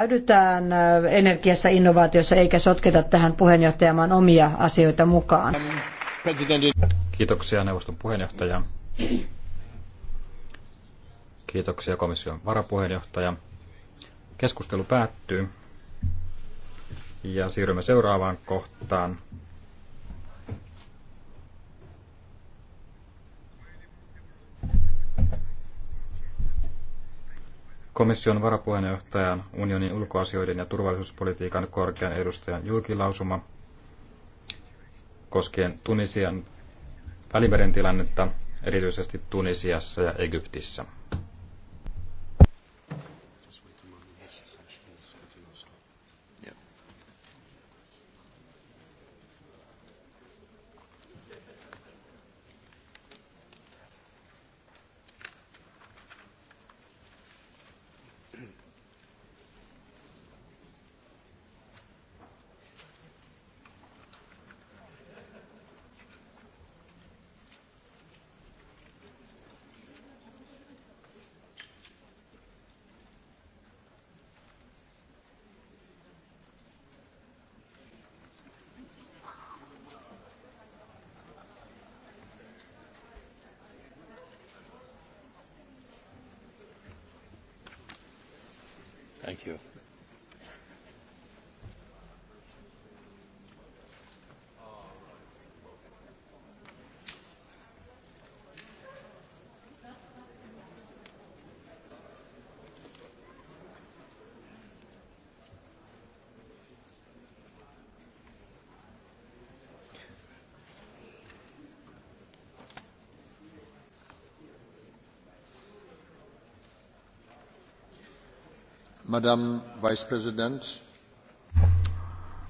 Äydytään energiassa innovaatiossa eikä sotketa tähän puheenjohtajamaan omia asioita mukaan. Kiitoksia neuvoston puheenjohtaja. Kiitoksia komission varapuheenjohtaja. Keskustelu päättyy ja siirrymme seuraavaan kohtaan. komission varapuheenjohtajan, unionin ulkoasioiden ja turvallisuuspolitiikan korkean edustajan julkilausuma koskien Tunisian välimeren tilannetta, erityisesti Tunisiassa ja Egyptissä.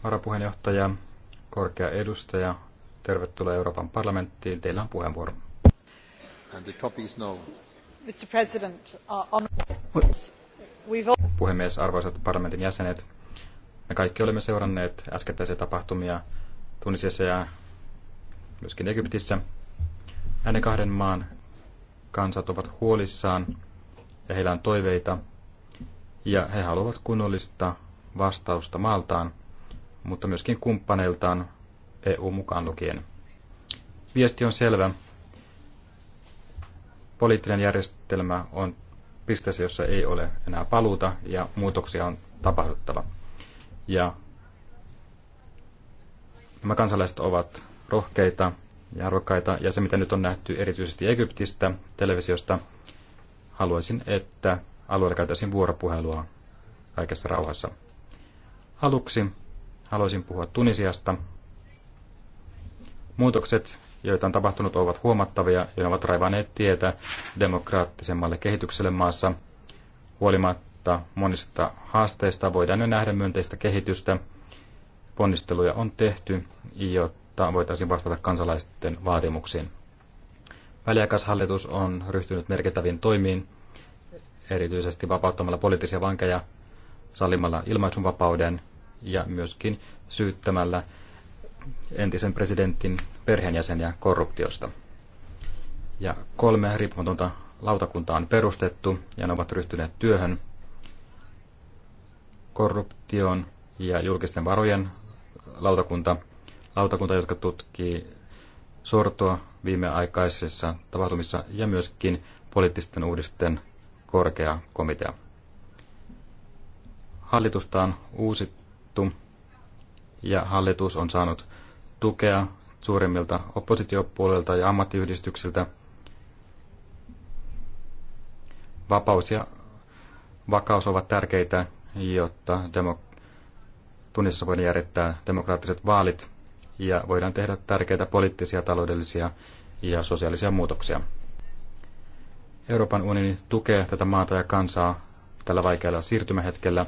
Varapuheenjohtaja, korkea edustaja, tervetuloa Euroopan parlamenttiin. Teillä on puheenvuoro. Puhemies, arvoisat parlamentin jäsenet, me kaikki olemme seuranneet äskettäisiä tapahtumia Tunisiassa ja myöskin Egyptissä. Näiden kahden maan kansat ovat huolissaan ja heillä on toiveita ja he haluavat kunnollista vastausta maaltaan, mutta myöskin kumppaneiltaan EU mukaan lukien. Viesti on selvä. Poliittinen järjestelmä on pisteessä, jossa ei ole enää paluuta ja muutoksia on tapahduttava. Ja nämä kansalaiset ovat rohkeita ja arvokkaita, ja se mitä nyt on nähty erityisesti Egyptistä televisiosta, haluaisin, että alueella käytäisiin vuoropuhelua kaikessa rauhassa. Aluksi haluaisin puhua Tunisiasta. Muutokset, joita on tapahtunut, ovat huomattavia ja ovat raivaneet tietä demokraattisemmalle kehitykselle maassa. Huolimatta monista haasteista voidaan jo nähdä myönteistä kehitystä. Ponnisteluja on tehty, jotta voitaisiin vastata kansalaisten vaatimuksiin. Väliaikaishallitus on ryhtynyt merkittäviin toimiin, erityisesti vapauttamalla poliittisia vankeja, sallimalla ilmaisunvapauden ja myöskin syyttämällä entisen presidentin perheenjäseniä korruptiosta. Ja kolme riippumatonta lautakuntaa on perustettu ja ne ovat ryhtyneet työhön korruption ja julkisten varojen lautakunta, lautakunta jotka tutkii sortoa viimeaikaisissa tapahtumissa ja myöskin poliittisten uudisten korkea komitea. Hallitusta on uusittu ja hallitus on saanut tukea suurimmilta oppositiopuolilta ja ammattiyhdistyksiltä. Vapaus ja vakaus ovat tärkeitä, jotta demok- Tunnissa voidaan järjestää demokraattiset vaalit ja voidaan tehdä tärkeitä poliittisia, taloudellisia ja sosiaalisia muutoksia. Euroopan unioni tukee tätä maata ja kansaa tällä vaikealla siirtymähetkellä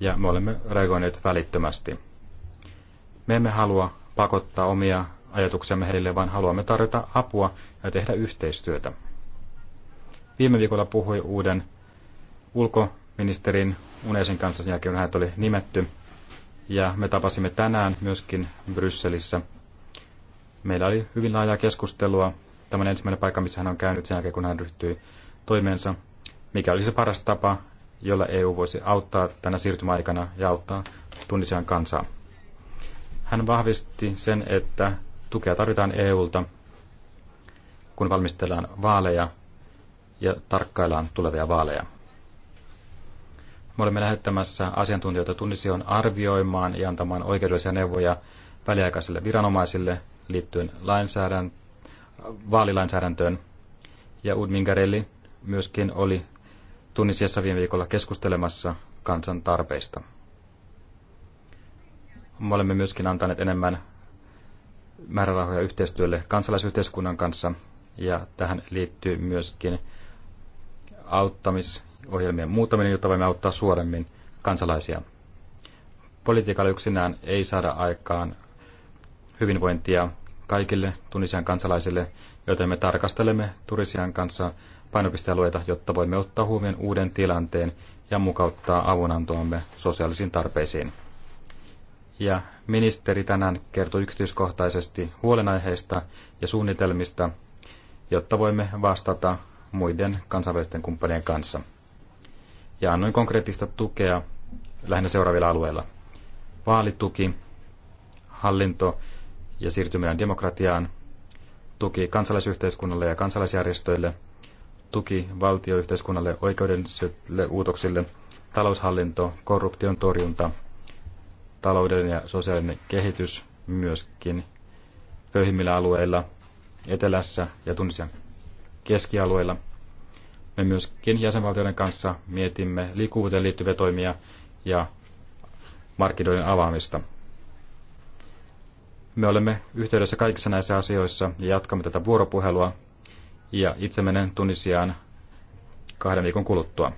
ja me olemme reagoineet välittömästi. Me emme halua pakottaa omia ajatuksiamme heille, vaan haluamme tarjota apua ja tehdä yhteistyötä. Viime viikolla puhui uuden ulkoministerin unesin kanssa sen jälkeen, hänet oli nimetty. Ja me tapasimme tänään myöskin Brysselissä. Meillä oli hyvin laajaa keskustelua Tämä on ensimmäinen paikka, missä hän on käynyt sen jälkeen, kun hän ryhtyi toimeensa. Mikä olisi paras tapa, jolla EU voisi auttaa tänä siirtymäaikana ja auttaa Tunisian kansaa? Hän vahvisti sen, että tukea tarvitaan EUlta, kun valmistellaan vaaleja ja tarkkaillaan tulevia vaaleja. Me olemme lähettämässä asiantuntijoita Tunisioon arvioimaan ja antamaan oikeudellisia neuvoja väliaikaisille viranomaisille liittyen lainsäädäntöön vaalilainsäädäntöön. Ja Udmingarelli myöskin oli Tunisiassa viime viikolla keskustelemassa kansan tarpeista. Me olemme myöskin antaneet enemmän määrärahoja yhteistyölle kansalaisyhteiskunnan kanssa, ja tähän liittyy myöskin auttamisohjelmien muutaminen, jotta voimme auttaa suoremmin kansalaisia. Politiikalla yksinään ei saada aikaan hyvinvointia kaikille Tunisian kansalaisille, joten me tarkastelemme Tunisian kanssa painopistealueita, jotta voimme ottaa huomioon uuden tilanteen ja mukauttaa avunantoamme sosiaalisiin tarpeisiin. Ja ministeri tänään kertoi yksityiskohtaisesti huolenaiheista ja suunnitelmista, jotta voimme vastata muiden kansainvälisten kumppanien kanssa. Ja annoin konkreettista tukea lähinnä seuraavilla alueilla. Vaalituki, hallinto ja siirtyminen demokratiaan, tuki kansalaisyhteiskunnalle ja kansalaisjärjestöille, tuki valtioyhteiskunnalle oikeudelliselle uutoksille, taloushallinto, korruption torjunta, taloudellinen ja sosiaalinen kehitys myöskin köyhimmillä alueilla, etelässä ja tunnissa keskialueilla. Me myöskin jäsenvaltioiden kanssa mietimme liikkuvuuteen liittyviä toimia ja markkinoiden avaamista. Me olemme yhteydessä kaikissa näissä asioissa ja jatkamme tätä vuoropuhelua. Ja itse menen Tunisiaan kahden viikon kuluttua.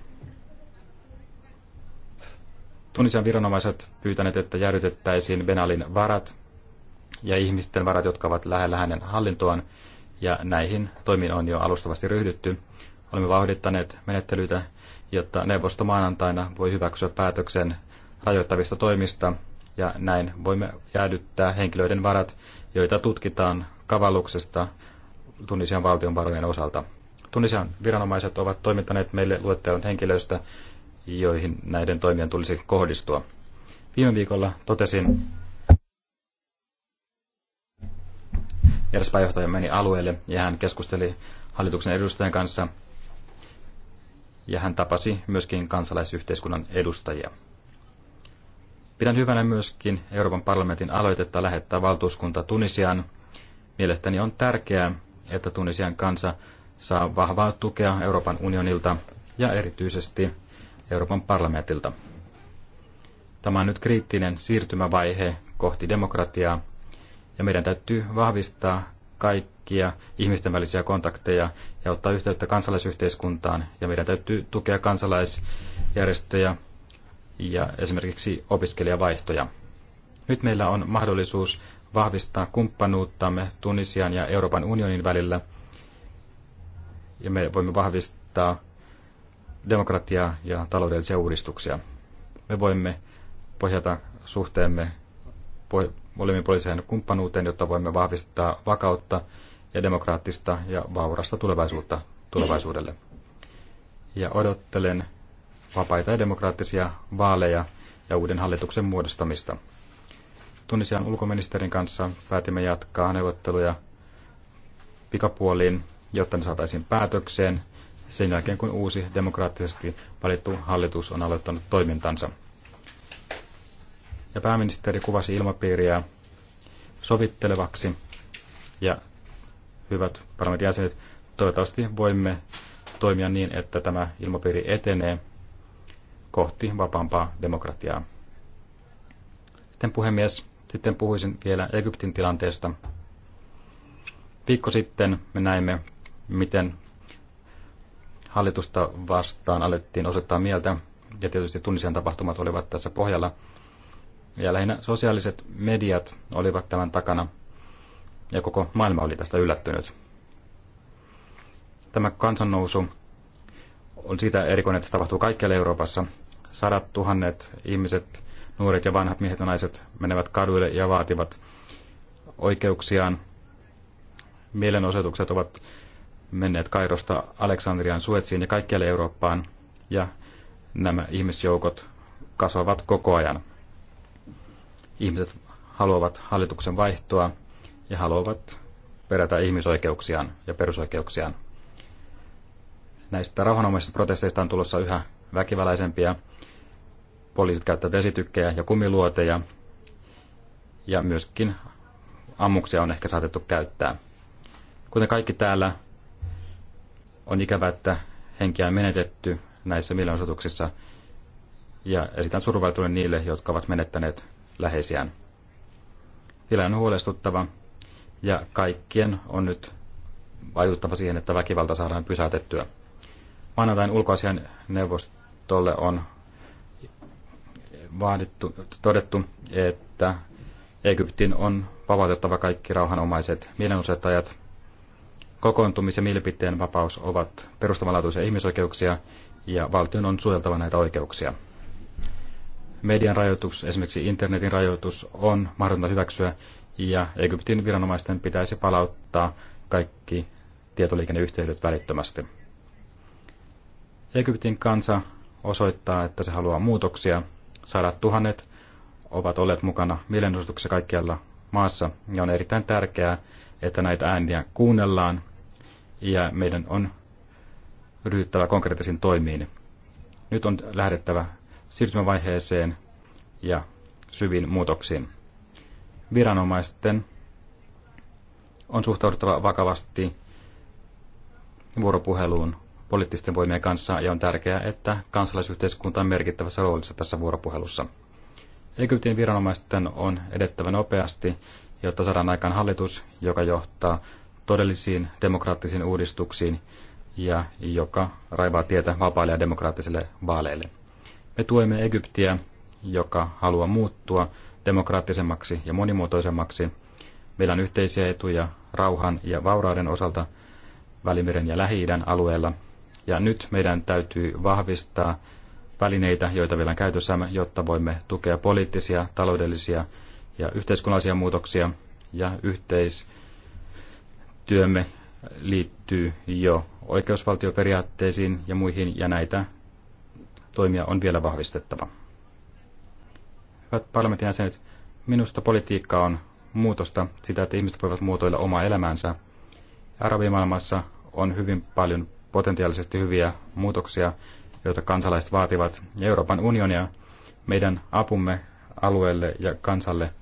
Tunisian viranomaiset pyytäneet, että jäädytettäisiin Benalin varat ja ihmisten varat, jotka ovat lähellä hänen hallintoaan, ja näihin toimiin on jo alustavasti ryhdytty. Olemme vauhdittaneet menettelyitä, jotta neuvosto maanantaina voi hyväksyä päätöksen rajoittavista toimista, ja näin voimme jäädyttää henkilöiden varat, joita tutkitaan kavalluksesta Tunisian valtion varojen osalta. Tunisian viranomaiset ovat toimittaneet meille luettelon henkilöistä, joihin näiden toimien tulisi kohdistua. Viime viikolla totesin, eräs pääjohtaja meni alueelle ja hän keskusteli hallituksen edustajan kanssa ja hän tapasi myöskin kansalaisyhteiskunnan edustajia. Pidän hyvänä myöskin Euroopan parlamentin aloitetta lähettää valtuuskunta Tunisiaan. Mielestäni on tärkeää, että Tunisian kansa saa vahvaa tukea Euroopan unionilta ja erityisesti Euroopan parlamentilta. Tämä on nyt kriittinen siirtymävaihe kohti demokratiaa, ja meidän täytyy vahvistaa kaikkia ihmisten välisiä kontakteja ja ottaa yhteyttä kansalaisyhteiskuntaan, ja meidän täytyy tukea kansalaisjärjestöjä ja esimerkiksi opiskelijavaihtoja. Nyt meillä on mahdollisuus vahvistaa kumppanuuttamme Tunisian ja Euroopan unionin välillä, ja me voimme vahvistaa demokratiaa ja taloudellisia uudistuksia. Me voimme pohjata suhteemme molemminpuoliseen kumppanuuteen, jotta voimme vahvistaa vakautta ja demokraattista ja vaurasta tulevaisuutta tulevaisuudelle. Ja odottelen vapaita ja demokraattisia vaaleja ja uuden hallituksen muodostamista. Tunisian ulkoministerin kanssa päätimme jatkaa neuvotteluja pikapuoliin, jotta ne saataisiin päätökseen sen jälkeen, kun uusi demokraattisesti valittu hallitus on aloittanut toimintansa. Ja pääministeri kuvasi ilmapiiriä sovittelevaksi ja hyvät parlamentin jäsenet, toivottavasti voimme toimia niin, että tämä ilmapiiri etenee – kohti vapaampaa demokratiaa. Sitten puhemies, sitten puhuisin vielä Egyptin tilanteesta. Viikko sitten me näimme, miten hallitusta vastaan alettiin osoittaa mieltä, ja tietysti tunnisian tapahtumat olivat tässä pohjalla. Ja lähinnä sosiaaliset mediat olivat tämän takana, ja koko maailma oli tästä yllättynyt. Tämä kansannousu on siitä erikoinen, että se tapahtuu kaikkialla Euroopassa, sadat tuhannet ihmiset, nuoret ja vanhat miehet ja naiset menevät kaduille ja vaativat oikeuksiaan. Mielenosoitukset ovat menneet Kairosta Aleksandrian, Suetsiin ja kaikkialle Eurooppaan, ja nämä ihmisjoukot kasvavat koko ajan. Ihmiset haluavat hallituksen vaihtoa ja haluavat perätä ihmisoikeuksiaan ja perusoikeuksiaan. Näistä rauhanomaisista protesteista on tulossa yhä väkivalaisempia. Poliisit käyttävät vesitykkejä ja kumiluoteja ja myöskin ammuksia on ehkä saatettu käyttää. Kuten kaikki täällä, on ikävä, että henkiä on menetetty näissä mielenosoituksissa ja esitän survallisuuden niille, jotka ovat menettäneet läheisiään. Tilanne on huolestuttava ja kaikkien on nyt vaikuttava siihen, että väkivalta saadaan pysäytettyä. Maanantain ulkoasian neuvosto Tolle on vaadittu, todettu, että Egyptin on vapautettava kaikki rauhanomaiset mielenosoittajat. Kokoontumis- ja mielipiteen vapaus ovat perustavanlaatuisia ihmisoikeuksia ja valtion on suojeltava näitä oikeuksia. Median rajoitus, esimerkiksi internetin rajoitus, on mahdotonta hyväksyä ja Egyptin viranomaisten pitäisi palauttaa kaikki tietoliikenneyhteydet välittömästi. Egyptin kansa osoittaa, että se haluaa muutoksia. Sadat tuhannet ovat olleet mukana mielenosoituksessa kaikkialla maassa ja on erittäin tärkeää, että näitä ääniä kuunnellaan ja meidän on ryhdyttävä konkreettisiin toimiin. Nyt on lähdettävä siirtymävaiheeseen ja syviin muutoksiin. Viranomaisten on suhtauduttava vakavasti vuoropuheluun poliittisten voimien kanssa ja on tärkeää, että kansalaisyhteiskunta on merkittävässä roolissa tässä vuoropuhelussa. Egyptin viranomaisten on edettävä nopeasti, jotta saadaan aikaan hallitus, joka johtaa todellisiin demokraattisiin uudistuksiin ja joka raivaa tietä vapaille ja demokraattisille vaaleille. Me tuemme Egyptiä, joka haluaa muuttua demokraattisemmaksi ja monimuotoisemmaksi. Meillä on yhteisiä etuja rauhan ja vaurauden osalta Välimeren ja lähi alueella – ja nyt meidän täytyy vahvistaa välineitä, joita vielä on käytössämme, jotta voimme tukea poliittisia, taloudellisia ja yhteiskunnallisia muutoksia. Ja yhteistyömme liittyy jo oikeusvaltioperiaatteisiin ja muihin, ja näitä toimia on vielä vahvistettava. Hyvät parlamentin jäsenet, minusta politiikka on muutosta, sitä, että ihmiset voivat muotoilla omaa elämäänsä. Arabimaailmassa on hyvin paljon potentiaalisesti hyviä muutoksia, joita kansalaiset vaativat. Ja Euroopan unionia meidän apumme alueelle ja kansalle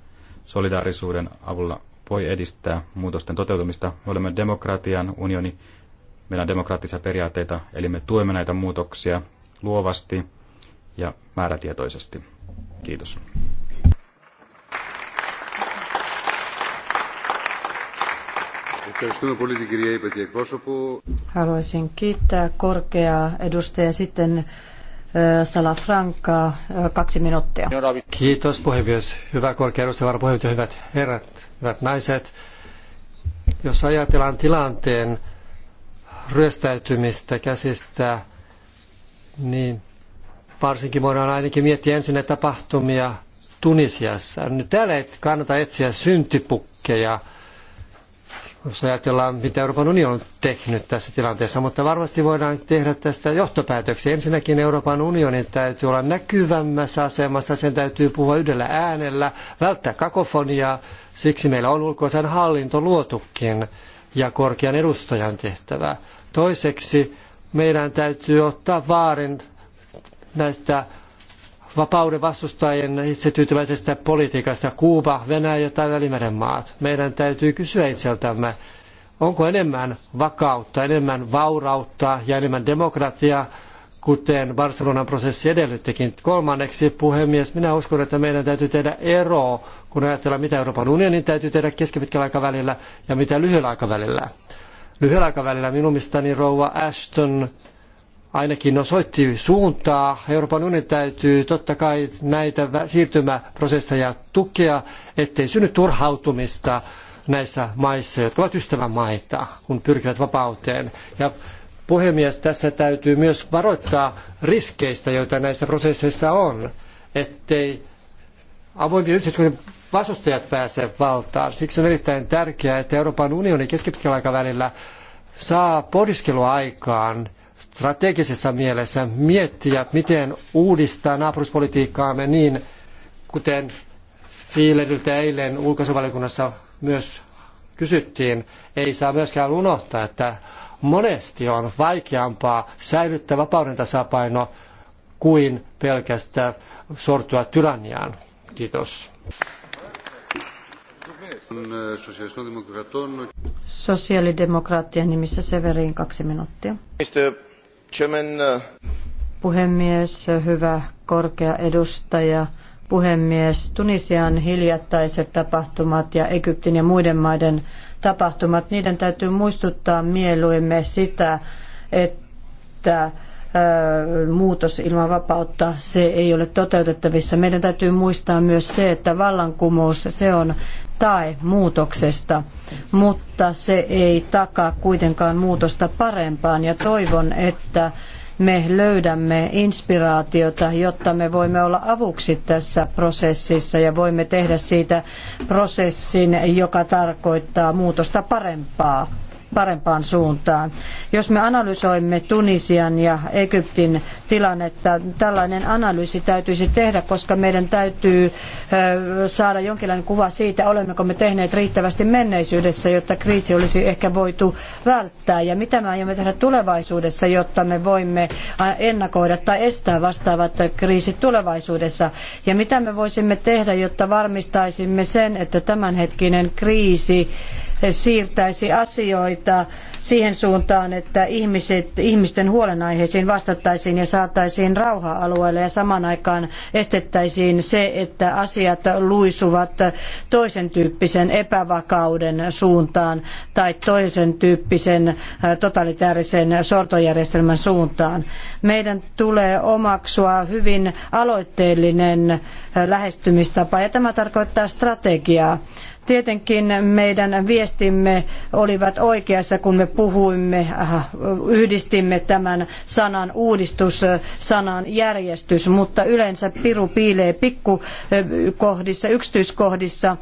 solidaarisuuden avulla voi edistää muutosten toteutumista. Me olemme demokratian unioni, meillä on demokraattisia periaatteita, eli me tuemme näitä muutoksia luovasti ja määrätietoisesti. Kiitos. Haluaisin kiittää korkeaa edustajaa sitten Salafranca, kaksi minuuttia. Kiitos puhemies. Hyvä korkea edustaja, varapuheenjohtaja, hyvät herrat, hyvät naiset. Jos ajatellaan tilanteen ryöstäytymistä käsistä, niin varsinkin voidaan ainakin miettiä ensin ne tapahtumia Tunisiassa. Nyt täällä ei kannata etsiä syntipukkeja – jos ajatellaan, mitä Euroopan unioni on tehnyt tässä tilanteessa, mutta varmasti voidaan tehdä tästä johtopäätöksiä. Ensinnäkin Euroopan unionin täytyy olla näkyvämmässä asemassa, sen täytyy puhua yhdellä äänellä, välttää kakofoniaa, siksi meillä on ulkoisen hallinto luotukin ja korkean edustajan tehtävä. Toiseksi meidän täytyy ottaa vaarin näistä vapauden vastustajien itsetyytyväisestä politiikasta Kuuba, Venäjä tai Välimeren maat. Meidän täytyy kysyä itseltämme, onko enemmän vakautta, enemmän vaurautta ja enemmän demokratiaa, kuten Barcelonan prosessi edellyttikin. Kolmanneksi, puhemies, minä uskon, että meidän täytyy tehdä ero, kun ajatellaan, mitä Euroopan unionin niin täytyy tehdä keskipitkällä aikavälillä ja mitä lyhyellä aikavälillä. Lyhyellä aikavälillä minun mielestäni rouva Ashton ainakin osoitti suuntaa. Euroopan unionin täytyy totta kai näitä siirtymäprosesseja tukea, ettei synny turhautumista näissä maissa, jotka ovat ystävämaita, kun pyrkivät vapauteen. Ja puhemies, tässä täytyy myös varoittaa riskeistä, joita näissä prosesseissa on, ettei avoimien yhteiskuntien vastustajat pääse valtaan. Siksi on erittäin tärkeää, että Euroopan unioni keskipitkällä aikavälillä saa pohdiskelua aikaan strategisessa mielessä miettiä, miten uudistaa naapuruspolitiikkaamme niin, kuten Fiileriltä eilen ulkoisuvaliokunnassa myös kysyttiin, ei saa myöskään unohtaa, että monesti on vaikeampaa säilyttää vapauden tasapaino kuin pelkästään sortua tyranniaan. Kiitos. Sosiaalidemokraattien nimissä Severin kaksi minuuttia. Mr. Uh, puhemies, hyvä korkea edustaja. Puhemies, Tunisian hiljattaiset tapahtumat ja Egyptin ja muiden maiden tapahtumat, niiden täytyy muistuttaa mieluimme sitä, että muutos ilman vapautta, se ei ole toteutettavissa. Meidän täytyy muistaa myös se, että vallankumous, se on tae muutoksesta, mutta se ei takaa kuitenkaan muutosta parempaan. Ja toivon, että me löydämme inspiraatiota, jotta me voimme olla avuksi tässä prosessissa ja voimme tehdä siitä prosessin, joka tarkoittaa muutosta parempaa parempaan suuntaan. Jos me analysoimme Tunisian ja Egyptin tilannetta, tällainen analyysi täytyisi tehdä, koska meidän täytyy saada jonkinlainen kuva siitä, olemmeko me tehneet riittävästi menneisyydessä, jotta kriisi olisi ehkä voitu välttää ja mitä me aiomme tehdä tulevaisuudessa, jotta me voimme ennakoida tai estää vastaavat kriisit tulevaisuudessa ja mitä me voisimme tehdä, jotta varmistaisimme sen, että tämänhetkinen kriisi siirtäisi asioita siihen suuntaan, että ihmiset, ihmisten huolenaiheisiin vastattaisiin ja saataisiin rauha alueelle ja samaan aikaan estettäisiin se, että asiat luisuvat toisen tyyppisen epävakauden suuntaan tai toisen tyyppisen äh, totalitaarisen sortojärjestelmän suuntaan. Meidän tulee omaksua hyvin aloitteellinen äh, lähestymistapa ja tämä tarkoittaa strategiaa. Tietenkin meidän viestimme olivat oikeassa, kun me puhuimme, yhdistimme tämän sanan uudistus sanan järjestys, mutta yleensä piru piilee pikkukohdissa, yksityiskohdissa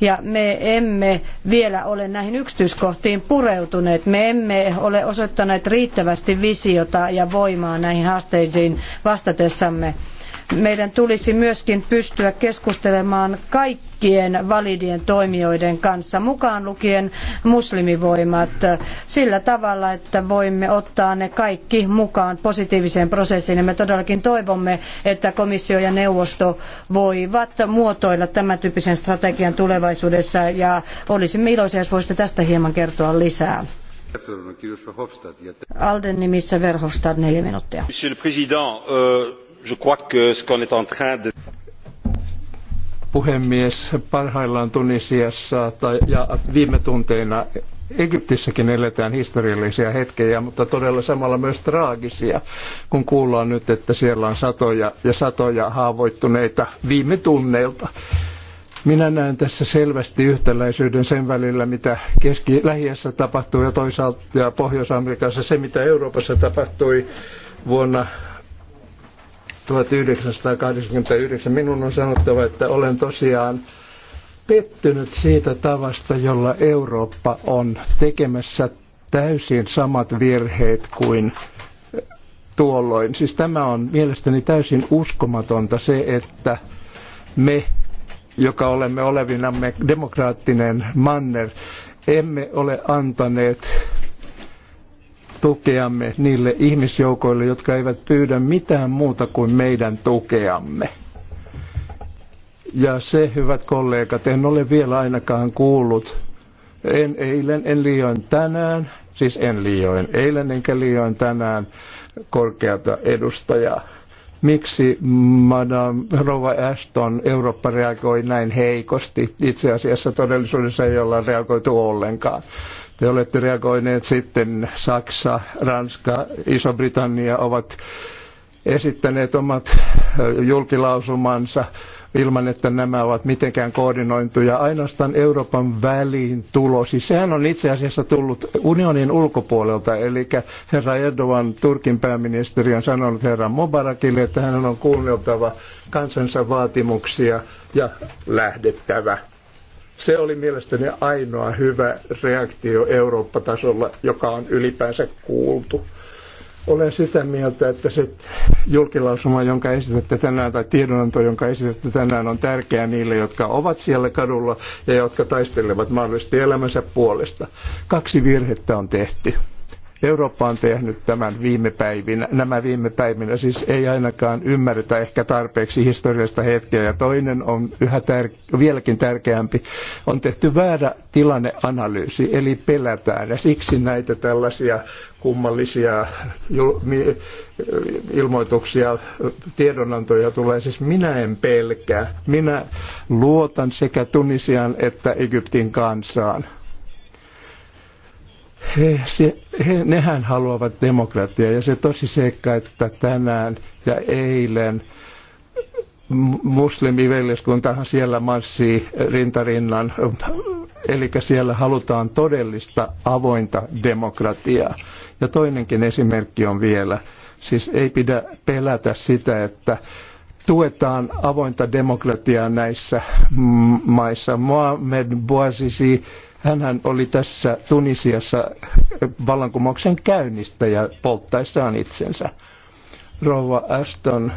ja me emme vielä ole näihin yksityiskohtiin pureutuneet. Me emme ole osoittaneet riittävästi visiota ja voimaa näihin haasteisiin vastatessamme meidän tulisi myöskin pystyä keskustelemaan kaikkien validien toimijoiden kanssa, mukaan lukien muslimivoimat, sillä tavalla, että voimme ottaa ne kaikki mukaan positiiviseen prosessiin. Ja me todellakin toivomme, että komissio ja neuvosto voivat muotoilla tämän tyyppisen strategian tulevaisuudessa, ja olisimme iloisia, jos voisitte tästä hieman kertoa lisää. Alden nimissä Verhofstadt neljä minuuttia. Monsieur le Président, euh puhemies parhaillaan Tunisiassa tai, ja viime tunteina Egyptissäkin eletään historiallisia hetkejä, mutta todella samalla myös traagisia, kun kuullaan nyt, että siellä on satoja ja satoja haavoittuneita viime tunneilta. Minä näen tässä selvästi yhtäläisyyden sen välillä, mitä keski lähiössä tapahtui ja toisaalta ja Pohjois-Amerikassa se, mitä Euroopassa tapahtui vuonna 1989. Minun on sanottava, että olen tosiaan pettynyt siitä tavasta, jolla Eurooppa on tekemässä täysin samat virheet kuin tuolloin. Siis tämä on mielestäni täysin uskomatonta se, että me, joka olemme olevinamme demokraattinen manner, emme ole antaneet tukeamme niille ihmisjoukoille, jotka eivät pyydä mitään muuta kuin meidän tukeamme. Ja se, hyvät kollegat, en ole vielä ainakaan kuullut, en eilen, en liioin tänään, siis en liioin eilen enkä liioin tänään korkeata edustajaa. Miksi Madame Rova Ashton Eurooppa reagoi näin heikosti? Itse asiassa todellisuudessa ei olla reagoitu ollenkaan. Te olette reagoineet sitten Saksa, Ranska, Iso-Britannia ovat esittäneet omat julkilausumansa ilman, että nämä ovat mitenkään koordinointuja. Ainoastaan Euroopan väliin tulosi. Siis sehän on itse asiassa tullut unionin ulkopuolelta, eli herra Erdogan, Turkin pääministeri, on sanonut herra Mubarakille, että hän on kuunneltava kansansa vaatimuksia ja lähdettävä. Se oli mielestäni ainoa hyvä reaktio Eurooppa-tasolla, joka on ylipäänsä kuultu. Olen sitä mieltä, että se julkilausuma, jonka esitätte tänään, tai tiedonanto, jonka esitätte tänään, on tärkeä niille, jotka ovat siellä kadulla ja jotka taistelevat mahdollisesti elämänsä puolesta. Kaksi virhettä on tehty. Eurooppa on tehnyt tämän viime päivinä, nämä viime päivinä, siis ei ainakaan ymmärretä ehkä tarpeeksi historiallista hetkeä. Ja toinen on yhä tär- vieläkin tärkeämpi, on tehty väärä tilanneanalyysi, eli pelätään. Ja siksi näitä tällaisia kummallisia ilmoituksia, tiedonantoja tulee. Siis minä en pelkää. Minä luotan sekä Tunisian että Egyptin kansaan he, se, he, nehän haluavat demokratiaa ja se tosi seikka, että tänään ja eilen muslimiveljeskuntahan siellä marssii rintarinnan, eli siellä halutaan todellista avointa demokratiaa. Ja toinenkin esimerkki on vielä, siis ei pidä pelätä sitä, että tuetaan avointa demokratiaa näissä maissa. Mohamed Bouazizi Hänhän oli tässä Tunisiassa vallankumouksen käynnistäjä polttaessaan itsensä. Rouva Aston,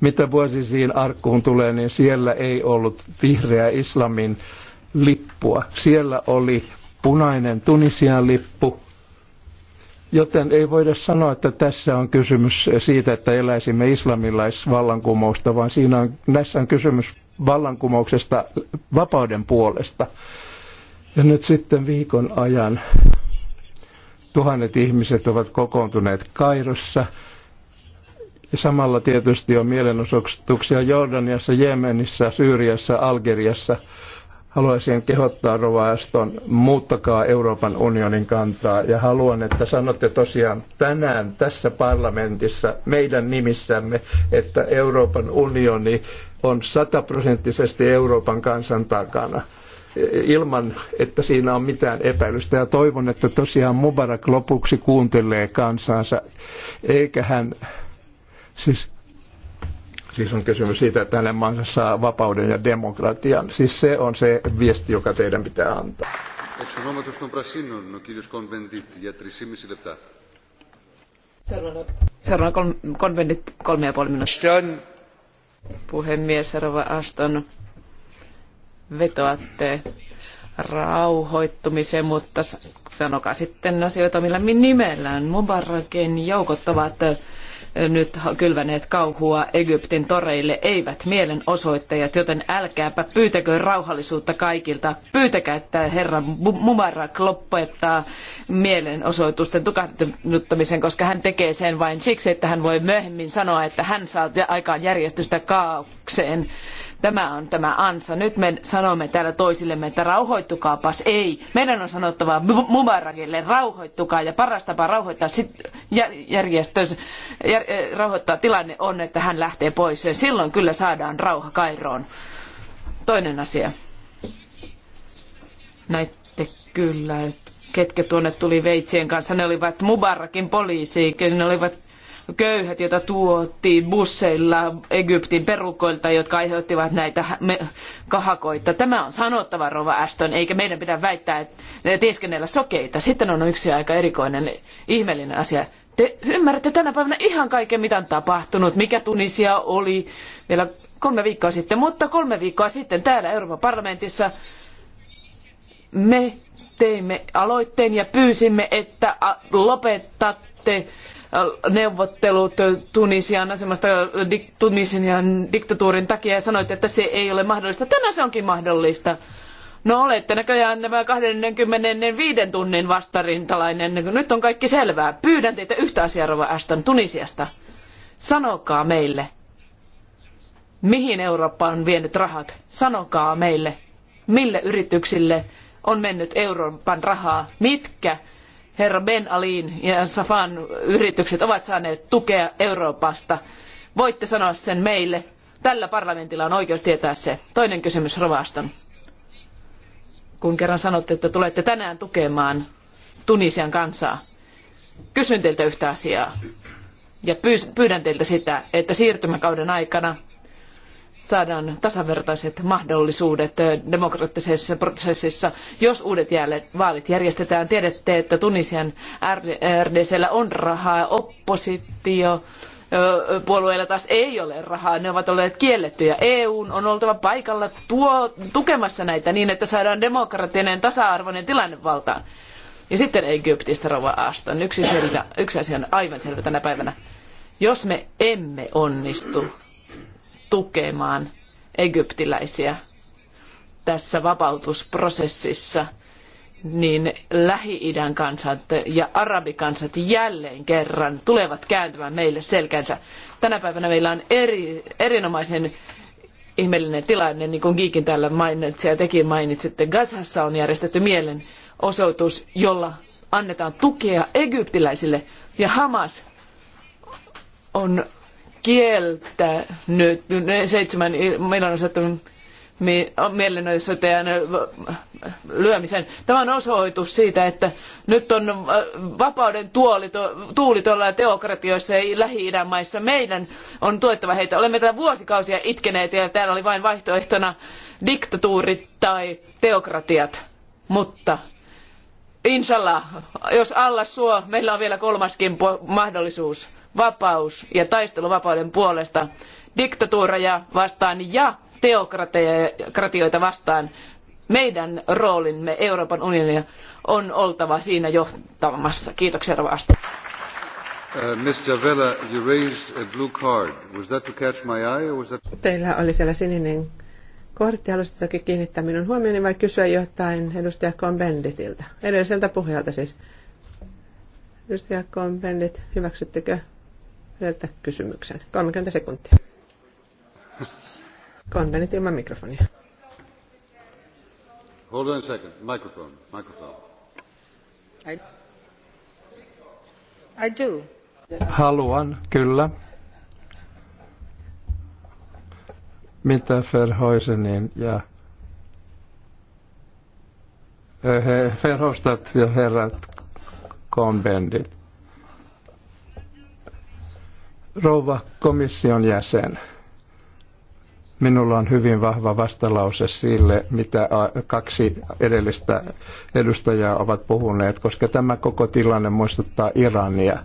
mitä siihen arkkuun tulee, niin siellä ei ollut vihreä islamin lippua. Siellä oli punainen Tunisian lippu, Joten ei voida sanoa, että tässä on kysymys siitä, että eläisimme islamilaisvallankumousta, vaan siinä on, näissä on kysymys vallankumouksesta vapauden puolesta. Ja nyt sitten viikon ajan tuhannet ihmiset ovat kokoontuneet Kairossa. Ja samalla tietysti on mielenosoituksia Jordaniassa, Jemenissä, Syyriassa, Algeriassa. Haluaisin kehottaa Rovaaston, muuttakaa Euroopan unionin kantaa ja haluan, että sanotte tosiaan tänään tässä parlamentissa meidän nimissämme, että Euroopan unioni on sataprosenttisesti Euroopan kansan takana ilman, että siinä on mitään epäilystä. Ja toivon, että tosiaan Mubarak lopuksi kuuntelee kansansa, eikä hän, siis, siis on kysymys siitä, että hänen maansa saa vapauden ja demokratian. Siis se on se viesti, joka teidän pitää antaa. Seuraava konventit kolme ja puoli minuuttia. Puhemies, herra Aston vetoatte rauhoittumiseen, mutta sanokaa sitten asioita millä nimellään. Mubarakin joukot ovat nyt kylväneet kauhua Egyptin toreille, eivät mielenosoittajat, joten älkääpä pyytäkö rauhallisuutta kaikilta. Pyytäkää, että herra Mubarak loppuettaa mielenosoitusten tukahduttamisen, koska hän tekee sen vain siksi, että hän voi myöhemmin sanoa, että hän saa aikaan järjestystä kaaukseen. Tämä on tämä ansa. Nyt me sanomme täällä toisillemme, että rauhoittukaapas. Ei. Meidän on sanottava Mubarakille, rauhoittukaa. Ja paras tapa rauhoittaa, sit, järjestös, jär, eh, rauhoittaa tilanne on, että hän lähtee pois. Silloin kyllä saadaan rauha Kairoon. Toinen asia. Näitte kyllä, ketkä tuonne tuli veitsien kanssa. Ne olivat Mubarakin poliisi, ne olivat köyhät, joita tuotiin busseilla Egyptin perukoilta, jotka aiheuttivat näitä kahakoita. Tämä on sanottava Rova Ashton, eikä meidän pidä väittää, että teeskennellä sokeita. Sitten on yksi aika erikoinen, ihmeellinen asia. Te ymmärrätte tänä päivänä ihan kaiken, mitä on tapahtunut, mikä Tunisia oli vielä kolme viikkoa sitten, mutta kolme viikkoa sitten täällä Euroopan parlamentissa me teimme aloitteen ja pyysimme, että lopetatte neuvottelut Tunisian asemasta Tunisian diktatuurin takia ja sanoitte, että se ei ole mahdollista. Tänään se onkin mahdollista. No olette näköjään nämä 25 tunnin vastarintalainen. Nyt on kaikki selvää. Pyydän teitä yhtä asiaa, Rova Ashton, Tunisiasta. Sanokaa meille, mihin Eurooppa on vienyt rahat. Sanokaa meille, mille yrityksille on mennyt Euroopan rahaa. Mitkä herra Ben Alin ja Safan yritykset ovat saaneet tukea Euroopasta. Voitte sanoa sen meille. Tällä parlamentilla on oikeus tietää se. Toinen kysymys Rovaston. Kun kerran sanotte, että tulette tänään tukemaan Tunisian kansaa, kysyn teiltä yhtä asiaa ja pyydän teiltä sitä, että siirtymäkauden aikana – saadaan tasavertaiset mahdollisuudet demokraattisessa prosessissa, jos uudet vaalit järjestetään. Tiedätte, että Tunisian RDCllä on rahaa, oppositio puolueilla taas ei ole rahaa, ne ovat olleet kiellettyjä. EUn on oltava paikalla tuo, tukemassa näitä niin, että saadaan demokraattinen tasa-arvoinen tilanne valtaan. Ja sitten Egyptistä rouva Aston. Yksi, selvä, yksi asia on aivan selvä tänä päivänä. Jos me emme onnistu tukemaan egyptiläisiä tässä vapautusprosessissa, niin Lähi-idän kansat ja arabikansat jälleen kerran tulevat kääntymään meille selkänsä. Tänä päivänä meillä on eri, erinomaisen ihmeellinen tilanne, niin kuin Giikin täällä mainitsi ja tekin mainitsitte. Gazassa on järjestetty mielenosoitus, jolla annetaan tukea egyptiläisille ja Hamas on kieltänyt seitsemän mielenosoittanut mielenosoittajan lyömisen. Tämä on osoitus siitä, että nyt on vapauden tuoli, tuuli tuolla teokratioissa ja lähi-idän maissa. Meidän on tuettava heitä. Olemme täällä vuosikausia itkeneet ja täällä oli vain vaihtoehtona diktatuurit tai teokratiat. Mutta inshallah, jos alla suo, meillä on vielä kolmaskin mahdollisuus vapaus ja taistelu vapauden puolesta, diktatuureja vastaan ja teokratioita vastaan. Meidän roolimme Euroopan unionia on oltava siinä johtamassa. Kiitoksia rovasti. Uh, Teillä oli siellä sininen kortti. Haluaisitteko kiinnittää minun huomioni vai kysyä jotain edustaja Convenditiltä? Edelliseltä puhujalta siis. Edustaja Convendit, hyväksyttekö edeltä kysymyksen. 30 sekuntia. Konvenit ilman mikrofonia. Hold on a second. Microphone. Microphone. I, I do. Haluan, kyllä. Mitä Verhoisenin ja Verhostat eh, ja herrat kombendit. Rouva komission jäsen, minulla on hyvin vahva vastalause sille, mitä kaksi edellistä edustajaa ovat puhuneet, koska tämä koko tilanne muistuttaa Irania.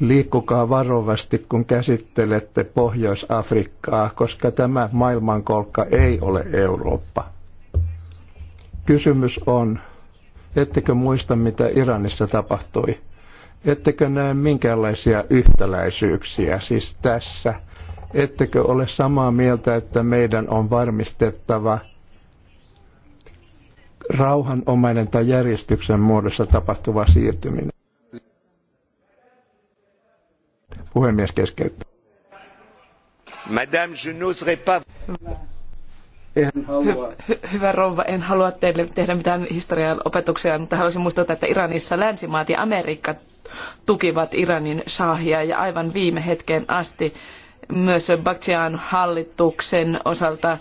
Liikkukaa varovasti, kun käsittelette Pohjois-Afrikkaa, koska tämä maailmankolkka ei ole Eurooppa. Kysymys on, ettekö muista, mitä Iranissa tapahtui? ettekö näe minkäänlaisia yhtäläisyyksiä siis tässä? Ettekö ole samaa mieltä, että meidän on varmistettava rauhanomainen tai järjestyksen muodossa tapahtuva siirtyminen? Puhemies keskeyttää. Madame, je n'oserais pas halua. hyvä rouva, en halua teille tehdä mitään historian opetuksia, mutta haluaisin muistuttaa, että Iranissa länsimaat ja Amerikka tukivat Iranin shahia ja aivan viime hetkeen asti myös Bakhtian hallituksen osalta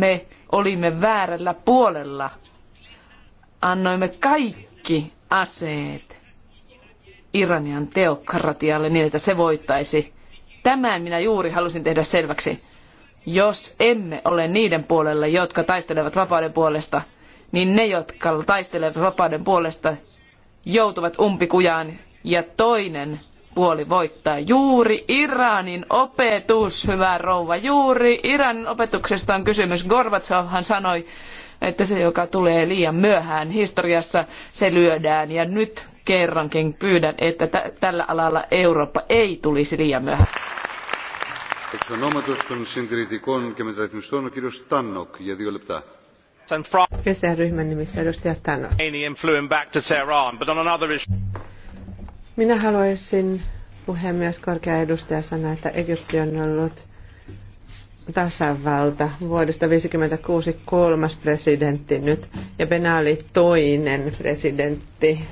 me olimme väärällä puolella. Annoimme kaikki aseet Iranian teokratialle niin, että se voittaisi. Tämän minä juuri halusin tehdä selväksi jos emme ole niiden puolella, jotka taistelevat vapauden puolesta, niin ne, jotka taistelevat vapauden puolesta, joutuvat umpikujaan ja toinen puoli voittaa. Juuri Iranin opetus, hyvä rouva, juuri Iranin opetuksesta on kysymys. Gorbatsovhan sanoi, että se, joka tulee liian myöhään historiassa, se lyödään. Ja nyt kerrankin pyydän, että tällä alalla Eurooppa ei tulisi liian myöhään. Εξ ονόματος των συντηρητικών και μεταρρυθμιστών ο κύριος Τάνοκ για δύο λεπτά. Minä haluaisin puhemies korkea edustaja sanoa, että Egypti on ollut tasavalta vuodesta 1956 kolmas presidentti nyt ja Ben Ali toinen presidentti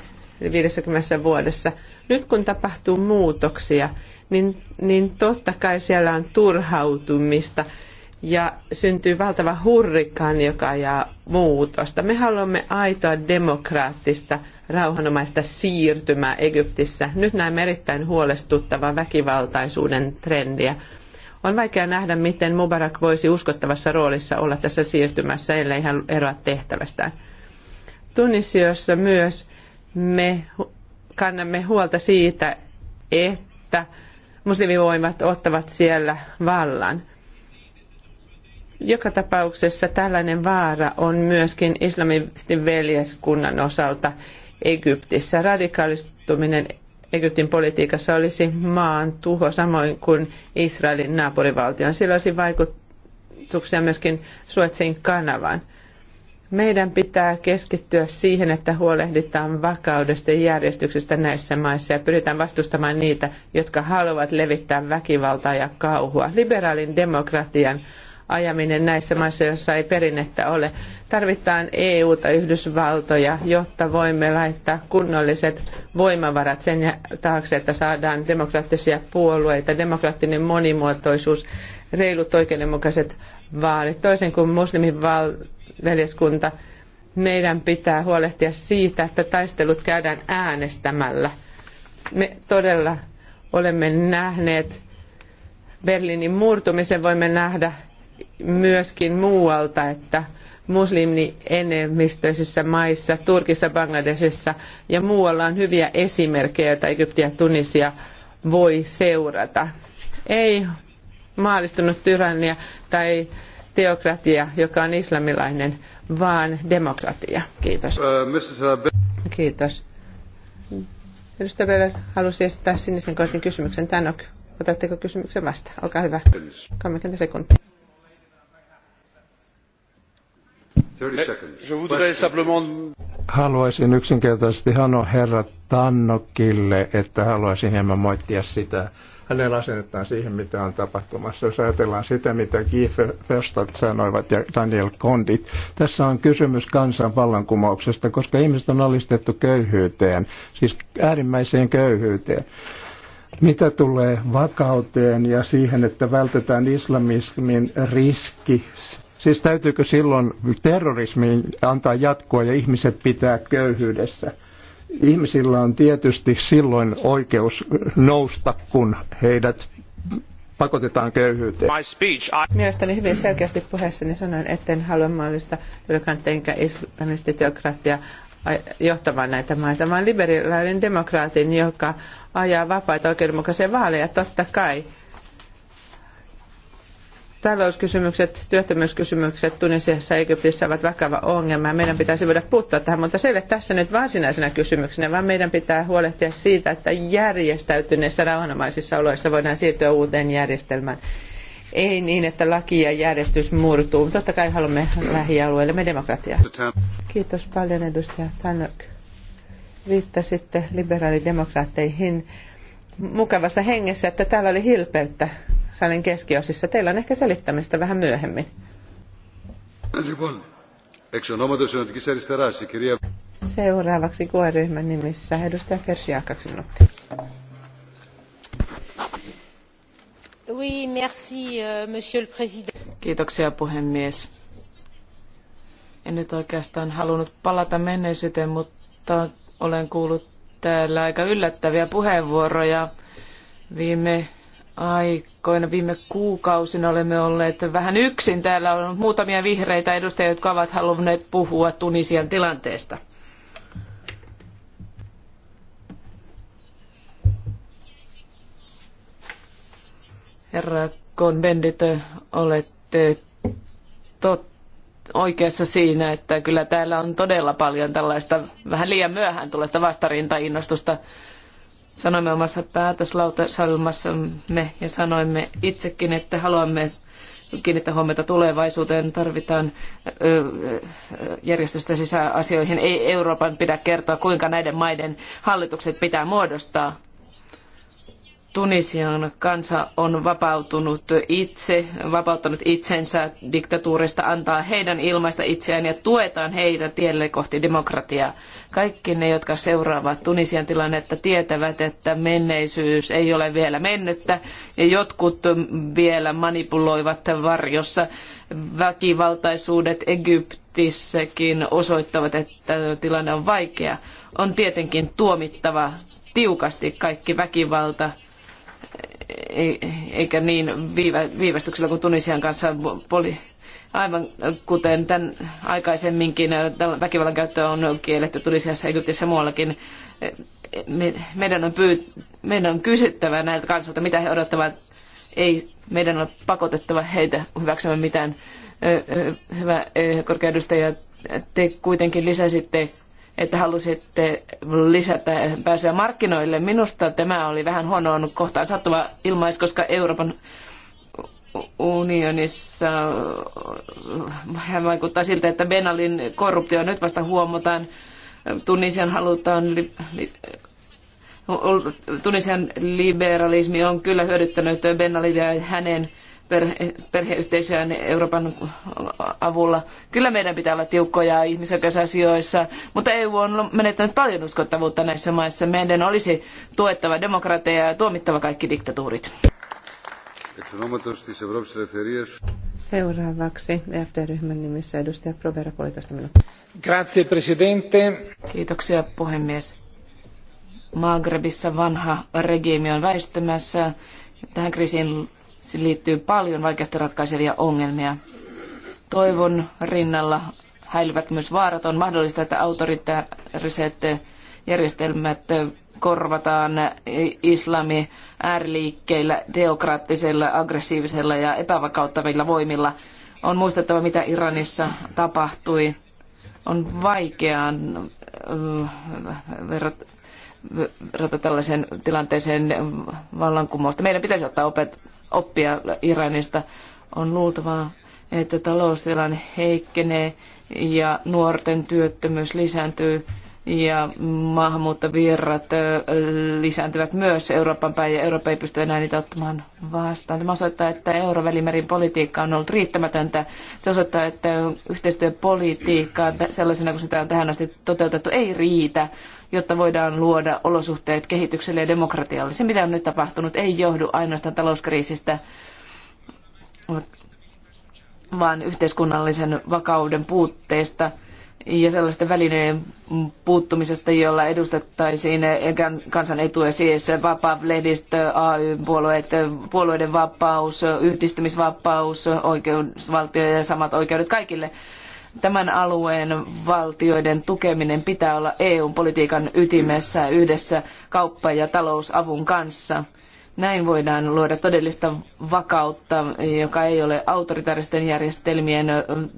50 vuodessa. Nyt kun tapahtuu muutoksia, niin, niin totta kai siellä on turhautumista ja syntyy valtava hurrikaan, joka ajaa muutosta. Me haluamme aitoa demokraattista, rauhanomaista siirtymää Egyptissä. Nyt näemme erittäin huolestuttavaa väkivaltaisuuden trendiä. On vaikea nähdä, miten Mubarak voisi uskottavassa roolissa olla tässä siirtymässä, ellei hän eroa tehtävästään. Tunisiossa myös me kannamme huolta siitä, että muslimivoimat ottavat siellä vallan. Joka tapauksessa tällainen vaara on myöskin islamistin veljeskunnan osalta Egyptissä. Radikaalistuminen Egyptin politiikassa olisi maan tuho samoin kuin Israelin naapurivaltion. Sillä olisi vaikutuksia myöskin Suetsin kanavaan. Meidän pitää keskittyä siihen, että huolehditaan vakaudesta ja järjestyksestä näissä maissa ja pyritään vastustamaan niitä, jotka haluavat levittää väkivaltaa ja kauhua. Liberaalin demokratian ajaminen näissä maissa, joissa ei perinnettä ole. Tarvitaan EUta, Yhdysvaltoja, jotta voimme laittaa kunnolliset voimavarat sen taakse, että saadaan demokraattisia puolueita, demokraattinen monimuotoisuus, reilut oikeudenmukaiset vaalit, toisin kuin muslimivaltiot veljeskunta, meidän pitää huolehtia siitä, että taistelut käydään äänestämällä. Me todella olemme nähneet Berliinin murtumisen, voimme nähdä myöskin muualta, että muslimienemmistöisissä maissa, Turkissa, Bangladesissa ja muualla on hyviä esimerkkejä, joita Egypti ja Tunisia voi seurata. Ei maalistunut tyrannia tai teokratia, joka on islamilainen, vaan demokratia. Kiitos. Uh, Kiitos. Edustaja Velle halusi esittää sinisen kortin kysymyksen. Tänok, otatteko kysymyksen vastaan? Olkaa hyvä. 30 sekuntia. Eh, haluaisin yksinkertaisesti sanoa herra Tannokille, että haluaisin hieman moittia sitä, hänen asennettaan siihen, mitä on tapahtumassa. Jos ajatellaan sitä, mitä Guy Verstadt sanoivat ja Daniel Kondit, tässä on kysymys kansan vallankumouksesta, koska ihmiset on alistettu köyhyyteen, siis äärimmäiseen köyhyyteen. Mitä tulee vakauteen ja siihen, että vältetään islamismin riski, siis täytyykö silloin terrorismiin antaa jatkoa ja ihmiset pitää köyhyydessä? Ihmisillä on tietysti silloin oikeus nousta, kun heidät pakotetaan köyhyyteen. Mielestäni hyvin selkeästi puheessani sanoin, etten halua mahdollista byrokraattia enkä islamistiteokraattia johtamaan näitä maita, vaan liberaalin demokraatin, joka ajaa vapaita oikeudenmukaisia vaaleja, totta kai – talouskysymykset, työttömyyskysymykset Tunisiassa ja Egyptissä ovat vakava ongelma ja meidän pitäisi voida puuttua tähän, mutta se ei ole tässä nyt varsinaisena kysymyksenä, vaan meidän pitää huolehtia siitä, että järjestäytyneissä rauhanomaisissa oloissa voidaan siirtyä uuteen järjestelmään. Ei niin, että laki ja järjestys murtuu. Totta kai haluamme lähialueillemme demokratiaa. Kiitos paljon edustaja Tanok. Viittasitte liberaalidemokraatteihin mukavassa hengessä, että täällä oli hilpeyttä salin keskiosissa. Teillä on ehkä selittämistä vähän myöhemmin. Seuraavaksi koeryhmän nimissä edustaja Fersia kaksi minuuttia. Oui, merci, euh, monsieur le président. Kiitoksia puhemies. En nyt oikeastaan halunnut palata menneisyyteen, mutta olen kuullut täällä aika yllättäviä puheenvuoroja viime aikoina viime kuukausina olemme olleet vähän yksin. Täällä on muutamia vihreitä edustajia, jotka ovat halunneet puhua Tunisian tilanteesta. Herra Konbendit, olette tot, oikeassa siinä, että kyllä täällä on todella paljon tällaista vähän liian myöhään tullutta vastarintainnostusta. innostusta sanoimme omassa päätöslautasalmassamme ja sanoimme itsekin, että haluamme kiinnittää huomiota tulevaisuuteen, tarvitaan järjestöstä sisäasioihin. Ei Euroopan pidä kertoa, kuinka näiden maiden hallitukset pitää muodostaa. Tunisian kansa on vapautunut itse, vapauttanut itsensä diktatuurista, antaa heidän ilmaista itseään ja tuetaan heitä tielle kohti demokratiaa. Kaikki ne, jotka seuraavat Tunisian tilannetta, tietävät, että menneisyys ei ole vielä mennyttä ja jotkut vielä manipuloivat varjossa. Väkivaltaisuudet Egyptissäkin osoittavat, että tilanne on vaikea. On tietenkin tuomittava tiukasti kaikki väkivalta eikä niin viivästyksellä kuin Tunisian kanssa. Poli, aivan kuten tämän aikaisemminkin äh, väkivallan käyttö on kielletty Tunisiassa, Egyptissä ja muuallakin. meidän, on pyy- meidän on kysyttävä näiltä kansalta, mitä he odottavat. Ei meidän ole pakotettava heitä hyväksymään mitään. Hyvä korkea edustaja, te kuitenkin lisäsitte että halusitte lisätä pääsyä markkinoille. Minusta tämä oli vähän huonoon kohtaan sattuva ilmais, koska Euroopan unionissa äh, hän vaikuttaa siltä, että Benalin korruptio nyt vasta huomataan. Tunisian halutaan li, li, äh, Tunisian liberalismi on kyllä hyödyttänyt Benalia ja hänen perhe, Euroopan avulla. Kyllä meidän pitää olla tiukkoja ihmisoikeusasioissa, mutta EU on menettänyt paljon uskottavuutta näissä maissa. Meidän olisi tuettava demokratiaa ja tuomittava kaikki diktatuurit. Seuraavaksi EFD-ryhmän nimissä edustaja Provera puolitoista minuuttia. Grazie, presidente. Kiitoksia, puhemies. Maagrebissa vanha regiimi on väistymässä. Tähän kriisiin se liittyy paljon vaikeasti ratkaisevia ongelmia. Toivon rinnalla häilyvät myös vaarat. On mahdollista, että autoritaariset järjestelmät korvataan islami ääriliikkeillä, demokraattisella, aggressiivisella ja epävakauttavilla voimilla. On muistettava, mitä Iranissa tapahtui. On vaikeaa äh, verrata tällaisen tilanteeseen vallankumousta. Meidän pitäisi ottaa opet, oppia Iranista. On luultavaa, että taloustilanne heikkenee ja nuorten työttömyys lisääntyy ja maahanmuuttovirrat lisääntyvät myös Euroopan päin ja Eurooppa ei pysty enää niitä ottamaan vastaan. Tämä osoittaa, että eurovälimerin politiikka on ollut riittämätöntä. Se osoittaa, että yhteistyöpolitiikka sellaisena kuin sitä on tähän asti toteutettu ei riitä jotta voidaan luoda olosuhteet kehitykselle ja demokratialle. Se, mitä on nyt tapahtunut, ei johdu ainoastaan talouskriisistä, vaan yhteiskunnallisen vakauden puutteesta ja sellaisten välineiden puuttumisesta, jolla edustettaisiin kansan etuja, siis vapaa lehdistö, AY-puolueet, puolueiden vapaus, yhdistymisvapaus, oikeusvaltio ja samat oikeudet kaikille – Tämän alueen valtioiden tukeminen pitää olla EU-politiikan ytimessä yhdessä kauppa- ja talousavun kanssa. Näin voidaan luoda todellista vakautta, joka ei ole autoritaaristen järjestelmien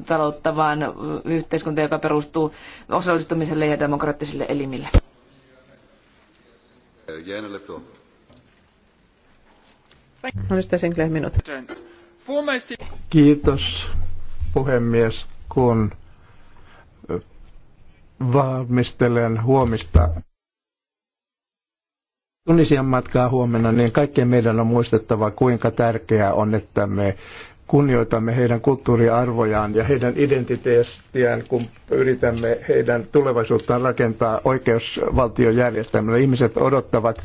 taloutta, vaan yhteiskunta, joka perustuu osallistumiselle ja demokraattisille elimille. Kiitos puhemies kun valmistelen huomista Tunisian matkaa huomenna, niin kaikkien meidän on muistettava, kuinka tärkeää on, että me kunnioitamme heidän kulttuuriarvojaan ja heidän identiteettiään, kun yritämme heidän tulevaisuuttaan rakentaa oikeusvaltiojärjestelmällä. Ihmiset odottavat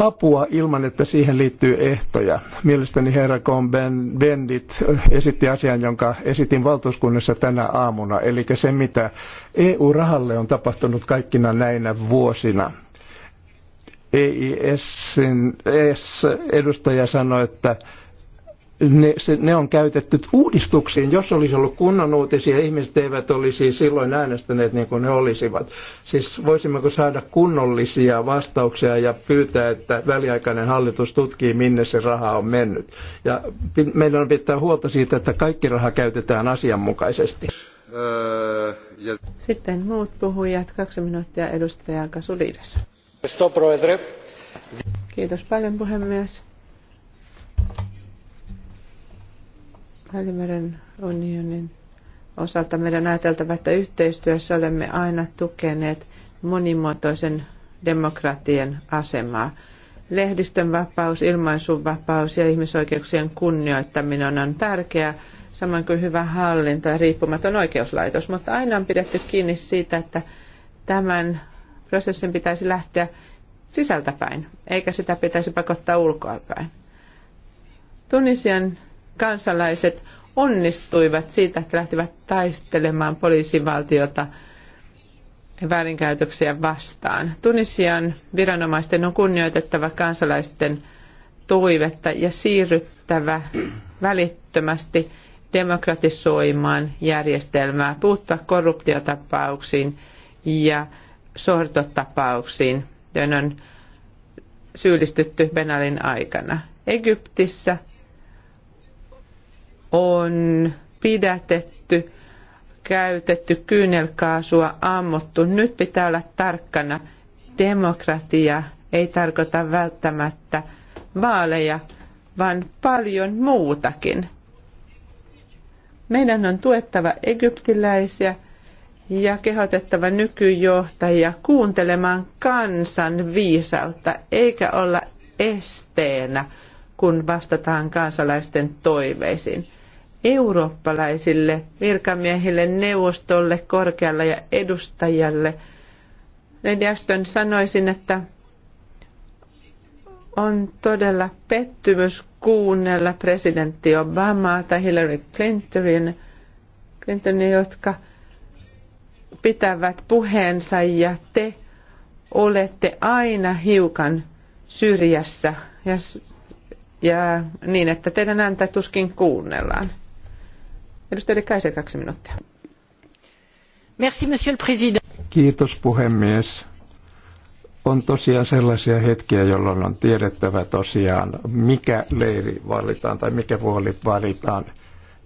apua ilman, että siihen liittyy ehtoja. Mielestäni herra Comben Bendit eh, esitti asian, jonka esitin valtuuskunnassa tänä aamuna, eli se mitä EU-rahalle on tapahtunut kaikkina näinä vuosina. EIS-edustaja e sanoi, että ne, se, ne on käytetty uudistuksiin. Jos olisi ollut kunnon uutisia, ihmiset eivät olisi silloin äänestäneet niin kuin ne olisivat. Siis voisimmeko saada kunnollisia vastauksia ja pyytää, että väliaikainen hallitus tutkii, minne se raha on mennyt. Ja meidän on pitää huolta siitä, että kaikki raha käytetään asianmukaisesti. Öö, Sitten muut puhujat. Kaksi minuuttia edustaja Kasulides. Kiitos paljon puhemies Välimeren unionin osalta meidän ajateltava, että yhteistyössä olemme aina tukeneet monimuotoisen demokratian asemaa. Lehdistön vapaus, ilmaisun vapaus ja ihmisoikeuksien kunnioittaminen on tärkeää, samoin kuin hyvä hallinto ja riippumaton oikeuslaitos. Mutta aina on pidetty kiinni siitä, että tämän prosessin pitäisi lähteä sisältäpäin, eikä sitä pitäisi pakottaa ulkoapäin. Tunisian kansalaiset onnistuivat siitä, että lähtivät taistelemaan poliisivaltiota väärinkäytöksiä vastaan. Tunisian viranomaisten on kunnioitettava kansalaisten toivetta ja siirryttävä välittömästi demokratisoimaan järjestelmää, puuttua korruptiotapauksiin ja sortotapauksiin, joihin on syyllistytty Benalin aikana. Egyptissä – on pidätetty, käytetty kyynelkaasua, ammuttu. Nyt pitää olla tarkkana. Demokratia ei tarkoita välttämättä vaaleja, vaan paljon muutakin. Meidän on tuettava egyptiläisiä ja kehotettava nykyjohtajia kuuntelemaan kansan viisautta, eikä olla esteenä, kun vastataan kansalaisten toiveisiin eurooppalaisille virkamiehille, neuvostolle, korkealle ja edustajalle. Lady Ashton sanoisin, että on todella pettymys kuunnella presidentti Obamaa tai Hillary Clintonin, Clintonin jotka pitävät puheensa ja te olette aina hiukan syrjässä ja, ja niin, että teidän ääntä tuskin kuunnellaan. Kiitos puhemies. On tosiaan sellaisia hetkiä, jolloin on tiedettävä tosiaan, mikä leiri valitaan tai mikä puoli valitaan.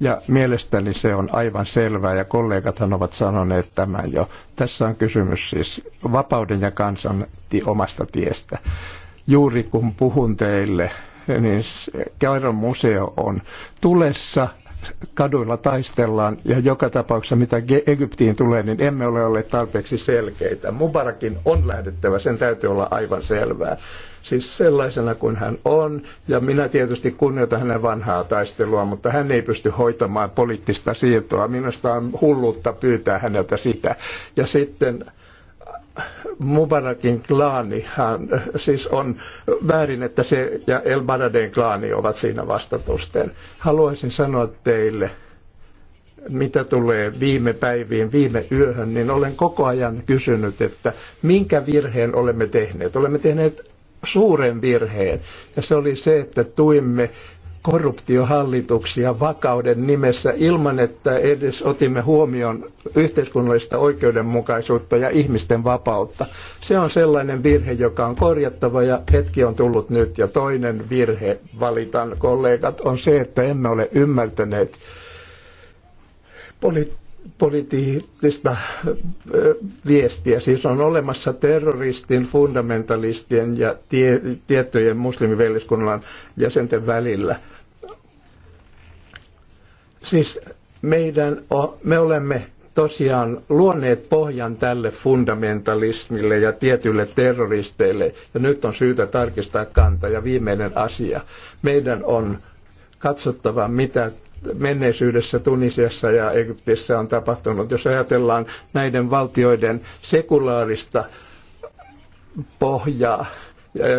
Ja mielestäni se on aivan selvää ja kollegathan ovat sanoneet tämän jo. Tässä on kysymys siis vapauden ja kansan omasta tiestä. Juuri kun puhun teille, niin Kairon museo on tulessa kaduilla taistellaan ja joka tapauksessa mitä Egyptiin tulee, niin emme ole olleet tarpeeksi selkeitä. Mubarakin on lähdettävä, sen täytyy olla aivan selvää. Siis sellaisena kuin hän on, ja minä tietysti kunnioitan hänen vanhaa taistelua, mutta hän ei pysty hoitamaan poliittista siirtoa. Minusta on hulluutta pyytää häneltä sitä. Ja sitten Mubarakin klaanihan siis on väärin, että se ja El Baradeen klaani ovat siinä vastatusten. Haluaisin sanoa teille, mitä tulee viime päiviin, viime yöhön, niin olen koko ajan kysynyt, että minkä virheen olemme tehneet. Olemme tehneet suuren virheen, ja se oli se, että tuimme korruptiohallituksia vakauden nimessä ilman, että edes otimme huomioon yhteiskunnallista oikeudenmukaisuutta ja ihmisten vapautta. Se on sellainen virhe, joka on korjattava ja hetki on tullut nyt. Ja toinen virhe, valitan kollegat, on se, että emme ole ymmärtäneet poli- poliittista viestiä. Siis on olemassa terroristin, fundamentalistien ja tie, tiettyjen muslimiveljeskunnan jäsenten välillä – Siis meidän, me olemme tosiaan luoneet pohjan tälle fundamentalismille ja tietyille terroristeille, ja nyt on syytä tarkistaa kanta. Ja viimeinen asia, meidän on katsottava, mitä menneisyydessä Tunisiassa ja Egyptissä on tapahtunut. Jos ajatellaan näiden valtioiden sekulaarista pohjaa,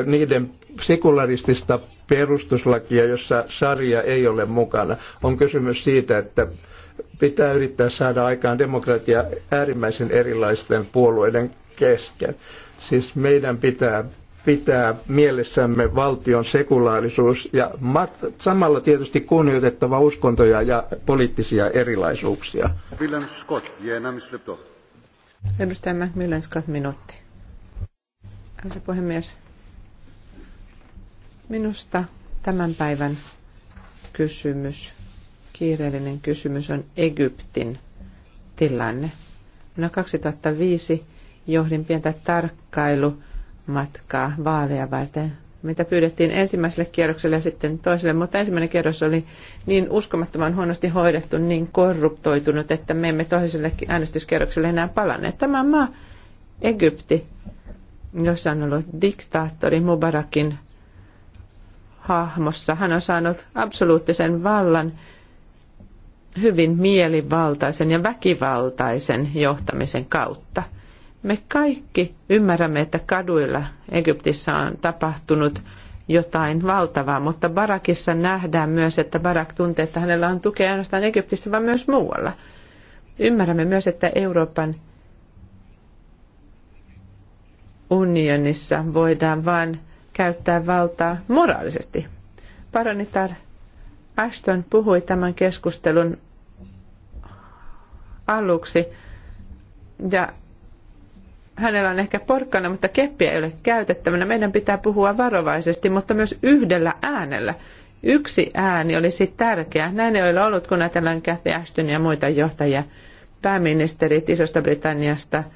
niiden sekularistista perustuslakia, jossa sarja ei ole mukana. On kysymys siitä, että pitää yrittää saada aikaan demokratia äärimmäisen erilaisten puolueiden kesken. Siis meidän pitää pitää mielessämme valtion sekulaarisuus ja samalla tietysti kunnioitettava uskontoja ja poliittisia erilaisuuksia. William Scott, Edustaja Macmillan Scott, minuutti. Arvoisa puhemies, Minusta tämän päivän kysymys, kiireellinen kysymys on Egyptin tilanne. No 2005 johdin pientä tarkkailumatkaa vaaleja varten, mitä pyydettiin ensimmäiselle kierrokselle ja sitten toiselle, mutta ensimmäinen kierros oli niin uskomattoman huonosti hoidettu, niin korruptoitunut, että me emme toiselle äänestyskierrokselle enää palanneet. Tämä maa, Egypti, jossa on ollut diktaattori Mubarakin hahmossa. Hän on saanut absoluuttisen vallan hyvin mielivaltaisen ja väkivaltaisen johtamisen kautta. Me kaikki ymmärrämme, että kaduilla Egyptissä on tapahtunut jotain valtavaa, mutta Barakissa nähdään myös, että Barak tuntee, että hänellä on tukea ainoastaan Egyptissä, vaan myös muualla. Ymmärrämme myös, että Euroopan unionissa voidaan vain käyttää valtaa moraalisesti. Paranitar Ashton puhui tämän keskustelun aluksi ja hänellä on ehkä porkkana, mutta keppiä ei ole käytettävänä. Meidän pitää puhua varovaisesti, mutta myös yhdellä äänellä. Yksi ääni olisi tärkeä. Näin ei ole ollut, kun ajatellaan Cathy Ashton ja muita johtajia, pääministerit Isosta Britanniasta –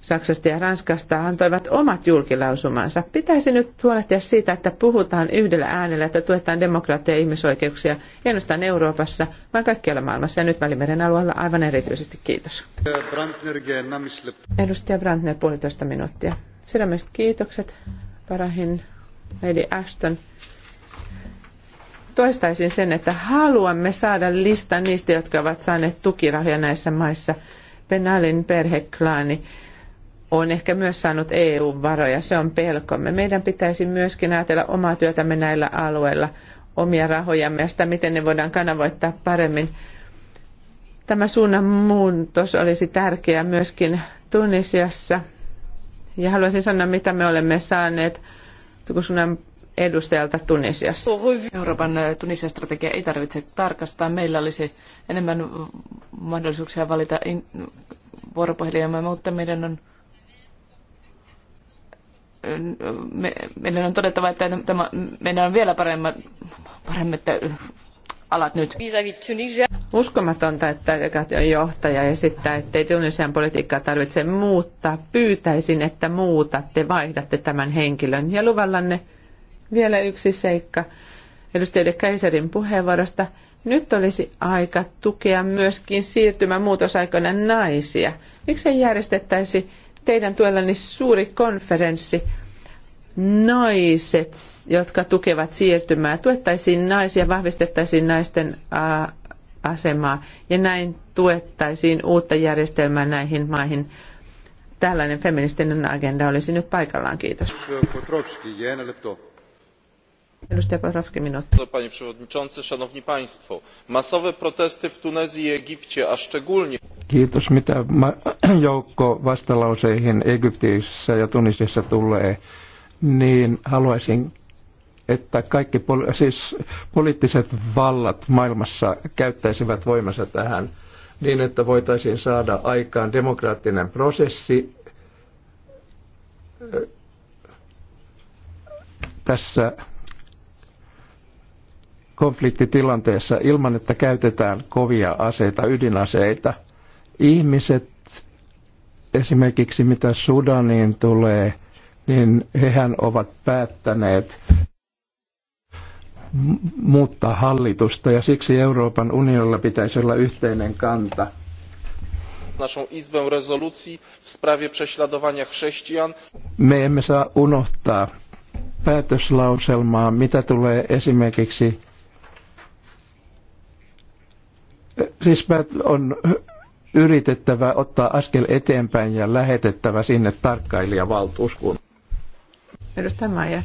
Saksasta ja Ranskasta antoivat omat julkilausumansa. Pitäisi nyt huolehtia siitä, että puhutaan yhdellä äänellä, että tuetaan demokratiaa ja ihmisoikeuksia, ei ainoastaan Euroopassa, vaan kaikkialla maailmassa ja nyt Välimeren alueella aivan erityisesti. Kiitos. Edustaja Brandner, puolitoista minuuttia. Sydämestä kiitokset, Parahin, Lady Ashton toistaisin sen, että haluamme saada listan niistä, jotka ovat saaneet tukirahoja näissä maissa. Benalin perheklaani on ehkä myös saanut EU-varoja. Se on pelkomme. Meidän pitäisi myöskin ajatella omaa työtämme näillä alueilla, omia rahojamme ja sitä, miten ne voidaan kanavoittaa paremmin. Tämä suunnanmuutos olisi tärkeä myöskin Tunisiassa. Ja haluaisin sanoa, mitä me olemme saaneet Tukusunan edustajalta Tunisiassa. Euroopan Tunisian strategia ei tarvitse tarkastaa. Meillä olisi enemmän mahdollisuuksia valita vuoropuhelijamme, mutta meidän on me, meidän on todettava, että tämä, meidän on vielä paremmat, paremmat alat nyt. Uskomatonta, että delegaation johtaja esittää, ettei Tunisian politiikkaa tarvitse muuttaa. Pyytäisin, että muutatte, vaihdatte tämän henkilön. Ja luvallanne vielä yksi seikka edustajille Kaiserin puheenvuorosta. Nyt olisi aika tukea myöskin siirtymämuutosaikoina muutosaikoina naisia. Miksei järjestettäisi teidän tuellanne suuri konferenssi naiset, jotka tukevat siirtymää. Tuettaisiin naisia, vahvistettaisiin naisten asemaa ja näin tuettaisiin uutta järjestelmää näihin maihin. Tällainen feministinen agenda olisi nyt paikallaan. Kiitos. Panie przewodniczący, szanowni państwo, masowe protesty w Tunezji i Egipcie, a szczególnie Kiitos, mitä joukko vastalauseihin Egyptissä ja Tunisissa tulee, niin haluaisin, että kaikki poli- siis poliittiset vallat maailmassa käyttäisivät voimansa tähän niin, että voitaisiin saada aikaan demokraattinen prosessi tässä konfliktitilanteessa ilman, että käytetään kovia aseita, ydinaseita – Ihmiset, esimerkiksi mitä Sudaniin tulee, niin hehän ovat päättäneet muuttaa hallitusta ja siksi Euroopan unionilla pitäisi olla yhteinen kanta. Naszą Izbę rezolucji w sprawie prześladowania chrześcijan. Me emme saa unohtaa päätöslauselmaa, mitä tulee esimerkiksi siis on yritettävä ottaa askel eteenpäin ja lähetettävä sinne tarkkailijavaltuuskunta. Edustaja Maier.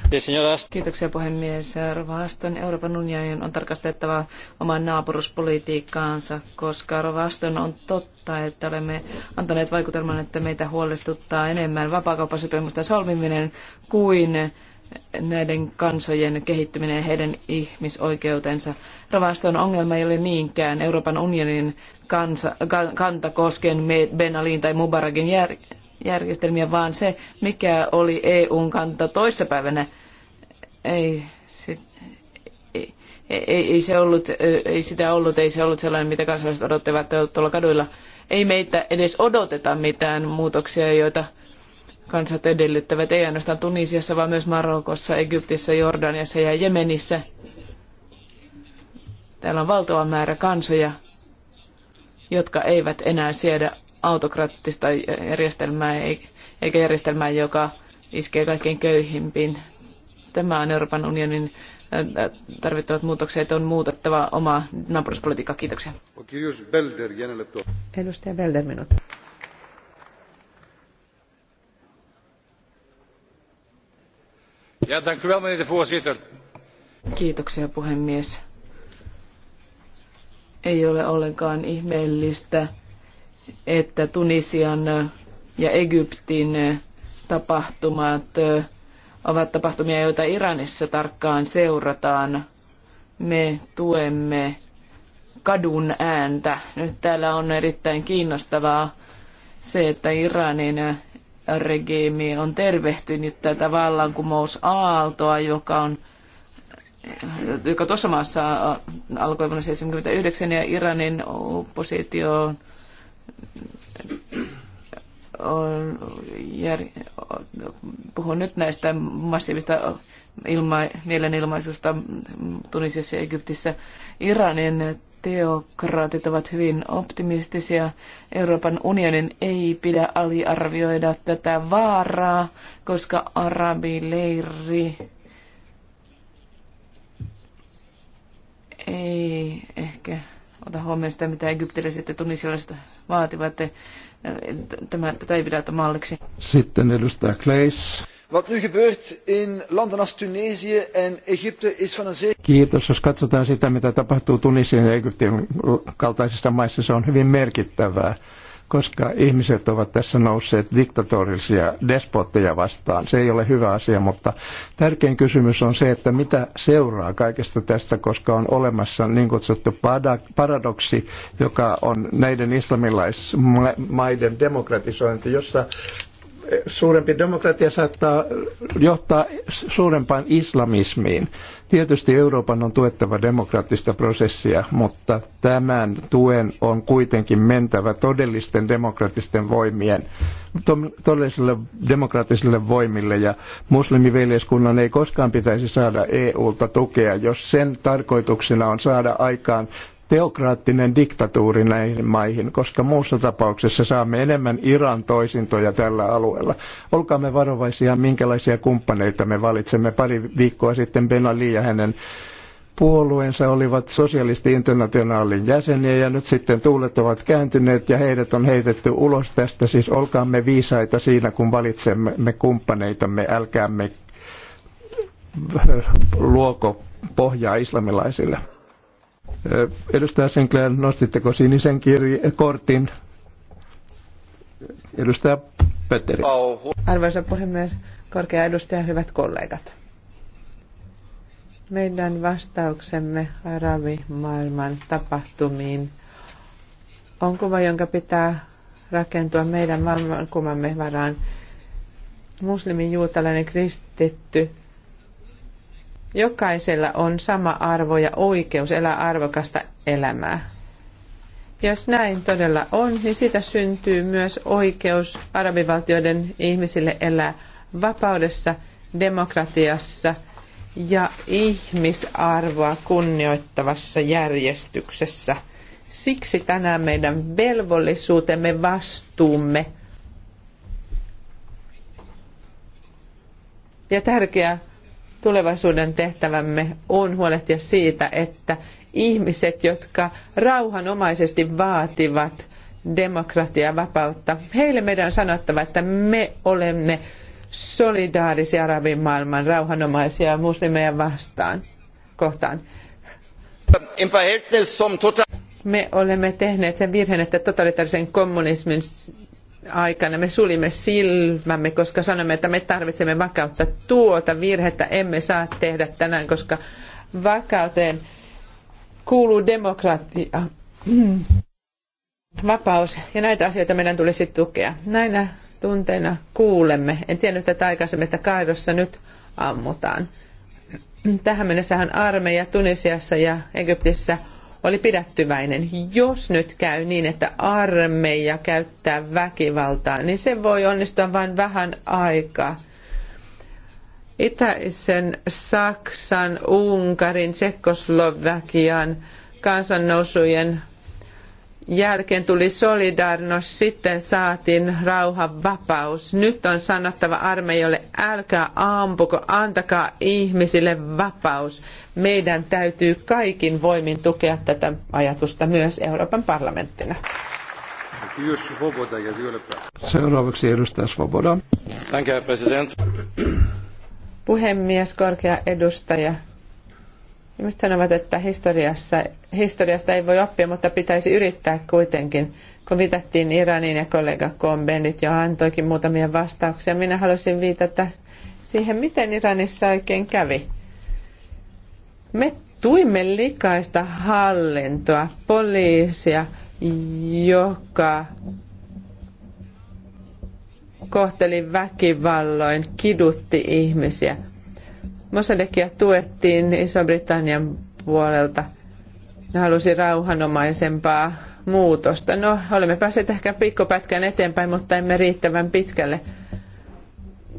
Kiitoksia puhemies. Rovaston Euroopan unionin on tarkastettava oman naapuruspolitiikkaansa, koska Rovaston on totta, että olemme antaneet vaikutelman, että meitä huolestuttaa enemmän vapaakauppasopimusta solmiminen kuin näiden kansojen kehittyminen ja heidän ihmisoikeutensa. Ravaston ongelma ei ole niinkään Euroopan unionin kansa, kanta koskien Ben Alin tai Mubarakin jär, järjestelmiä, vaan se, mikä oli EUn kanta toissapäivänä. Ei, ei, ei, ei, se ollut, ei sitä ollut, ei se ollut sellainen, mitä kansalaiset odottivat tuolla kaduilla. Ei meitä edes odoteta mitään muutoksia, joita kansat edellyttävät, ei ainoastaan Tunisiassa, vaan myös Marokossa, Egyptissä, Jordaniassa ja Jemenissä. Täällä on valtava määrä kansoja, jotka eivät enää siedä autokraattista järjestelmää eikä järjestelmää, joka iskee kaikkein köyhimpiin. Tämä on Euroopan unionin äh, tarvittavat muutokset on muutettava omaa naapuruspolitiikkaa. Kiitoksia. Edustaja Belder, minuutti. Kiitoksia puhemies. Ei ole ollenkaan ihmeellistä, että Tunisian ja Egyptin tapahtumat ovat tapahtumia, joita Iranissa tarkkaan seurataan. Me tuemme kadun ääntä. Nyt täällä on erittäin kiinnostavaa se, että Iranin regiimi on tervehtynyt tätä vallankumousaaltoa, joka on joka tuossa maassa alkoi vuonna 79 ja Iranin oppositio on, on, puhun nyt näistä massiivista ilma, mielenilmaisusta Tunisiassa ja Egyptissä. Iranin teokraatit ovat hyvin optimistisia. Euroopan unionin ei pidä aliarvioida tätä vaaraa, koska arabileiri ei ehkä ota huomioon sitä, mitä egyptiläiset ja tunisilaiset vaativat. Tämä, tätä ei pidä ottaa malliksi. Sitten edustaja Kleis. Wat nu gebeurt in landen als Tunesië en Egypte is van een zeer... Kiitos. Jos katsotaan sitä, mitä tapahtuu Tunisian ja Egyptin kaltaisissa maissa, se on hyvin merkittävää, koska ihmiset ovat tässä nousseet diktatorisia despotteja vastaan. Se ei ole hyvä asia, mutta tärkein kysymys on se, että mitä seuraa kaikesta tästä, koska on olemassa niin kutsuttu paradoksi, joka on näiden islamilaismaiden demokratisointi, jossa suurempi demokratia saattaa johtaa suurempaan islamismiin. Tietysti Euroopan on tuettava demokraattista prosessia, mutta tämän tuen on kuitenkin mentävä todellisten demokraattisten voimien, todellisille demokraattisille voimille. Ja muslimiveljeskunnan ei koskaan pitäisi saada EUlta tukea, jos sen tarkoituksena on saada aikaan teokraattinen diktatuuri näihin maihin, koska muussa tapauksessa saamme enemmän Iran toisintoja tällä alueella. Olkaamme varovaisia, minkälaisia kumppaneita me valitsemme. Pari viikkoa sitten Ben Ali ja hänen puolueensa olivat sosialisti-internationaalin jäseniä ja nyt sitten tuulet ovat kääntyneet ja heidät on heitetty ulos tästä. Siis olkaamme viisaita siinä, kun valitsemme me kumppaneitamme, älkäämme luoko pohjaa islamilaisille. Edustaja Sinclair, nostitteko sinisen kirje- kortin? Edustaja Petteri. Arvoisa puhemies, korkea edustaja, hyvät kollegat. Meidän vastauksemme arabimaailman tapahtumiin on kuva, jonka pitää rakentua meidän maailmankuvamme varaan. Muslimi, juutalainen, kristitty, Jokaisella on sama arvo ja oikeus elää arvokasta elämää. Jos näin todella on, niin siitä syntyy myös oikeus arabivaltioiden ihmisille elää vapaudessa, demokratiassa ja ihmisarvoa kunnioittavassa järjestyksessä. Siksi tänään meidän velvollisuutemme, vastuumme ja tärkeä tulevaisuuden tehtävämme on huolehtia siitä, että ihmiset, jotka rauhanomaisesti vaativat demokratiaa ja vapautta, heille meidän on sanottava, että me olemme solidaarisia arabimaailman rauhanomaisia muslimeja vastaan kohtaan. Me olemme tehneet sen virheen, että totalitaarisen kommunismin aikana me sulimme silmämme, koska sanomme, että me tarvitsemme vakautta. Tuota virhettä emme saa tehdä tänään, koska vakauteen kuuluu demokratia, vapaus ja näitä asioita meidän tulisi tukea. Näinä tunteina kuulemme. En tiennyt tätä aikaisemmin, että Kairossa nyt ammutaan. Tähän mennessähän armeija Tunisiassa ja Egyptissä – oli pidättyväinen. Jos nyt käy niin, että armeija käyttää väkivaltaa, niin se voi onnistua vain vähän aikaa. Itäisen Saksan, Unkarin, Tsekoslovakian kansannousujen jälkeen tuli Solidarnos, sitten saatiin rauhan vapaus. Nyt on sanottava armeijalle älkää ampuko, antakaa ihmisille vapaus. Meidän täytyy kaikin voimin tukea tätä ajatusta myös Euroopan parlamenttina. Seuraavaksi edustaja Svoboda. Puhemies, korkea edustaja. Ihmiset sanovat, että historiassa, historiasta ei voi oppia, mutta pitäisi yrittää kuitenkin. Kun viitattiin Iraniin ja kollega Kombenit jo antoikin muutamia vastauksia, minä halusin viitata siihen, miten Iranissa oikein kävi. Me tuimme likaista hallintoa, poliisia, joka kohteli väkivalloin, kidutti ihmisiä – Mossadekia tuettiin Iso-Britannian puolelta. Ne halusi rauhanomaisempaa muutosta. No, olemme päässeet ehkä pikkupätkän eteenpäin, mutta emme riittävän pitkälle.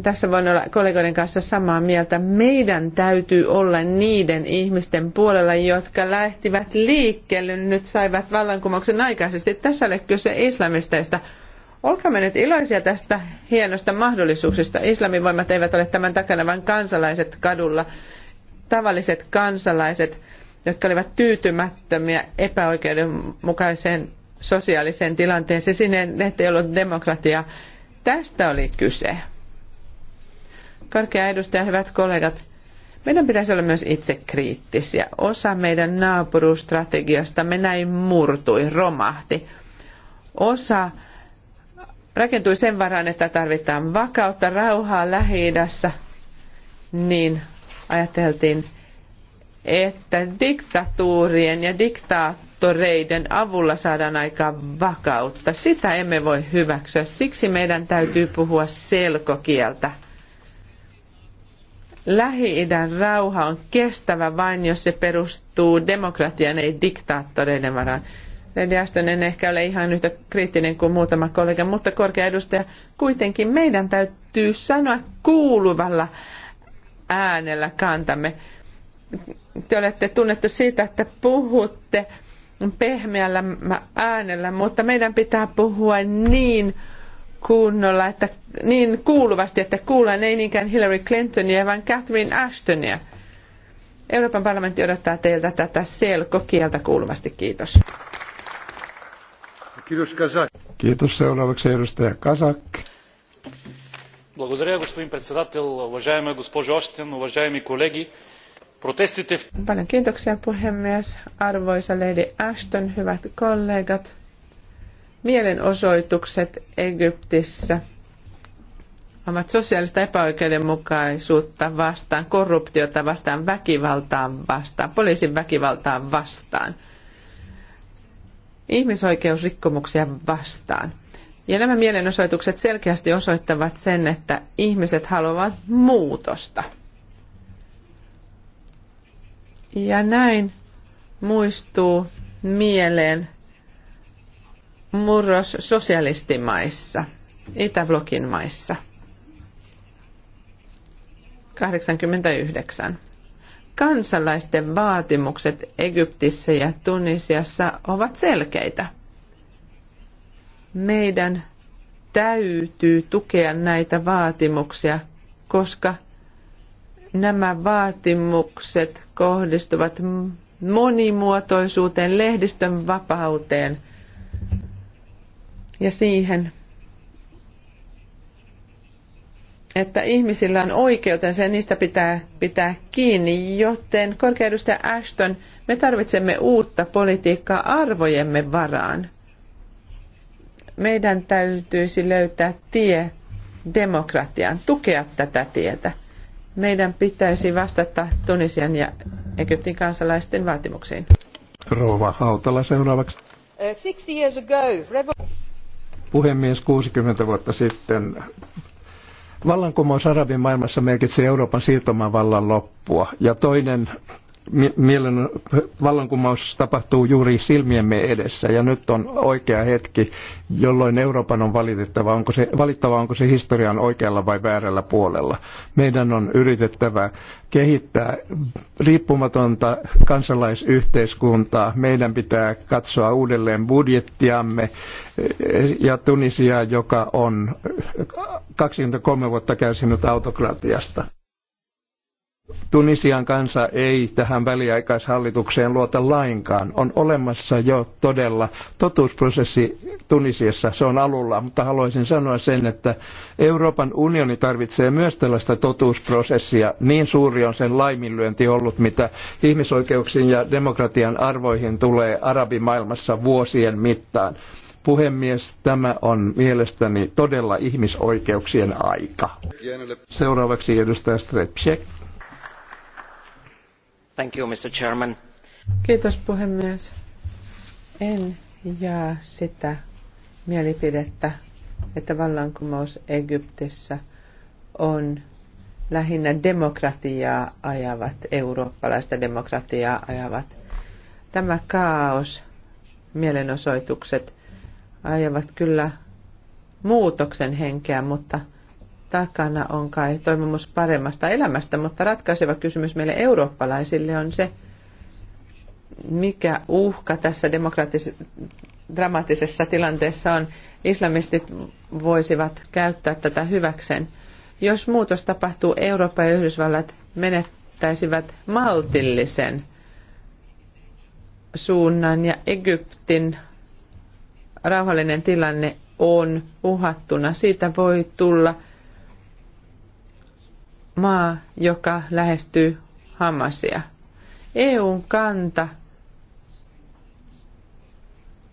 Tässä voin olla kollegoiden kanssa samaa mieltä. Meidän täytyy olla niiden ihmisten puolella, jotka lähtivät liikkeelle, nyt saivat vallankumouksen aikaisesti. Tässä ei ole kyse islamisteista Olkaamme nyt iloisia tästä hienosta mahdollisuuksista. Islamin voimat eivät ole tämän takana, vaan kansalaiset kadulla, tavalliset kansalaiset, jotka olivat tyytymättömiä epäoikeudenmukaiseen sosiaaliseen tilanteeseen. Sinne ette ollut demokratia. Tästä oli kyse. Korkea edustaja, hyvät kollegat, meidän pitäisi olla myös itse kriittisiä. Osa meidän me näin murtui, romahti. Osa rakentui sen varaan, että tarvitaan vakautta, rauhaa lähi niin ajateltiin, että diktatuurien ja diktaattoreiden avulla saadaan aikaan vakautta. Sitä emme voi hyväksyä, siksi meidän täytyy puhua selkokieltä. Lähi-idän rauha on kestävä vain, jos se perustuu demokratian, ei diktaattoreiden varaan. Lady Ashton en ehkä ole ihan yhtä kriittinen kuin muutama kollega, mutta korkea edustaja, kuitenkin meidän täytyy sanoa kuuluvalla äänellä kantamme. Te olette tunnettu siitä, että puhutte pehmeällä äänellä, mutta meidän pitää puhua niin kunnolla, että niin kuuluvasti, että kuullaan ei niinkään Hillary Clintonia, vaan Catherine Ashtonia. Euroopan parlamentti odottaa teiltä tätä selkokieltä kuuluvasti. Kiitos. Kiitos, Kazak. Kiitos seuraavaksi edustaja Kazak. Благодаря, господин председател, уважаема госпожо Остин, уважаеми колеги. Protestite... Paljon kiitoksia puhemies, arvoisa Lady Ashton, hyvät kollegat. Mielenosoitukset Egyptissä ovat sosiaalista epäoikeudenmukaisuutta vastaan, korruptiota vastaan, väkivaltaa vastaan, poliisin väkivaltaa vastaan – ihmisoikeusrikkomuksia vastaan. Ja nämä mielenosoitukset selkeästi osoittavat sen, että ihmiset haluavat muutosta. Ja näin muistuu mieleen murros sosialistimaissa, Itäblokin maissa. 89 kansalaisten vaatimukset Egyptissä ja Tunisiassa ovat selkeitä. Meidän täytyy tukea näitä vaatimuksia, koska nämä vaatimukset kohdistuvat monimuotoisuuteen, lehdistön vapauteen ja siihen, että ihmisillä on oikeutensa ja niistä pitää pitää kiinni, joten korkeudustaja Ashton, me tarvitsemme uutta politiikkaa arvojemme varaan. Meidän täytyisi löytää tie demokratiaan, tukea tätä tietä. Meidän pitäisi vastata Tunisian ja Egyptin kansalaisten vaatimuksiin. Rouva Hautala seuraavaksi. 60 uh, years ago, Puhemies, 60 vuotta sitten Vallankumous arabin maailmassa merkitsi Euroopan siirtomaavallan loppua. Ja toinen mielen vallankumous tapahtuu juuri silmiemme edessä ja nyt on oikea hetki, jolloin Euroopan on valitettava, onko se, valittava, onko se historian oikealla vai väärällä puolella. Meidän on yritettävä kehittää riippumatonta kansalaisyhteiskuntaa. Meidän pitää katsoa uudelleen budjettiamme ja Tunisia, joka on 23 vuotta kärsinyt autokratiasta Tunisian kansa ei tähän väliaikaishallitukseen luota lainkaan. On olemassa jo todella totuusprosessi Tunisiassa, se on alulla, mutta haluaisin sanoa sen, että Euroopan unioni tarvitsee myös tällaista totuusprosessia. Niin suuri on sen laiminlyönti ollut, mitä ihmisoikeuksiin ja demokratian arvoihin tulee arabimaailmassa vuosien mittaan. Puhemies, tämä on mielestäni todella ihmisoikeuksien aika. Seuraavaksi edustaja Strepsek arvoisa Kiitos puhemies. En jaa sitä mielipidettä, että vallankumous Egyptissä on lähinnä demokratiaa ajavat, eurooppalaista demokratiaa ajavat. Tämä kaos, mielenosoitukset ajavat kyllä muutoksen henkeä, mutta – takana on kai toivomus paremmasta elämästä, mutta ratkaiseva kysymys meille eurooppalaisille on se, mikä uhka tässä demokraattisessa dramaattisessa tilanteessa on. Islamistit voisivat käyttää tätä hyväkseen. Jos muutos tapahtuu, Eurooppa ja Yhdysvallat menettäisivät maltillisen suunnan ja Egyptin rauhallinen tilanne on uhattuna. Siitä voi tulla maa, joka lähestyy Hamasia. EUn kanta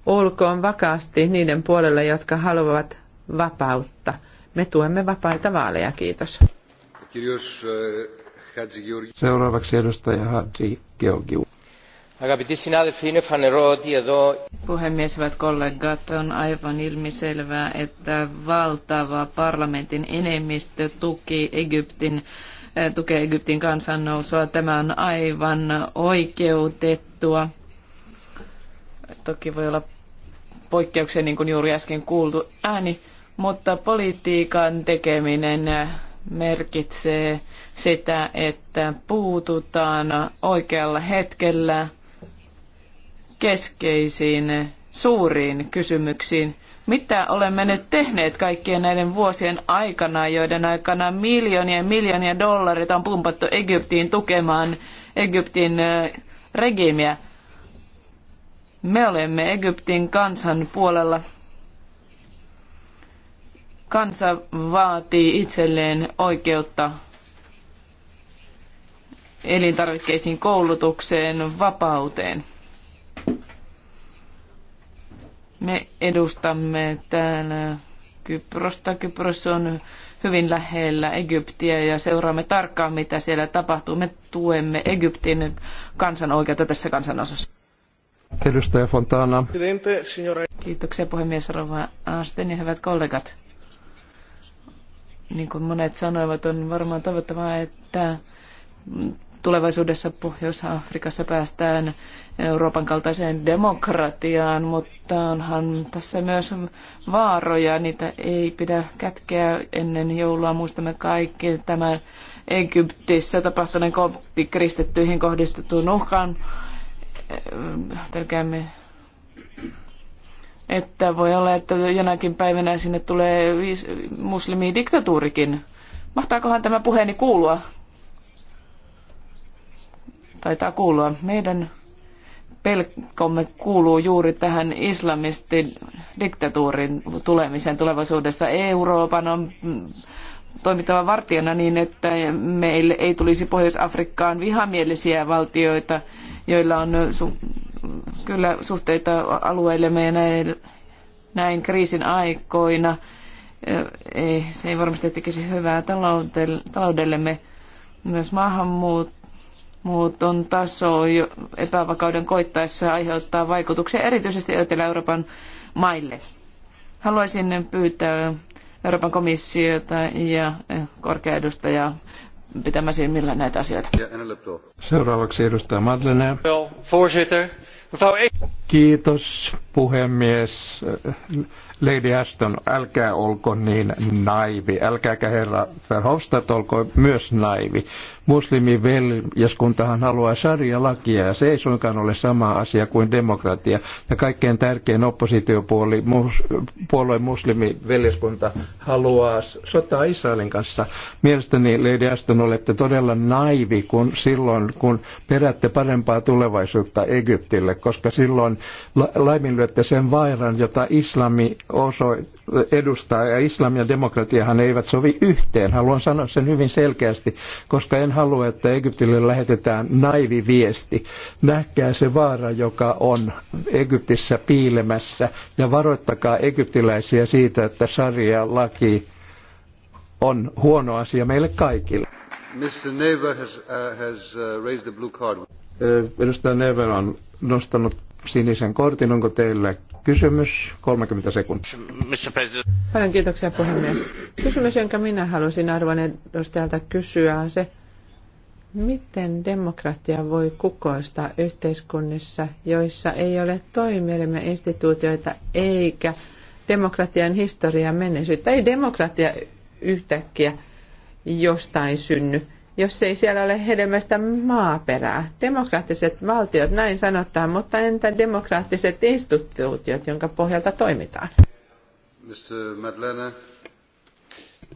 olkoon vakaasti niiden puolella, jotka haluavat vapautta. Me tuemme vapaita vaaleja, kiitos. Eh, Seuraavaksi edustaja Hadji Georgiou. Puhemies, hyvät kollegat, on aivan ilmiselvää, että valtava parlamentin enemmistö tuki Egyptin, eh, tukee Egyptin kansannousua. Tämä on aivan oikeutettua. Toki voi olla poikkeuksia, niin kuin juuri äsken kuultu ääni, mutta politiikan tekeminen merkitsee sitä, että puututaan oikealla hetkellä – keskeisiin suuriin kysymyksiin. Mitä olemme nyt tehneet kaikkien näiden vuosien aikana, joiden aikana miljoonia ja miljoonia dollareita on pumpattu Egyptiin tukemaan Egyptin regiimiä? Me olemme Egyptin kansan puolella. Kansa vaatii itselleen oikeutta elintarvikkeisiin, koulutukseen, vapauteen. Me edustamme täällä Kyprosta. Kypros on hyvin lähellä Egyptiä ja seuraamme tarkkaan, mitä siellä tapahtuu. Me tuemme Egyptin kansanoikeutta tässä kansanosassa. Edustaja Fontana. Kiitoksia puhemies Rova Asten ja hyvät kollegat. Niin kuin monet sanoivat, on varmaan toivottavaa, että tulevaisuudessa Pohjois-Afrikassa päästään Euroopan kaltaiseen demokratiaan, mutta onhan tässä myös vaaroja. Niitä ei pidä kätkeä ennen joulua. Muistamme kaikki tämä Egyptissä tapahtuneen kopti kristittyihin kohdistetun uhkan. Pelkäämme että voi olla, että jonakin päivänä sinne tulee muslimidiktatuurikin. Mahtaakohan tämä puheeni kuulua? Taitaa kuulua. Meidän pelkomme kuuluu juuri tähän islamistin diktatuurin tulemiseen tulevaisuudessa. Euroopan on toimittava vartijana niin, että meille ei tulisi Pohjois-Afrikkaan vihamielisiä valtioita, joilla on su- kyllä suhteita alueillemme ja näin, näin kriisin aikoina. Eh, ei, se ei varmasti tekisi hyvää taloudellemme. Myös maahanmuutto muuton taso jo epävakauden koittaessa aiheuttaa vaikutuksia erityisesti Etelä-Euroopan maille. Haluaisin pyytää Euroopan komissiota ja korkea edustajaa pitämään silmillä näitä asioita. Seuraavaksi edustaja Madlene. E- Kiitos puhemies. Lady Ashton, älkää olko niin naivi. Älkääkä herra Verhofstadt olko myös naivi. Muslimiveljeskuntahan haluaa lakia ja se ei suinkaan ole sama asia kuin demokratia. Ja kaikkein tärkein oppositiopuoli, mus, puolue muslimiveljeskunta haluaa sotaa Israelin kanssa. Mielestäni, Lady Aston, olette todella naivi kun silloin, kun perätte parempaa tulevaisuutta Egyptille, koska silloin la- laiminlyötte sen vairan, jota islami osoittaa edustaa ja islam ja demokratiahan eivät sovi yhteen. Haluan sanoa sen hyvin selkeästi, koska en halua, että Egyptille lähetetään naivi viesti. Nähkää se vaara, joka on Egyptissä piilemässä ja varoittakaa egyptiläisiä siitä, että sarja laki on huono asia meille kaikille. Mr. Neva has, uh, has uh, raised the blue card. Edustaja Neven on nostanut sinisen kortin. Onko teillä kysymys? 30 sekuntia. Paljon kiitoksia puhemies. Kysymys, jonka minä halusin arvon edustajalta kysyä, on se, miten demokratia voi kukoistaa yhteiskunnissa, joissa ei ole toimielimme instituutioita eikä demokratian historian menneisyyttä. Ei demokratia yhtäkkiä jostain synny jos ei siellä ole hedelmästä maaperää. Demokraattiset valtiot, näin sanotaan, mutta entä demokraattiset instituutiot, jonka pohjalta toimitaan? Mr. Madlena.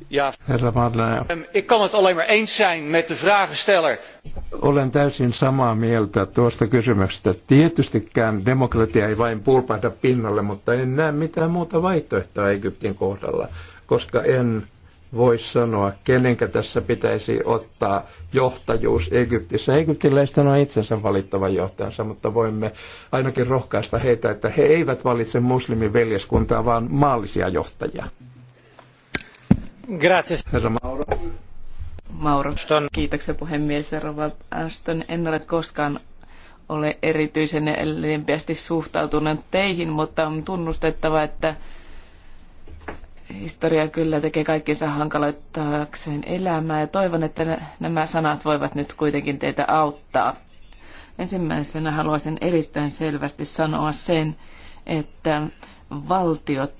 Ja, Herra Madlena. Ik kan het alleen maar eens zijn met de vragensteller. Olen täysin samaa mieltä tuosta kysymyksestä. Tietystikään demokratia ei vain pulpahda pinnalle, mutta en näe mitään muuta vaihtoehtoa Egyptin kohdalla, koska en voi sanoa, kenenkä tässä pitäisi ottaa johtajuus Egyptissä. Egyptiläisten on itsensä valittava johtajansa, mutta voimme ainakin rohkaista heitä, että he eivät valitse muslimin veljeskuntaa, vaan maallisia johtajia. Grazie. Herra Mauro. Mauro, kiitoksia puhemies. Rova Ashton, en ole koskaan ole erityisen lempeästi suhtautunut teihin, mutta on tunnustettava, että historia kyllä tekee kaikkinsa hankaloittaakseen elämää ja toivon, että nämä sanat voivat nyt kuitenkin teitä auttaa. Ensimmäisenä haluaisin erittäin selvästi sanoa sen, että valtiot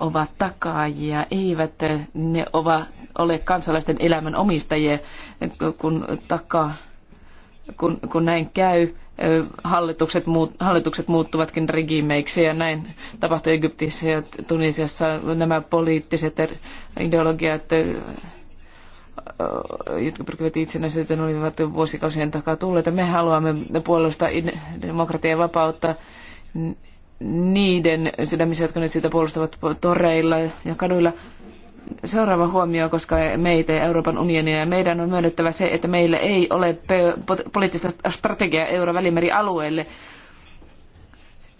ovat takaajia, eivät ne ova, ole kansalaisten elämän omistajia, kun, takaa, kun, kun näin käy hallitukset, muut, hallitukset muuttuvatkin regiimeiksi ja näin tapahtui Egyptissä ja Tunisiassa nämä poliittiset er-, ideologiat jotka pyrkivät itsenäisyyteen, olivat vuosikausien takaa tulleita. Me haluamme puolustaa demokratiaa ja vapautta niiden sydämissä, jotka nyt sitä puolustavat toreilla ja kaduilla seuraava huomio, koska meitä ja Euroopan unionia ja meidän on myönnettävä se, että meillä ei ole poliittista strategiaa Euro-välimerialueelle.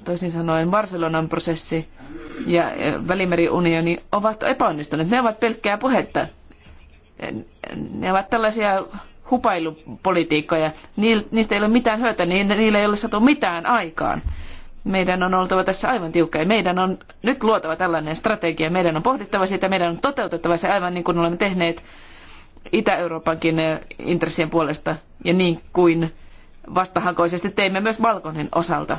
Toisin sanoen Barcelonan prosessi ja välimeriunioni ovat epäonnistuneet. Ne ovat pelkkää puhetta. Ne ovat tällaisia hupailupolitiikkoja. Niistä ei ole mitään hyötyä, niin niillä ei ole saatu mitään aikaan. Meidän on oltava tässä aivan tiukka meidän on nyt luotava tällainen strategia. Meidän on pohdittava sitä, meidän on toteutettava se aivan niin kuin olemme tehneet Itä-Euroopankin eh, intressien puolesta ja niin kuin vastahakoisesti teimme myös Balkonin osalta.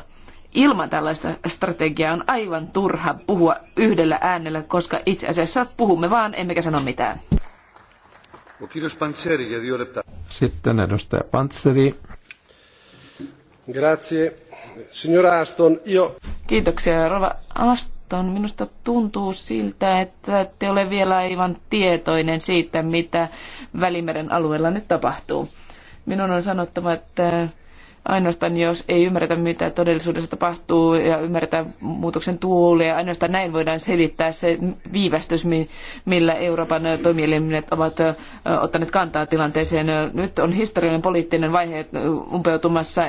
Ilman tällaista strategiaa on aivan turha puhua yhdellä äänellä, koska itse asiassa puhumme vaan emmekä sano mitään. Sitten edustaja Pantseri. Grazie. Signora Aston, io... Kiitoksia, Rova Aston. Minusta tuntuu siltä, että ette ole vielä aivan tietoinen siitä, mitä Välimeren alueella nyt tapahtuu. Minun on sanottava, että ainoastaan jos ei ymmärretä, mitä todellisuudessa tapahtuu ja ymmärretä muutoksen tuulia, ainoastaan näin voidaan selittää se viivästys, millä Euroopan toimielimet ovat ottaneet kantaa tilanteeseen. Nyt on historiallinen poliittinen vaihe umpeutumassa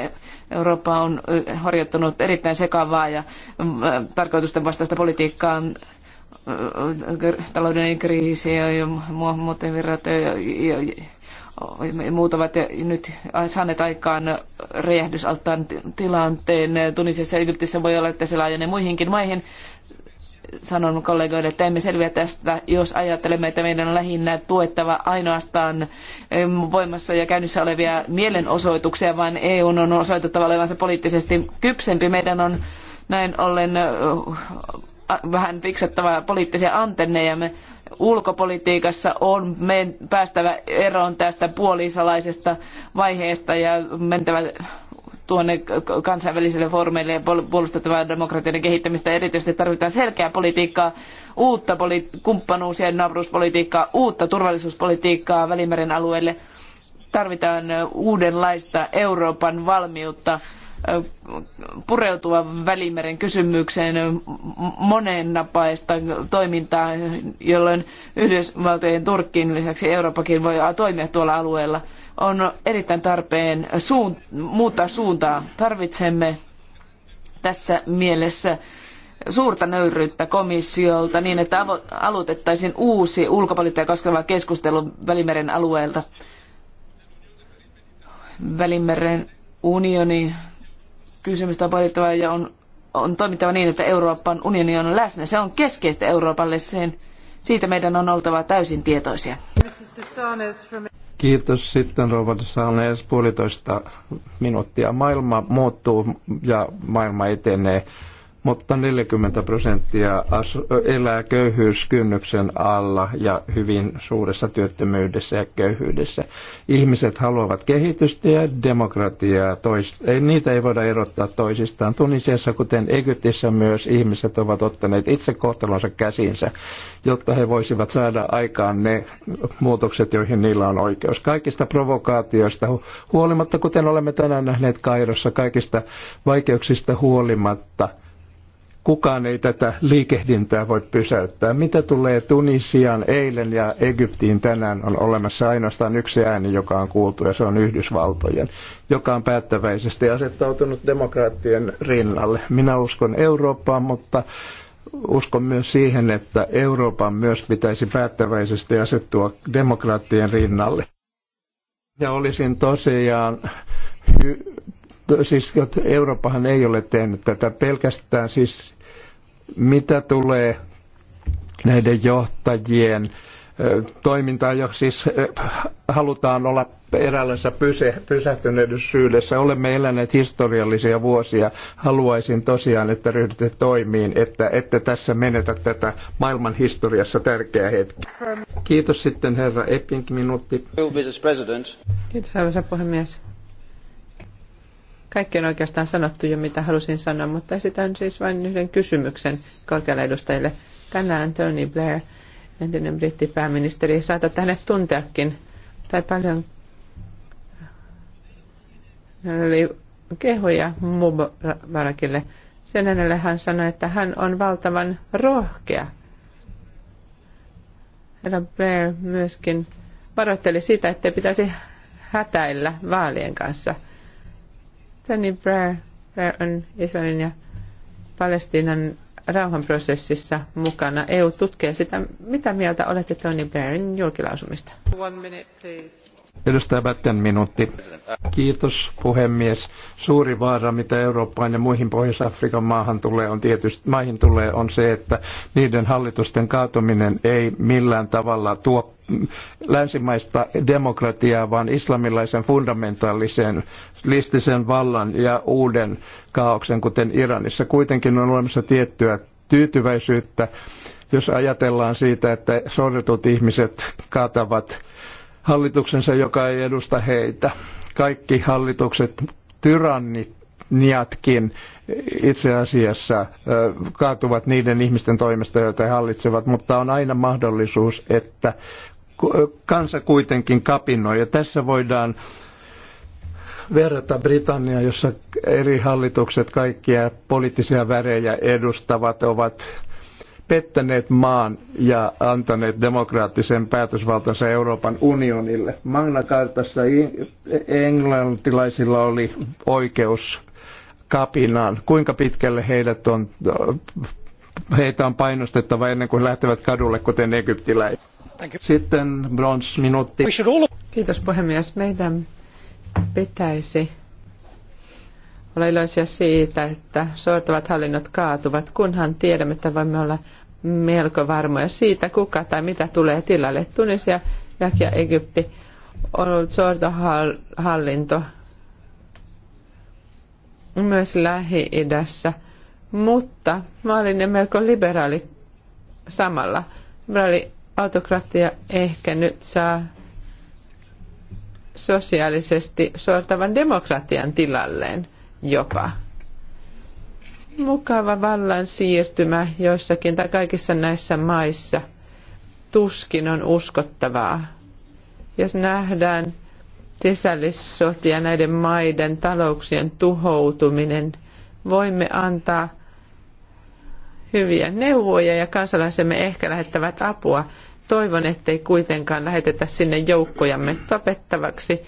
Eurooppa on harjoittanut erittäin sekavaa ja mm, tarkoitusten vastaista politiikkaa mm, talouden kriisi ja muuttovirrat ja muut ovat nyt saaneet aikaan räjähdysaltaan tilanteen. Tunisissa ja Egyptissä voi olla, että se laajenee muihinkin maihin sanonut kollegoille, että emme selviä tästä, jos ajattelemme, että meidän on lähinnä tuettava ainoastaan voimassa ja käynnissä olevia mielenosoituksia, vaan EU on osoitettava olevansa poliittisesti kypsempi. Meidän on näin ollen vähän fiksattava poliittisia antenneja. Me ulkopolitiikassa on päästävä eroon tästä puolisalaisesta vaiheesta ja mentävä tuonne kansainvälisille foorumeille ja puolustettavaa demokratian kehittämistä. Erityisesti tarvitaan selkeää politiikkaa, uutta poli- kumppanuus- ja naapuruuspolitiikkaa, uutta turvallisuuspolitiikkaa Välimeren alueelle. Tarvitaan uudenlaista Euroopan valmiutta pureutua Välimeren kysymykseen monennapaista toimintaa, jolloin Yhdysvaltojen Turkin lisäksi Euroopakin voi toimia tuolla alueella. On erittäin tarpeen suun, muuttaa suuntaa. Tarvitsemme tässä mielessä suurta nöyryyttä komissiolta niin, että aloitettaisiin uusi ulkopolitiikkaa koskeva keskustelu Välimeren alueelta. Välimeren unioni kysymystä on pohdittava ja on, on toimittava niin, että Euroopan unioni on läsnä. Se on keskeistä Euroopalle. Sen, siitä meidän on oltava täysin tietoisia. Kiitos sitten Robert Saanes puolitoista minuuttia. Maailma muuttuu ja maailma etenee mutta 40 prosenttia elää köyhyyskynnyksen alla ja hyvin suuressa työttömyydessä ja köyhyydessä. Ihmiset haluavat kehitystä ja demokratiaa. toist. ei, niitä ei voida erottaa toisistaan. Tunisiassa, kuten Egyptissä myös, ihmiset ovat ottaneet itse kohtalonsa käsinsä, jotta he voisivat saada aikaan ne muutokset, joihin niillä on oikeus. Kaikista provokaatioista huolimatta, kuten olemme tänään nähneet Kairossa, kaikista vaikeuksista huolimatta – kukaan ei tätä liikehdintää voi pysäyttää. Mitä tulee Tunisiaan eilen ja Egyptiin tänään, on olemassa ainoastaan yksi ääni, joka on kuultu, ja se on Yhdysvaltojen, joka on päättäväisesti asettautunut demokraattien rinnalle. Minä uskon Eurooppaan, mutta uskon myös siihen, että Euroopan myös pitäisi päättäväisesti asettua demokraattien rinnalle. Ja olisin tosiaan siis Eurooppahan ei ole tehnyt tätä pelkästään, siis mitä tulee näiden johtajien toimintaa, jos siis halutaan olla eräänlaisessa pysä, pysähtyneisyydessä. Olemme eläneet historiallisia vuosia. Haluaisin tosiaan, että ryhdytte toimiin, että ette tässä menetä tätä maailman historiassa tärkeää hetkeä. Kiitos sitten herra Eppink minuutti. Kiitos arvoisa puhemies. Kaikki on oikeastaan sanottu jo, mitä halusin sanoa, mutta esitän siis vain yhden kysymyksen korkealle edustajille. Tänään Tony Blair, entinen brittipääministeri, saatat hänet tunteakin, tai paljon hän oli kehoja Mubarakille. Sen hänelle hän sanoi, että hän on valtavan rohkea. Herra Blair myöskin varoitteli sitä, että pitäisi hätäillä vaalien kanssa – Tony Blair, Blair on Israelin ja Palestiinan rauhanprosessissa mukana. EU tutkee sitä. Mitä mieltä olette Tony Blairin julkilausumista? One minute, please. Edustaja Vätten minuutti. Kiitos puhemies. Suuri vaara, mitä Eurooppaan ja muihin Pohjois-Afrikan maahan tulee, on tietysti, maihin tulee, on se, että niiden hallitusten kaatuminen ei millään tavalla tuo länsimaista demokratiaa, vaan islamilaisen fundamentaalisen listisen vallan ja uuden kaauksen, kuten Iranissa. Kuitenkin on olemassa tiettyä tyytyväisyyttä, jos ajatellaan siitä, että sorretut ihmiset kaatavat hallituksensa, joka ei edusta heitä. Kaikki hallitukset, tyrannit niatkin itse asiassa kaatuvat niiden ihmisten toimesta, joita he hallitsevat, mutta on aina mahdollisuus, että kansa kuitenkin kapinoi. Ja tässä voidaan verrata Britannia, jossa eri hallitukset kaikkia poliittisia värejä edustavat, ovat pettäneet maan ja antaneet demokraattisen päätösvaltansa Euroopan unionille. Magna Cartassa englantilaisilla oli oikeus kapinaan. Kuinka pitkälle heidät on, heitä on painostettava ennen kuin lähtevät kadulle, kuten egyptiläiset? Sitten bronze minuutti. Kiitos puhemies. Meidän pitäisi olla iloisia siitä, että sortavat hallinnot kaatuvat, kunhan tiedämme, että voimme olla melko varmoja siitä, kuka tai mitä tulee tilalle. Tunisia, Jaki ja Egypti on ollut sortohallinto myös Lähi-idässä, mutta maallinen melko liberaali samalla. Liberaali autokratia ehkä nyt saa sosiaalisesti sortavan demokratian tilalleen jopa. Mukava vallan siirtymä joissakin tai kaikissa näissä maissa tuskin on uskottavaa. Jos nähdään sisällissotia näiden maiden talouksien tuhoutuminen, voimme antaa hyviä neuvoja ja kansalaisemme ehkä lähettävät apua. Toivon, ettei kuitenkaan lähetetä sinne joukkojamme tapettavaksi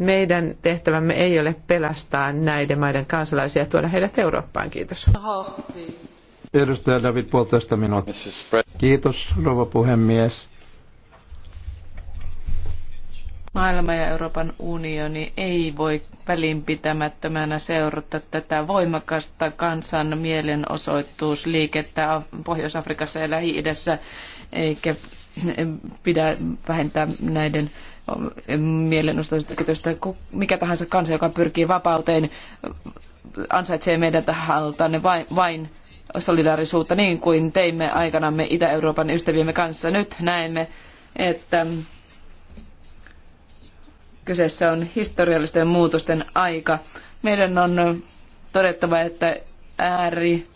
meidän tehtävämme ei ole pelastaa näiden maiden kansalaisia ja tuoda heidät Eurooppaan. Kiitos. Edustaja David, puolitoista minuuttia. Kiitos, rouva puhemies. Maailma ja Euroopan unioni ei voi välinpitämättömänä seurata tätä voimakasta kansan mielenosoitusliikettä Pohjois-Afrikassa ja Lähi-idässä, eikä pidä vähentää näiden mielenosoitusta, mikä tahansa kansa, joka pyrkii vapauteen, ansaitsee meidän tahaltanne vain, vain solidaarisuutta niin kuin teimme aikanamme Itä-Euroopan ystäviemme kanssa. Nyt näemme, että kyseessä on historiallisten muutosten aika. Meidän on todettava, että ääri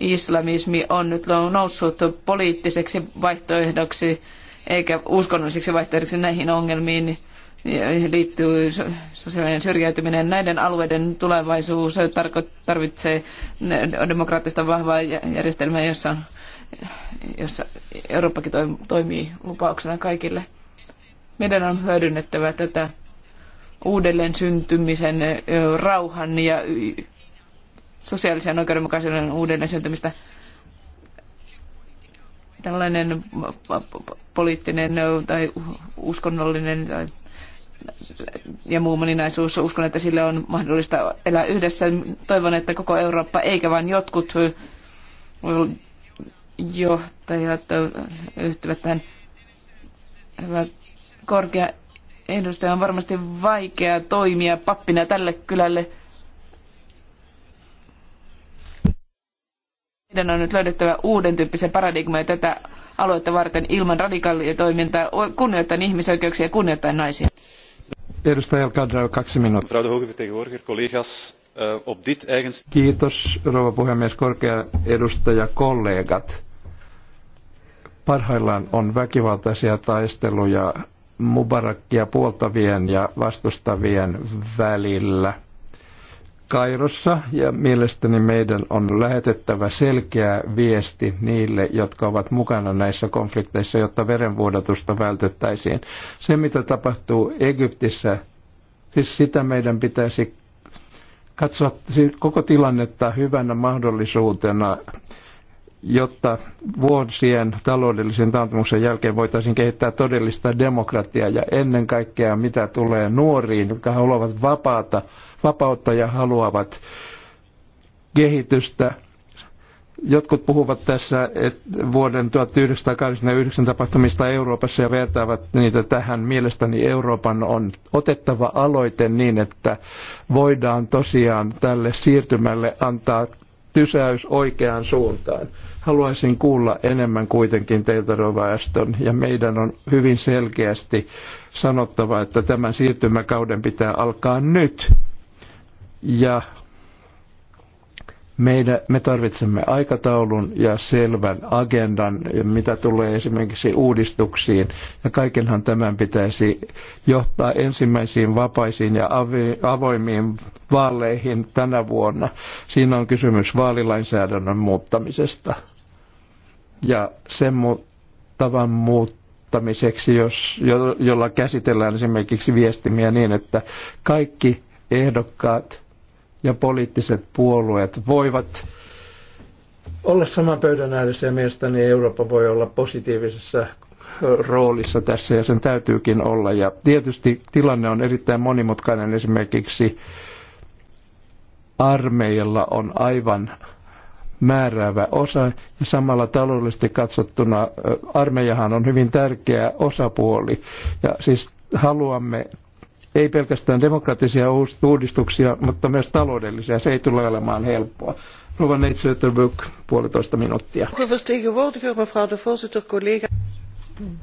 islamismi on nyt noussut poliittiseksi vaihtoehdoksi eikä uskonnollisiksi vaihtoehdoksi näihin ongelmiin niin liittyy sosiaalinen syrjäytyminen. Näiden alueiden tulevaisuus tarvitsee demokraattista vahvaa järjestelmää, jossa, jossa Eurooppakin toimii lupauksena kaikille. Meidän on hyödynnettävä tätä uudelleen syntymisen, rauhan ja sosiaalisen oikeudenmukaisuuden uudelleen syntymistä tällainen poliittinen tai uskonnollinen tai ja muu moninaisuus. Uskon, että sille on mahdollista elää yhdessä. Toivon, että koko Eurooppa, eikä vain jotkut johtajat yhtyvät tähän. Hyvä korkea edustaja on varmasti vaikea toimia pappina tälle kylälle – Meidän on nyt löydettävä uuden tyyppisiä paradigmoja tätä aluetta varten ilman radikaalia toimintaa, kunnioittain ihmisoikeuksia ja kunnioittain naisia. Edustaja Elkadrao, kaksi minuuttia. Eh, Kiitos, rouva puhemies, korkea edustaja, kollegat. Parhaillaan on väkivaltaisia taisteluja Mubarakia puoltavien ja vastustavien välillä – Kairossa ja mielestäni meidän on lähetettävä selkeä viesti niille, jotka ovat mukana näissä konflikteissa, jotta verenvuodatusta vältettäisiin. Se, mitä tapahtuu Egyptissä, siis sitä meidän pitäisi katsoa siis koko tilannetta hyvänä mahdollisuutena, jotta vuosien taloudellisen taantumuksen jälkeen voitaisiin kehittää todellista demokratiaa ja ennen kaikkea mitä tulee nuoriin, jotka haluavat vapaata vapautta ja haluavat kehitystä. Jotkut puhuvat tässä että vuoden 1989 tapahtumista Euroopassa ja vertaavat niitä tähän. Mielestäni Euroopan on otettava aloite niin, että voidaan tosiaan tälle siirtymälle antaa tysäys oikeaan suuntaan. Haluaisin kuulla enemmän kuitenkin teiltä Rovaaston ja meidän on hyvin selkeästi sanottava, että tämän siirtymäkauden pitää alkaa nyt. Ja meidän, me tarvitsemme aikataulun ja selvän agendan, mitä tulee esimerkiksi uudistuksiin. Ja kaikenhan tämän pitäisi johtaa ensimmäisiin vapaisiin ja avoimiin vaaleihin tänä vuonna. Siinä on kysymys vaalilainsäädännön muuttamisesta. Ja sen mu- tavan muuttamiseksi, jos, jo, jolla käsitellään esimerkiksi viestimiä niin, että kaikki ehdokkaat ja poliittiset puolueet voivat olla saman pöydän ääressä ja mielestäni Eurooppa voi olla positiivisessa roolissa tässä ja sen täytyykin olla. Ja tietysti tilanne on erittäin monimutkainen. Esimerkiksi armeijalla on aivan määräävä osa ja samalla taloudellisesti katsottuna armeijahan on hyvin tärkeä osapuoli. Ja siis haluamme ei pelkästään demokratisia uudistuksia, mutta myös taloudellisia. Se ei tule olemaan helppoa. Rova Neitsöterbuk, puolitoista minuuttia.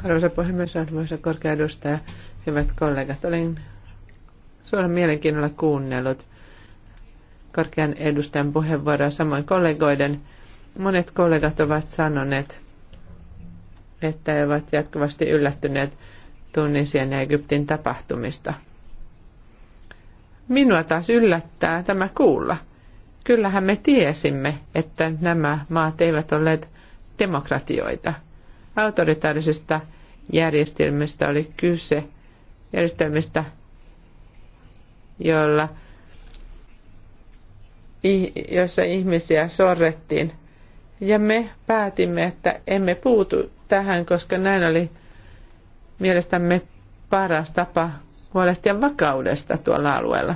Arvoisa puhemies, arvoisa korkea edustaja, hyvät kollegat. Olen suoraan mielenkiinnolla kuunnellut korkean edustajan puheenvuoroa samoin kollegoiden. Monet kollegat ovat sanoneet, että he ovat jatkuvasti yllättyneet Tunisian ja Egyptin tapahtumista – Minua taas yllättää tämä kuulla. Kyllähän me tiesimme, että nämä maat eivät olleet demokratioita. Autoritaarisista järjestelmistä oli kyse, järjestelmistä, jolla, jossa ihmisiä sorrettiin. Ja me päätimme, että emme puutu tähän, koska näin oli mielestämme paras tapa huolehtia vakaudesta tuolla alueella.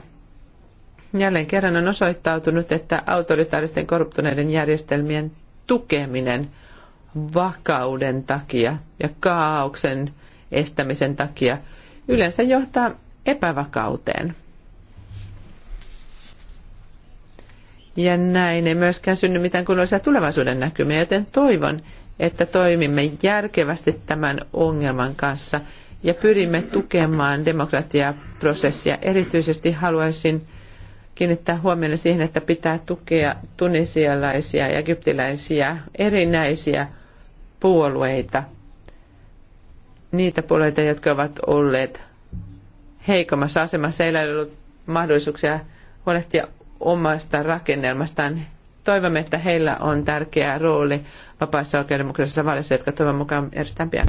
Jälleen kerran on osoittautunut, että autoritaaristen korruptuneiden järjestelmien tukeminen vakauden takia ja kaauksen estämisen takia yleensä johtaa epävakauteen. Ja näin ei myöskään synny mitään kunnollisia tulevaisuuden näkymiä, joten toivon, että toimimme järkevästi tämän ongelman kanssa – ja pyrimme tukemaan demokratiaprosessia. Erityisesti haluaisin kiinnittää huomioon siihen, että pitää tukea tunisialaisia ja egyptiläisiä erinäisiä puolueita. Niitä puolueita, jotka ovat olleet heikommassa asemassa, ei ole ollut mahdollisuuksia huolehtia omasta rakennelmastaan. Toivomme, että heillä on tärkeä rooli vapaassa oikeudenmukaisessa vaaleissa, jotka toivon mukaan järjestetään pian.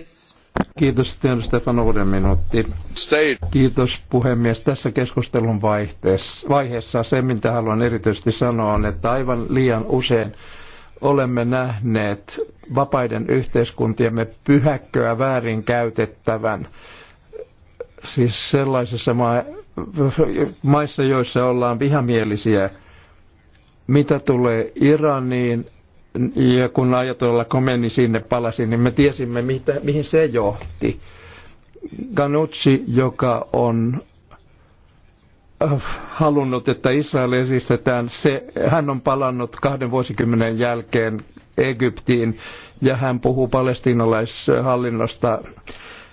Kiitos, Stefan Uuden minuutti. State. Kiitos puhemies. Tässä keskustelun vaiheessa se, mitä haluan erityisesti sanoa, on, että aivan liian usein olemme nähneet vapaiden yhteiskuntiemme pyhäkköä väärinkäytettävän. Siis sellaisissa ma- maissa, joissa ollaan vihamielisiä. Mitä tulee Iraniin, ja kun ajatolla komeni niin sinne palasi, niin me tiesimme, mitä, mihin se johti. Ganucci, joka on äh, halunnut, että Israel esistetään, se, hän on palannut kahden vuosikymmenen jälkeen Egyptiin ja hän puhuu palestiinalaishallinnosta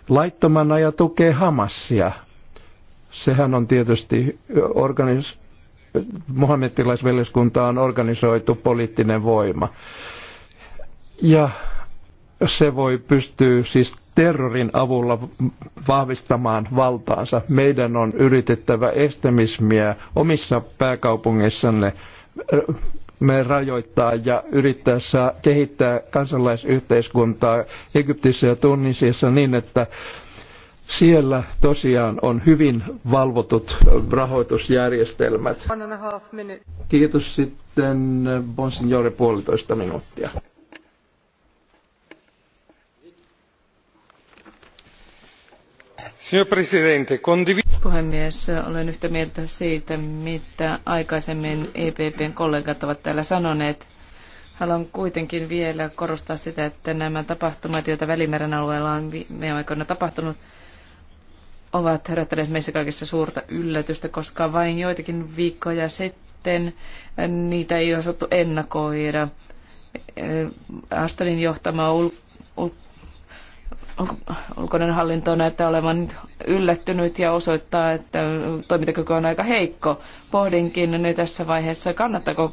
laittomana ja tukee Hamassia. Sehän on tietysti organisaatio muhammettilaisveljeskunta on organisoitu poliittinen voima. Ja se voi pystyä siis terrorin avulla vahvistamaan valtaansa. Meidän on yritettävä estämismiä omissa pääkaupungeissanne me rajoittaa ja yrittää saa kehittää kansalaisyhteiskuntaa Egyptissä ja Tunisissa niin, että siellä tosiaan on hyvin valvotut rahoitusjärjestelmät. Kiitos sitten Bonsignore puolitoista minuuttia. puhemies olen yhtä mieltä siitä mitä aikaisemmin EPPn kollegat ovat täällä sanoneet. Haluan kuitenkin vielä korostaa sitä, että nämä tapahtumat, joita Välimeren alueella on viime aikoina tapahtunut, ovat herättäneet meissä kaikissa suurta yllätystä, koska vain joitakin viikkoja sitten niitä ei osattu ennakoida. Astanin johtama ul, ul, ulkoinen hallinto näyttää olevan yllättynyt ja osoittaa, että toimintakyky on aika heikko. Pohdinkin nyt tässä vaiheessa, kannattaako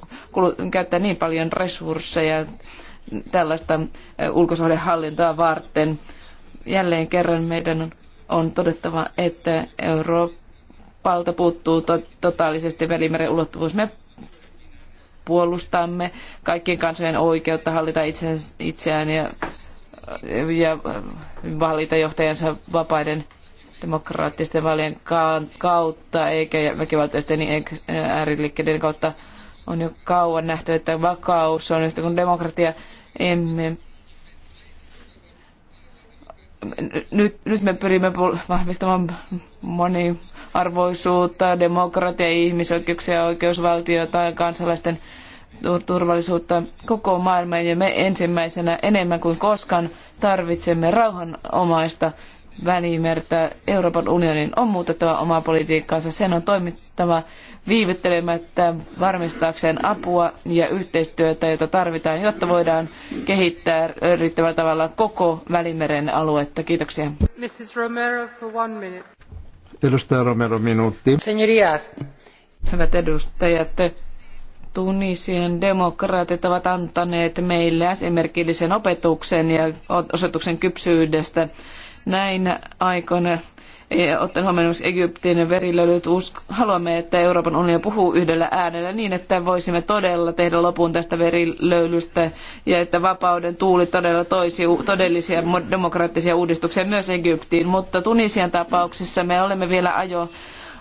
käyttää niin paljon resursseja tällaista ulkosuhdehallintoa varten. Jälleen kerran meidän on on todettava, että Euroopalta puuttuu to- totaalisesti välimeren ulottuvuus. Me puolustamme kaikkien kansojen oikeutta hallita itseään ja, ja valita johtajansa vapaiden demokraattisten vaalien kautta eikä väkivaltaisten niin ääriliikkeiden kautta on jo kauan nähty, että vakaus on yhtä kuin demokratia. Emme nyt, nyt me pyrimme vahvistamaan moniarvoisuutta, demokratiaa, ihmisoikeuksia, oikeusvaltiota ja kansalaisten turvallisuutta koko maailman ja me ensimmäisenä enemmän kuin koskaan tarvitsemme rauhanomaista välimertä. Euroopan unionin on muutettava omaa politiikkaansa, sen on toimittava viivyttelemättä varmistaakseen apua ja yhteistyötä, jota tarvitaan, jotta voidaan kehittää riittävällä tavalla koko Välimeren aluetta. Kiitoksia. Mrs. Romero for one minute. Edustaja Romero, minuutti. Señorías. Hyvät edustajat, Tunisian demokraatit ovat antaneet meille esimerkillisen opetuksen ja osoituksen kypsyydestä. Näin aikoina E, ottaen huomioon myös Egyptin verilölyt. Haluamme, että Euroopan unioni puhuu yhdellä äänellä niin, että voisimme todella tehdä lopun tästä verilöylystä ja että vapauden tuuli todella toisi todellisia demokraattisia uudistuksia myös Egyptiin. Mutta Tunisian tapauksessa me olemme vielä ajo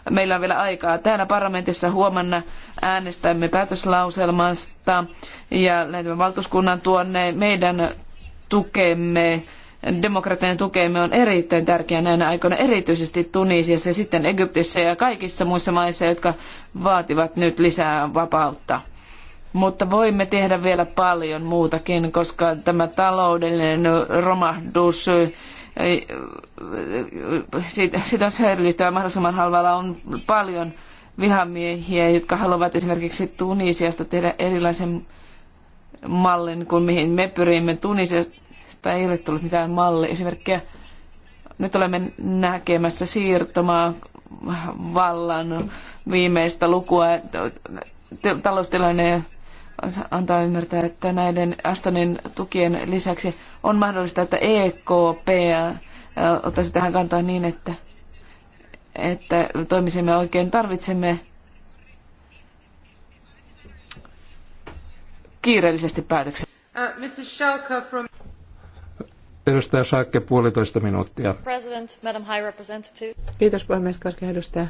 meillä on vielä aikaa. Täällä parlamentissa huomenna äänestämme päätöslauselmasta ja lähetämme valtuuskunnan tuonne meidän tukemme demokratian tukeminen on erittäin tärkeää näinä aikoina, erityisesti Tunisiassa ja sitten Egyptissä ja kaikissa muissa maissa, jotka vaativat nyt lisää vapautta. Mutta voimme tehdä vielä paljon muutakin, koska tämä taloudellinen romahdus, siitä, on säilyttävä mahdollisimman halvalla, on paljon vihamiehiä, jotka haluavat esimerkiksi Tunisiasta tehdä erilaisen mallin kuin mihin me pyrimme. Tunisia, Tästä ei ole tullut mitään malliesimerkkejä. Nyt olemme näkemässä siirtomaa vallan viimeistä lukua. Taloustilanne antaa ymmärtää, että näiden Astonin tukien lisäksi on mahdollista, että EKP ottaisi tähän kantaa niin, että, että toimisimme oikein. Tarvitsemme kiireellisesti päätöksen. Uh, from... Edustaja Saakke, puolitoista minuuttia. President, Madam High Representative. Kiitos puhemies, korkea edustaja.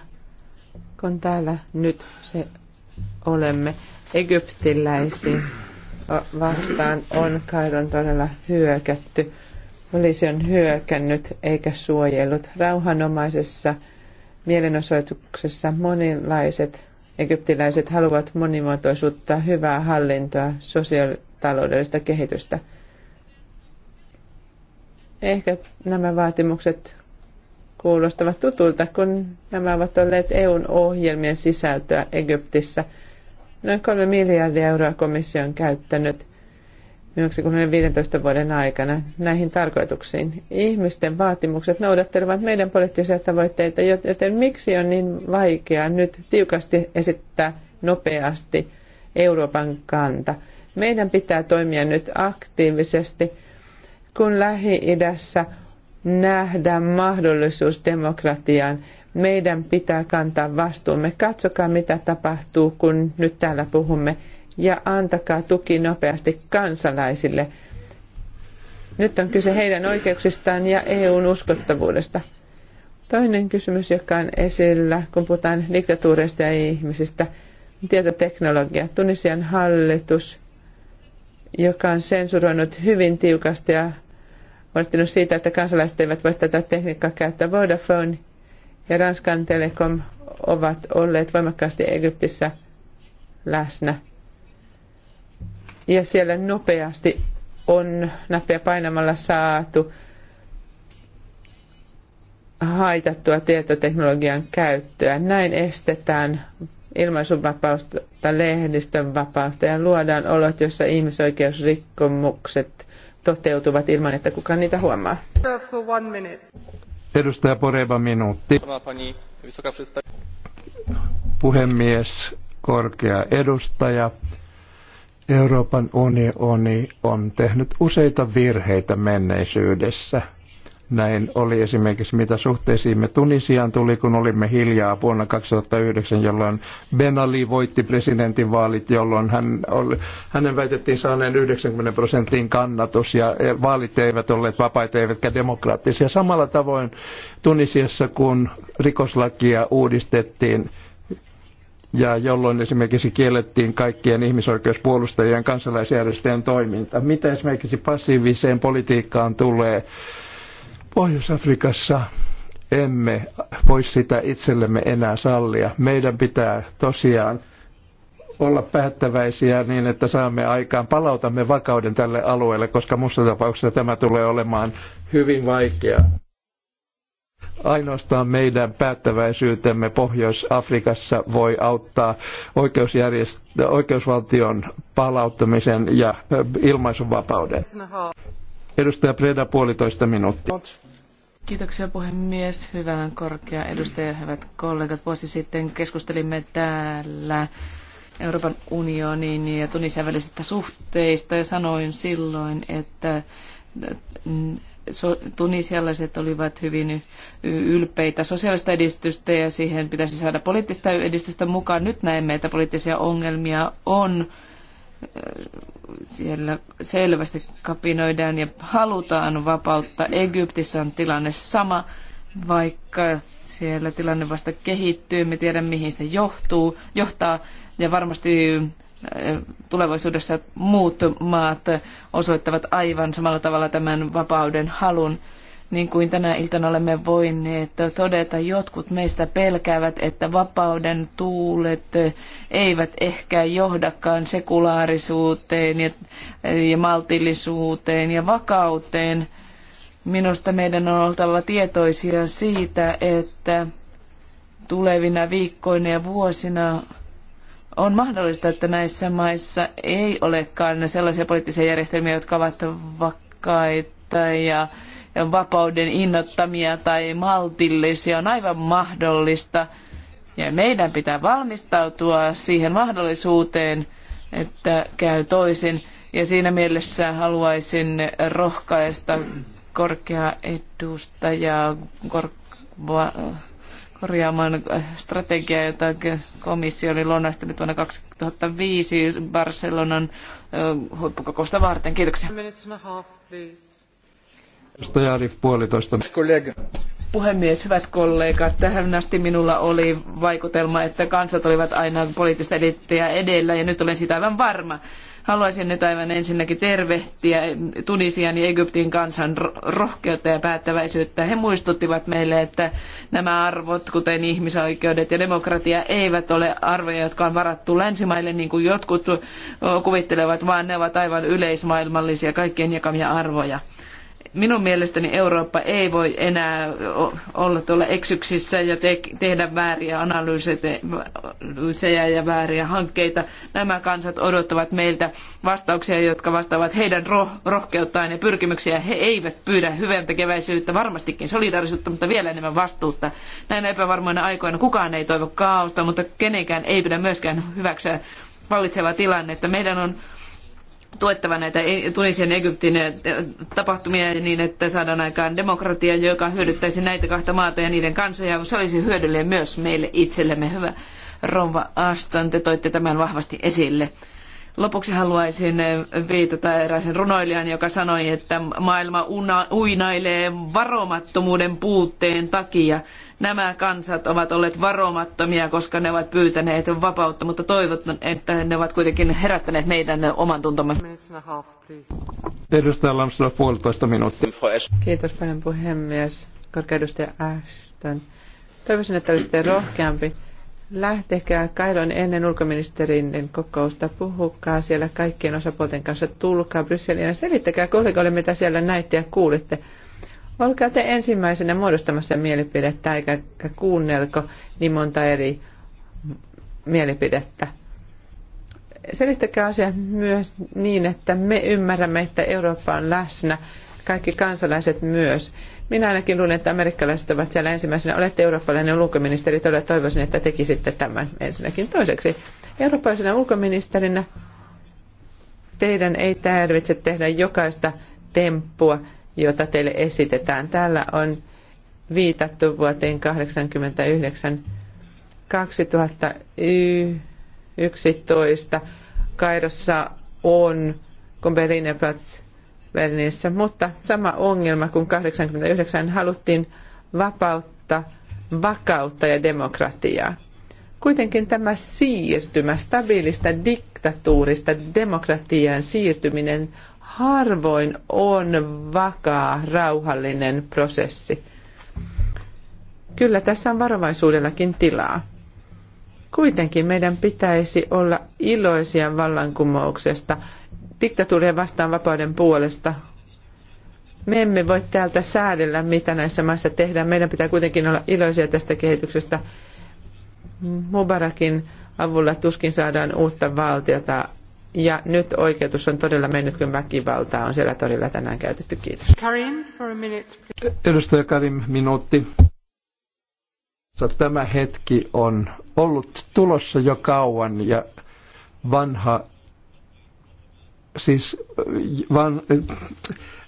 Kun täällä nyt se olemme egyptiläisiin vastaan on Kairon todella hyökätty. Poliisi on hyökännyt eikä suojellut. Rauhanomaisessa mielenosoituksessa monenlaiset egyptiläiset haluavat monimuotoisuutta, hyvää hallintoa, sosiaalitaloudellista kehitystä – Ehkä nämä vaatimukset kuulostavat tutulta, kun nämä ovat olleet EUn ohjelmien sisältöä Egyptissä. Noin kolme miljardia euroa komissio on käyttänyt 2015 vuoden aikana näihin tarkoituksiin. Ihmisten vaatimukset noudattelevat meidän poliittisia tavoitteita, joten miksi on niin vaikeaa nyt tiukasti esittää nopeasti Euroopan kanta? Meidän pitää toimia nyt aktiivisesti – kun Lähi-idässä nähdään mahdollisuus demokratiaan, meidän pitää kantaa vastuumme. Katsokaa, mitä tapahtuu, kun nyt täällä puhumme, ja antakaa tuki nopeasti kansalaisille. Nyt on kyse heidän oikeuksistaan ja EUn uskottavuudesta. Toinen kysymys, joka on esillä, kun puhutaan diktatuureista ja ihmisistä, tietoteknologia. Tunisian hallitus, joka on sensuroinut hyvin tiukasti ja huolehtinut siitä, että kansalaiset eivät voi tätä tekniikkaa käyttää. Vodafone ja Ranskan Telekom ovat olleet voimakkaasti Egyptissä läsnä. Ja siellä nopeasti on nappia painamalla saatu haitattua tietoteknologian käyttöä. Näin estetään ilmaisunvapautta, lehdistön vapautta ja luodaan olot, joissa ihmisoikeusrikkomukset toteutuvat ilman, että kukaan niitä huomaa. Edustaja Poreba, minuutti. Puhemies, korkea edustaja. Euroopan unioni on tehnyt useita virheitä menneisyydessä – näin oli esimerkiksi mitä suhteisiimme Tunisiaan tuli, kun olimme hiljaa vuonna 2009, jolloin Ben Ali voitti presidentinvaalit, jolloin hän oli, hänen väitettiin saaneen 90 prosentin kannatus ja eh, vaalit eivät olleet vapaita eivätkä demokraattisia. Samalla tavoin Tunisiassa, kun rikoslakia uudistettiin, ja jolloin esimerkiksi kiellettiin kaikkien ihmisoikeuspuolustajien kansalaisjärjestöjen toiminta. Mitä esimerkiksi passiiviseen politiikkaan tulee, Pohjois-Afrikassa emme voi sitä itsellemme enää sallia. Meidän pitää tosiaan olla päättäväisiä niin, että saamme aikaan, palautamme vakauden tälle alueelle, koska muussa tapauksessa tämä tulee olemaan hyvin vaikeaa. Ainoastaan meidän päättäväisyytemme Pohjois-Afrikassa voi auttaa oikeusjärjest- oikeusvaltion palauttamisen ja ilmaisunvapauden. Edustaja Preda, puolitoista minuuttia. Kiitoksia puhemies. Hyvää korkea edustaja, hyvät kollegat. Vuosi sitten keskustelimme täällä Euroopan unionin ja Tunisian välisistä suhteista ja sanoin silloin, että tunisialaiset olivat hyvin ylpeitä sosiaalista edistystä ja siihen pitäisi saada poliittista edistystä mukaan. Nyt näemme, että poliittisia ongelmia on siellä selvästi kapinoidaan ja halutaan vapautta. Egyptissä on tilanne sama, vaikka siellä tilanne vasta kehittyy, me tiedä, mihin se johtuu, johtaa ja varmasti äh, tulevaisuudessa muut maat osoittavat aivan samalla tavalla tämän vapauden halun. Niin kuin tänä iltana olemme voineet todeta, jotkut meistä pelkäävät, että vapauden tuulet eivät ehkä johdakaan sekulaarisuuteen ja, ja maltillisuuteen ja vakauteen. Minusta meidän on oltava tietoisia siitä, että tulevina viikkoina ja vuosina on mahdollista, että näissä maissa ei olekaan sellaisia poliittisia järjestelmiä, jotka ovat vakkaita ja vapauden innottamia tai maltillisia. On aivan mahdollista. Ja meidän pitää valmistautua siihen mahdollisuuteen, että käy toisin. Ja siinä mielessä haluaisin rohkaista korkeaa edustajaa kor- korjaamaan strategiaa, jota komissio oli luonnostanut vuonna 2005 Barcelonan huippukokousta varten. Kiitoksia. Edustaja puolitoista. Kollega. Puhemies, hyvät kollegat, tähän asti minulla oli vaikutelma, että kansat olivat aina poliittista eliittiä edellä ja nyt olen sitä aivan varma. Haluaisin nyt aivan ensinnäkin tervehtiä Tunisian ja Egyptin kansan rohkeutta ja päättäväisyyttä. He muistuttivat meille, että nämä arvot, kuten ihmisoikeudet ja demokratia, eivät ole arvoja, jotka on varattu länsimaille, niin kuin jotkut kuvittelevat, vaan ne ovat aivan yleismaailmallisia, kaikkien jakamia arvoja. Minun mielestäni Eurooppa ei voi enää olla tuolla eksyksissä ja te- tehdä vääriä analyysejä ja vääriä hankkeita. Nämä kansat odottavat meiltä vastauksia, jotka vastaavat heidän roh- rohkeuttaan ja pyrkimyksiä. He eivät pyydä hyvän varmastikin solidaarisuutta, mutta vielä enemmän vastuutta. Näinä epävarmoina aikoina kukaan ei toivo kaaosta, mutta kenenkään ei pidä myöskään hyväksyä vallitsevaa tilannetta. Meidän on tuettava näitä e- Tunisian ja Egyptin eh, tapahtumia niin, että saadaan aikaan demokratia, joka hyödyttäisi näitä kahta maata ja niiden kansoja. Se olisi hyödyllinen myös meille itsellemme. Hyvä Rouva Aston, te toitte tämän vahvasti esille. Lopuksi haluaisin eh, viitata erääseen runoilijan, joka sanoi, että maailma una, uinailee varomattomuuden puutteen takia nämä kansat ovat olleet varomattomia, koska ne ovat pyytäneet vapautta, mutta toivon, että ne ovat kuitenkin herättäneet meidän oman tuntomme. Edustaja Lamsdorf, puolitoista minuuttia. Kiitos paljon puhemies. Korkeudustaja Ashton. Toivoisin, että olisitte rohkeampi. Lähtekää Kailon ennen ulkoministerin kokousta, puhukaa siellä kaikkien osapuolten kanssa, tulkaa Brysseliin ja selittäkää kollegoille, mitä siellä näitte ja kuulitte. Olkaa te ensimmäisenä muodostamassa mielipidettä, eikä kuunnelko niin monta eri mielipidettä. Selittäkää asiat myös niin, että me ymmärrämme, että Eurooppa on läsnä, kaikki kansalaiset myös. Minä ainakin luulen, että amerikkalaiset ovat siellä ensimmäisenä. Olette eurooppalainen ulkoministeri, todella toivoisin, että tekisitte tämän ensinnäkin. Toiseksi, eurooppalaisena ulkoministerinä teidän ei tarvitse tehdä jokaista temppua jota teille esitetään. Täällä on viitattu vuoteen 1989 2011. Kairossa on kuin Berliner Platz Berliinissä, mutta sama ongelma kuin 1989 haluttiin vapautta, vakautta ja demokratiaa. Kuitenkin tämä siirtymä stabiilista diktatuurista demokratiaan siirtyminen harvoin on vakaa, rauhallinen prosessi. Kyllä tässä on varovaisuudellakin tilaa. Kuitenkin meidän pitäisi olla iloisia vallankumouksesta, diktatuurien vastaan vapauden puolesta. Me emme voi täältä säädellä, mitä näissä maissa tehdään. Meidän pitää kuitenkin olla iloisia tästä kehityksestä. Mubarakin avulla tuskin saadaan uutta valtiota ja nyt oikeutus on todella mennyt, kun väkivaltaa on siellä torilla tänään käytetty. Kiitos. Karim, for a minute, Edustaja Karim, minuutti. Tämä hetki on ollut tulossa jo kauan ja vanha, siis van,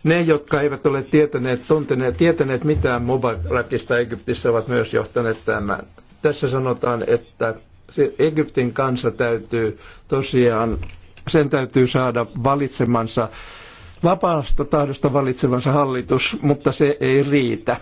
ne, jotka eivät ole tietäneet, tunteneet, tietäneet mitään Mubarakista Egyptissä, ovat myös johtaneet tämän. Tässä sanotaan, että Egyptin kansa täytyy tosiaan sen täytyy saada valitsemansa, vapaasta tahdosta valitsemansa hallitus, mutta se ei riitä.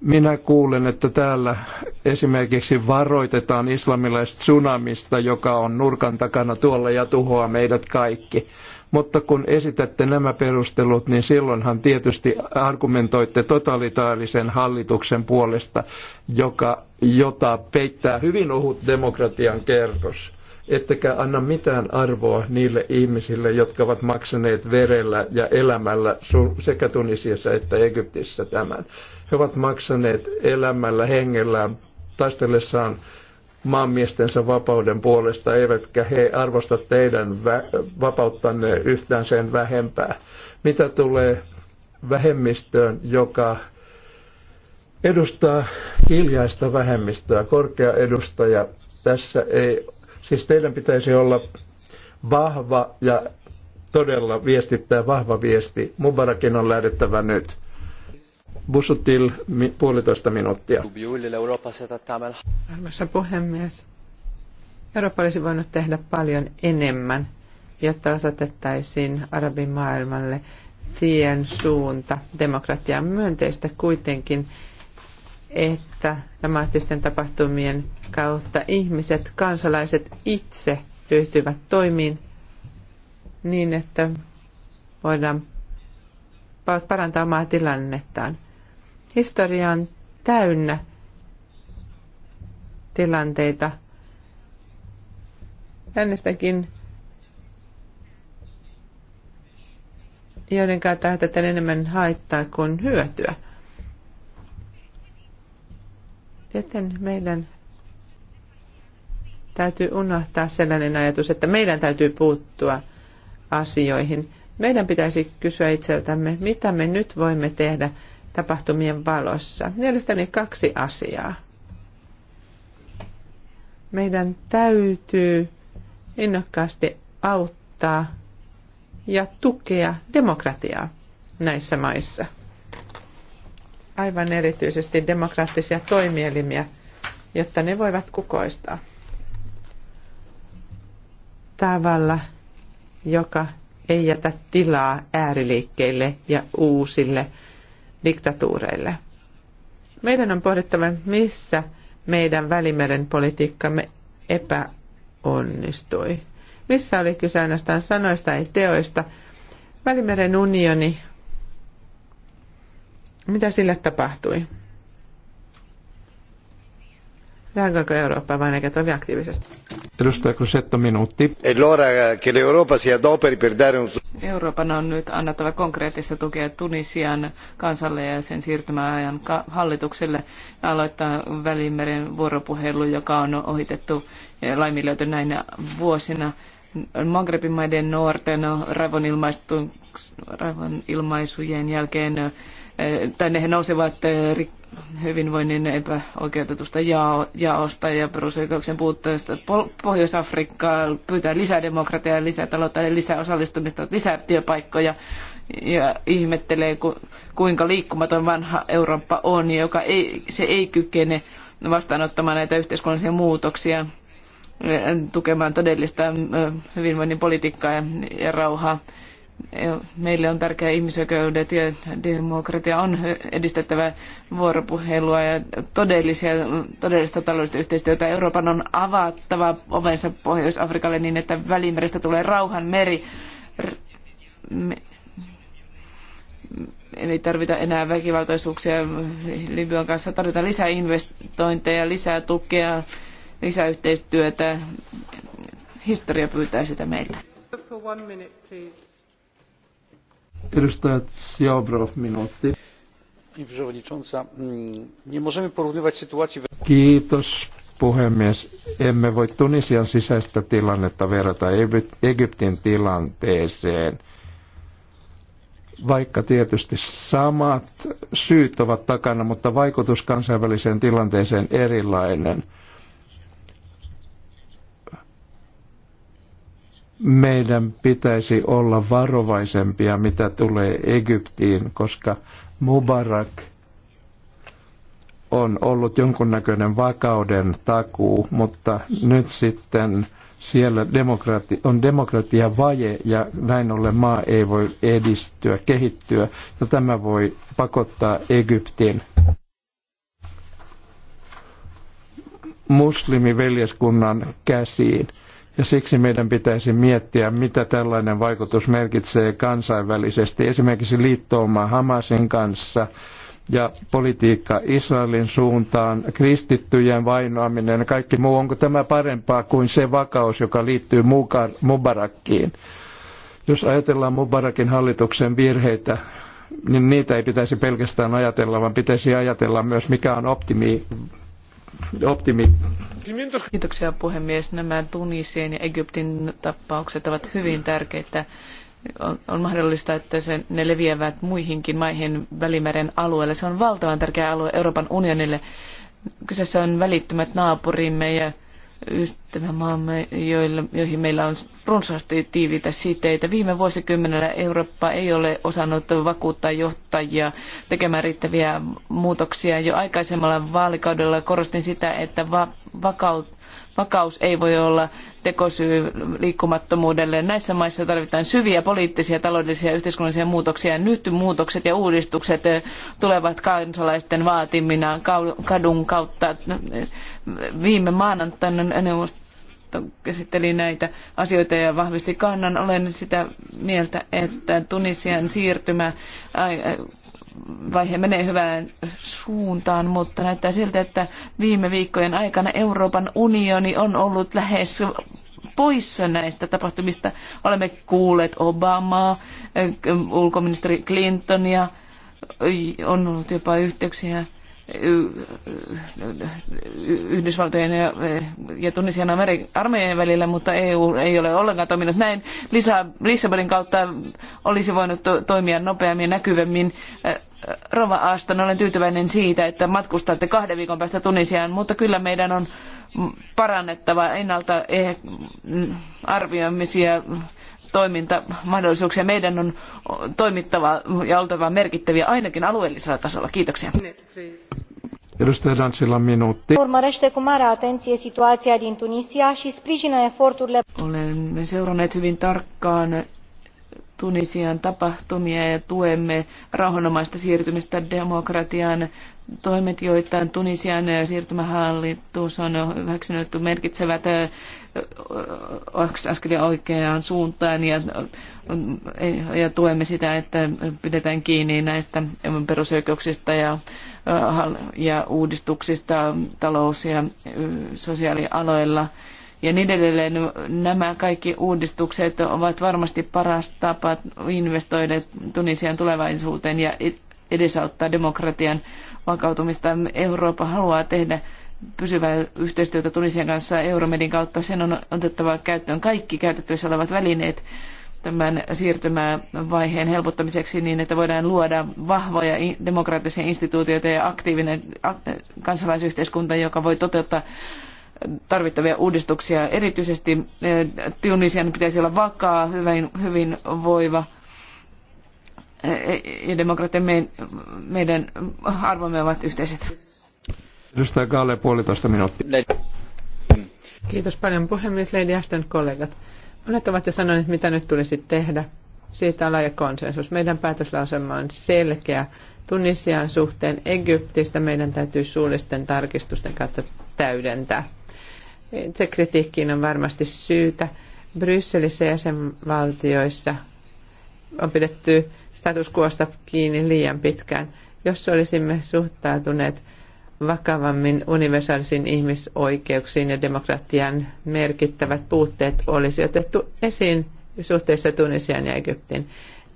Minä kuulen, että täällä esimerkiksi varoitetaan islamilaista tsunamista, joka on nurkan takana tuolla ja tuhoaa meidät kaikki. Mutta kun esitätte nämä perustelut, niin silloinhan tietysti argumentoitte totalitaarisen hallituksen puolesta, joka, jota peittää hyvin ohut demokratian kerros ettekä anna mitään arvoa niille ihmisille, jotka ovat maksaneet verellä ja elämällä sekä Tunisiassa että Egyptissä tämän. He ovat maksaneet elämällä, hengellään, taistellessaan maanmiestensä vapauden puolesta, eivätkä he arvosta teidän vapauttanne yhtään sen vähempää. Mitä tulee vähemmistöön, joka edustaa hiljaista vähemmistöä, korkea edustaja tässä ei Siis teidän pitäisi olla vahva ja todella viestittää vahva viesti. Mubarakin on lähdettävä nyt. Busutil puolitoista minuuttia. Arvoisa puhemies, Eurooppa olisi voinut tehdä paljon enemmän, jotta osoitettaisiin arabimaailmalle tien suunta demokratian myönteistä kuitenkin että dramaattisten tapahtumien kautta ihmiset, kansalaiset itse ryhtyvät toimiin niin, että voidaan parantaa omaa tilannettaan. Historia on täynnä tilanteita. Äänestäkin, joiden kautta aiheutetaan enemmän haittaa kuin hyötyä. Joten meidän täytyy unohtaa sellainen ajatus, että meidän täytyy puuttua asioihin. Meidän pitäisi kysyä itseltämme, mitä me nyt voimme tehdä tapahtumien valossa. Mielestäni kaksi asiaa. Meidän täytyy innokkaasti auttaa ja tukea demokratiaa näissä maissa aivan erityisesti demokraattisia toimielimiä, jotta ne voivat kukoistaa tavalla, joka ei jätä tilaa ääriliikkeille ja uusille diktatuureille. Meidän on pohdittava, missä meidän välimeren politiikkamme epäonnistui. Missä oli kyse ainoastaan sanoista ja teoista. Välimeren unioni mitä sille tapahtui? Reagoiko Eurooppa vai ne toimi aktiivisesti? Edustaja Crusetto, minuutti. E Euroopan on nyt annettava konkreettista tukea Tunisian kansalle ja sen siirtymäajan hallitukselle ja aloittaa Välimeren vuoropuhelu, joka on ohitettu ja laiminlyöty näinä vuosina. Magrebin maiden nuorten raivonilmaisujen jälkeen tänne he nousevat eh, hyvinvoinnin epäoikeutetusta jaosta ja perusoikeuksien puutteesta. Pohjois-Afrikka pyytää lisää demokratiaa, lisää taloutta, ja lisää osallistumista, lisää työpaikkoja ja ihmettelee, kuinka liikkumaton vanha Eurooppa on, joka ei, se ei kykene vastaanottamaan näitä yhteiskunnallisia muutoksia, eh, tukemaan todellista eh, hyvinvoinnin politiikkaa ja rauhaa meille on tärkeää ihmisoikeudet ja demokratia on edistettävä vuoropuhelua ja todellisia, todellista taloudellista yhteistyötä. Euroopan on avattava ovensa Pohjois-Afrikalle niin, että välimerestä tulee rauhan meri. Me, ei tarvita enää väkivaltaisuuksia Libyan kanssa. Tarvitaan lisää investointeja, lisää tukea, lisää yhteistyötä. Historia pyytää sitä meiltä. For one minute, please. Pani przewodnicząca, mm, nie możemy porównywać sytuacji... Kiitos, puhemies. Emme voi Tunisian sisäistä tilannetta verrata Egyptin tilanteeseen vaikka tietysti samat syyt ovat takana, mutta vaikutus kansainväliseen tilanteeseen erilainen. meidän pitäisi olla varovaisempia, mitä tulee Egyptiin, koska Mubarak on ollut jonkunnäköinen vakauden takuu, mutta nyt sitten siellä demokrati, on demokratia vaje ja näin ollen maa ei voi edistyä, kehittyä ja tämä voi pakottaa Egyptin muslimiveljeskunnan käsiin. Ja siksi meidän pitäisi miettiä, mitä tällainen vaikutus merkitsee kansainvälisesti, esimerkiksi liittouma Hamasin kanssa ja politiikka Israelin suuntaan, kristittyjen vainoaminen ja kaikki muu. Onko tämä parempaa kuin se vakaus, joka liittyy Mubarakkiin? Jos ajatellaan Mubarakin hallituksen virheitä, niin niitä ei pitäisi pelkästään ajatella, vaan pitäisi ajatella myös, mikä on optimi optimi. Kiitoksia puhemies. Nämä Tunisien ja Egyptin tapaukset ovat hyvin tärkeitä. On, on mahdollista, että se, ne leviävät muihinkin maihin Välimeren alueelle. Se on valtavan tärkeä alue Euroopan unionille. Kyseessä on välittömät naapurimme ja ystävämaamme, joilla, joihin meillä on runsaasti tiiviitä siteitä. Viime vuosikymmenellä Eurooppa ei ole osannut vakuuttaa johtajia tekemään riittäviä muutoksia. Jo aikaisemmalla vaalikaudella korostin sitä, että va- Vakaus ei voi olla tekosyy liikkumattomuudelle. Näissä maissa tarvitaan syviä poliittisia, taloudellisia ja yhteiskunnallisia muutoksia. Nyt muutokset ja uudistukset eh, tulevat kansalaisten vaatimina kadun kautta. Viime maanantaina neuvosto käsitteli näitä asioita ja vahvisti kannan. Olen sitä mieltä, että Tunisian siirtymä vaihe menee hyvään suuntaan, mutta näyttää siltä, että viime viikkojen aikana Euroopan unioni on ollut lähes poissa näistä tapahtumista. Olemme kuulleet Obamaa, ulkoministeri Clintonia, on ollut jopa yhteyksiä Yhdysvaltojen ja, ja Tunisian armeijan välillä, mutta EU ei ole ollenkaan toiminut näin. Lisa, Lissabonin kautta olisi voinut to, toimia nopeammin ja näkyvämmin. Rova Aston, olen tyytyväinen siitä, että matkustatte kahden viikon päästä Tunisiaan, mutta kyllä meidän on parannettava ennalta arvioimisia toimintamahdollisuuksia. Meidän on toimittava ja oltava merkittäviä ainakin alueellisella tasolla. Kiitoksia. Edustaja Dancilla minuutti. Urmărește cu mare atenție situația din Tunisia și sprijină eforturile... Olemme seuranneet hyvin tarkkaan Tunisian tapahtumia ja tuemme rauhanomaista siirtymistä demokratiaan. Toimet, joita Tunisian siirtymähallitus on hyväksynyt, merkitsevät askelia oikeaan suuntaan ja, ja tuemme sitä, että pidetään kiinni näistä perusoikeuksista ja, ja uudistuksista talous- ja sosiaalialoilla ja niin edelleen. No, nämä kaikki uudistukset ovat varmasti paras tapa investoida Tunisian tulevaisuuteen ja edesauttaa demokratian vakautumista. Eurooppa haluaa tehdä pysyvää yhteistyötä Tunisian kanssa Euromedin kautta. Sen on otettava käyttöön kaikki käytettävissä olevat välineet tämän siirtymävaiheen helpottamiseksi niin, että voidaan luoda vahvoja demokraattisia instituutioita ja aktiivinen kansalaisyhteiskunta, joka voi toteuttaa tarvittavia uudistuksia. Erityisesti eh, Tunisian pitäisi olla vakaa, hyvin, hyvin voiva eh, ja demokratia meidän arvomme ovat yhteiset. Edustaja Kalle, puolitoista minuuttia. Kiitos paljon puhemies, Lady Ashton kollegat. Monet ovat jo sanoneet, mitä nyt tulisi tehdä. Siitä on laaja konsensus. Meidän päätöslausema on selkeä. Tunisian suhteen Egyptistä meidän täytyy suullisten tarkistusten kautta täydentää. Se kritiikkiin on varmasti syytä. Brysselissä ja sen valtioissa on pidetty status quoista kiinni liian pitkään. Jos olisimme suhtautuneet vakavammin universaalisiin ihmisoikeuksiin ja demokratian merkittävät puutteet olisi otettu esiin suhteessa Tunisian ja Egyptiin.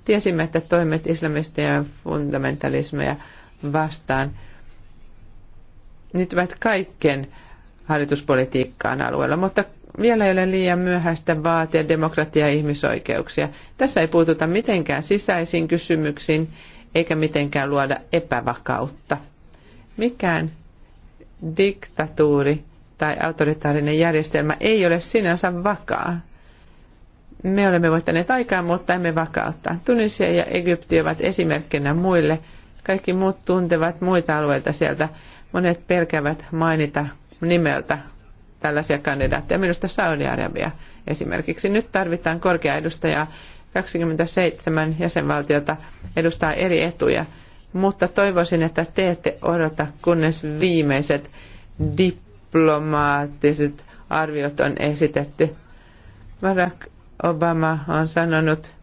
Tiesimme, että toimet islamistien ja fundamentalismeja vastaan nyt ovat kaiken hallituspolitiikkaan alueella, mutta vielä ei ole liian myöhäistä vaatia demokratia ja ihmisoikeuksia. Tässä ei puututa mitenkään sisäisiin kysymyksiin eikä mitenkään luoda epävakautta. Mikään diktatuuri tai autoritaarinen järjestelmä ei ole sinänsä vakaa. Me olemme voittaneet aikaa, mutta emme vakautta. Tunisia ja Egypti ovat esimerkkinä muille. Kaikki muut tuntevat muita alueita sieltä. Monet pelkävät mainita nimeltä tällaisia kandidaatteja. Minusta Saudi-Arabia esimerkiksi. Nyt tarvitaan korkea edustajaa. 27 jäsenvaltiota edustaa eri etuja, mutta toivoisin, että te ette odota, kunnes viimeiset diplomaattiset arviot on esitetty. Barack Obama on sanonut,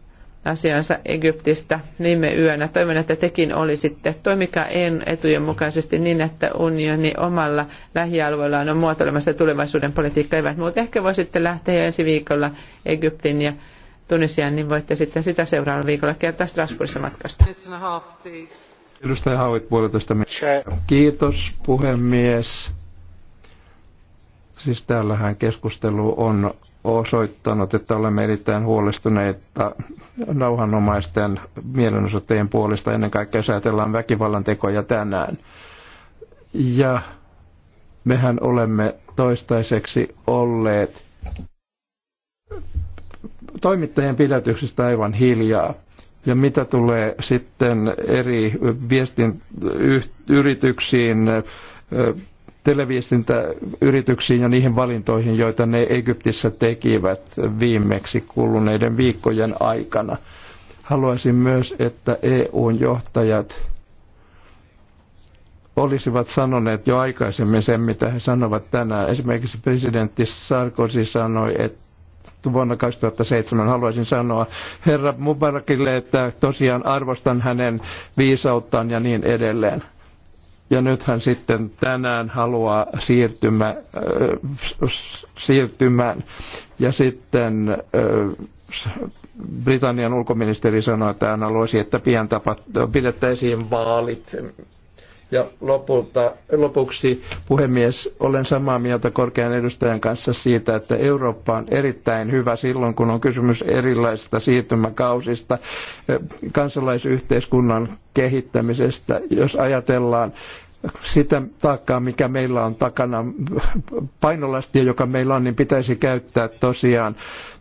asiansa Egyptistä viime yönä. Toivon, että tekin olisitte. Toimikaa en etujen mukaisesti niin, että unioni omalla lähialueellaan on muotoilemassa tulevaisuuden politiikkaa. Eivät muut ehkä voisitte lähteä ensi viikolla Egyptin ja Tunisian, niin voitte sitten sitä seuraavalla viikolla kertaa Strasbourgissa matkasta. Edustaja Hauit, puolitoista Kiitos, puhemies. Siis täällähän keskustelu on osoittanut, että olemme erittäin huolestuneita nauhanomaisten mielenosoitteen puolesta. Ennen kaikkea säätellään väkivallan tekoja tänään. Ja mehän olemme toistaiseksi olleet toimittajien pidätyksistä aivan hiljaa. Ja mitä tulee sitten eri viestin yrityksiin, televiestintäyrityksiin ja niihin valintoihin, joita ne Egyptissä tekivät viimeksi kuluneiden viikkojen aikana. Haluaisin myös, että EUn johtajat olisivat sanoneet jo aikaisemmin sen, mitä he sanovat tänään. Esimerkiksi presidentti Sarkozy sanoi, että vuonna 2007 haluaisin sanoa herra Mubarakille, että tosiaan arvostan hänen viisauttaan ja niin edelleen. Ja nythän sitten tänään haluaa siirtymä, äh, siirtymään. Ja sitten äh, Britannian ulkoministeri sanoi, että hän haluaisi, että pian tapa, pidettäisiin vaalit ja lopulta, lopuksi, puhemies, olen samaa mieltä korkean edustajan kanssa siitä, että Eurooppa on erittäin hyvä silloin, kun on kysymys erilaisista siirtymäkausista, eh, kansalaisyhteiskunnan kehittämisestä. Jos ajatellaan sitä taakkaa, mikä meillä on takana, painolastia, joka meillä on, niin pitäisi käyttää tosiaan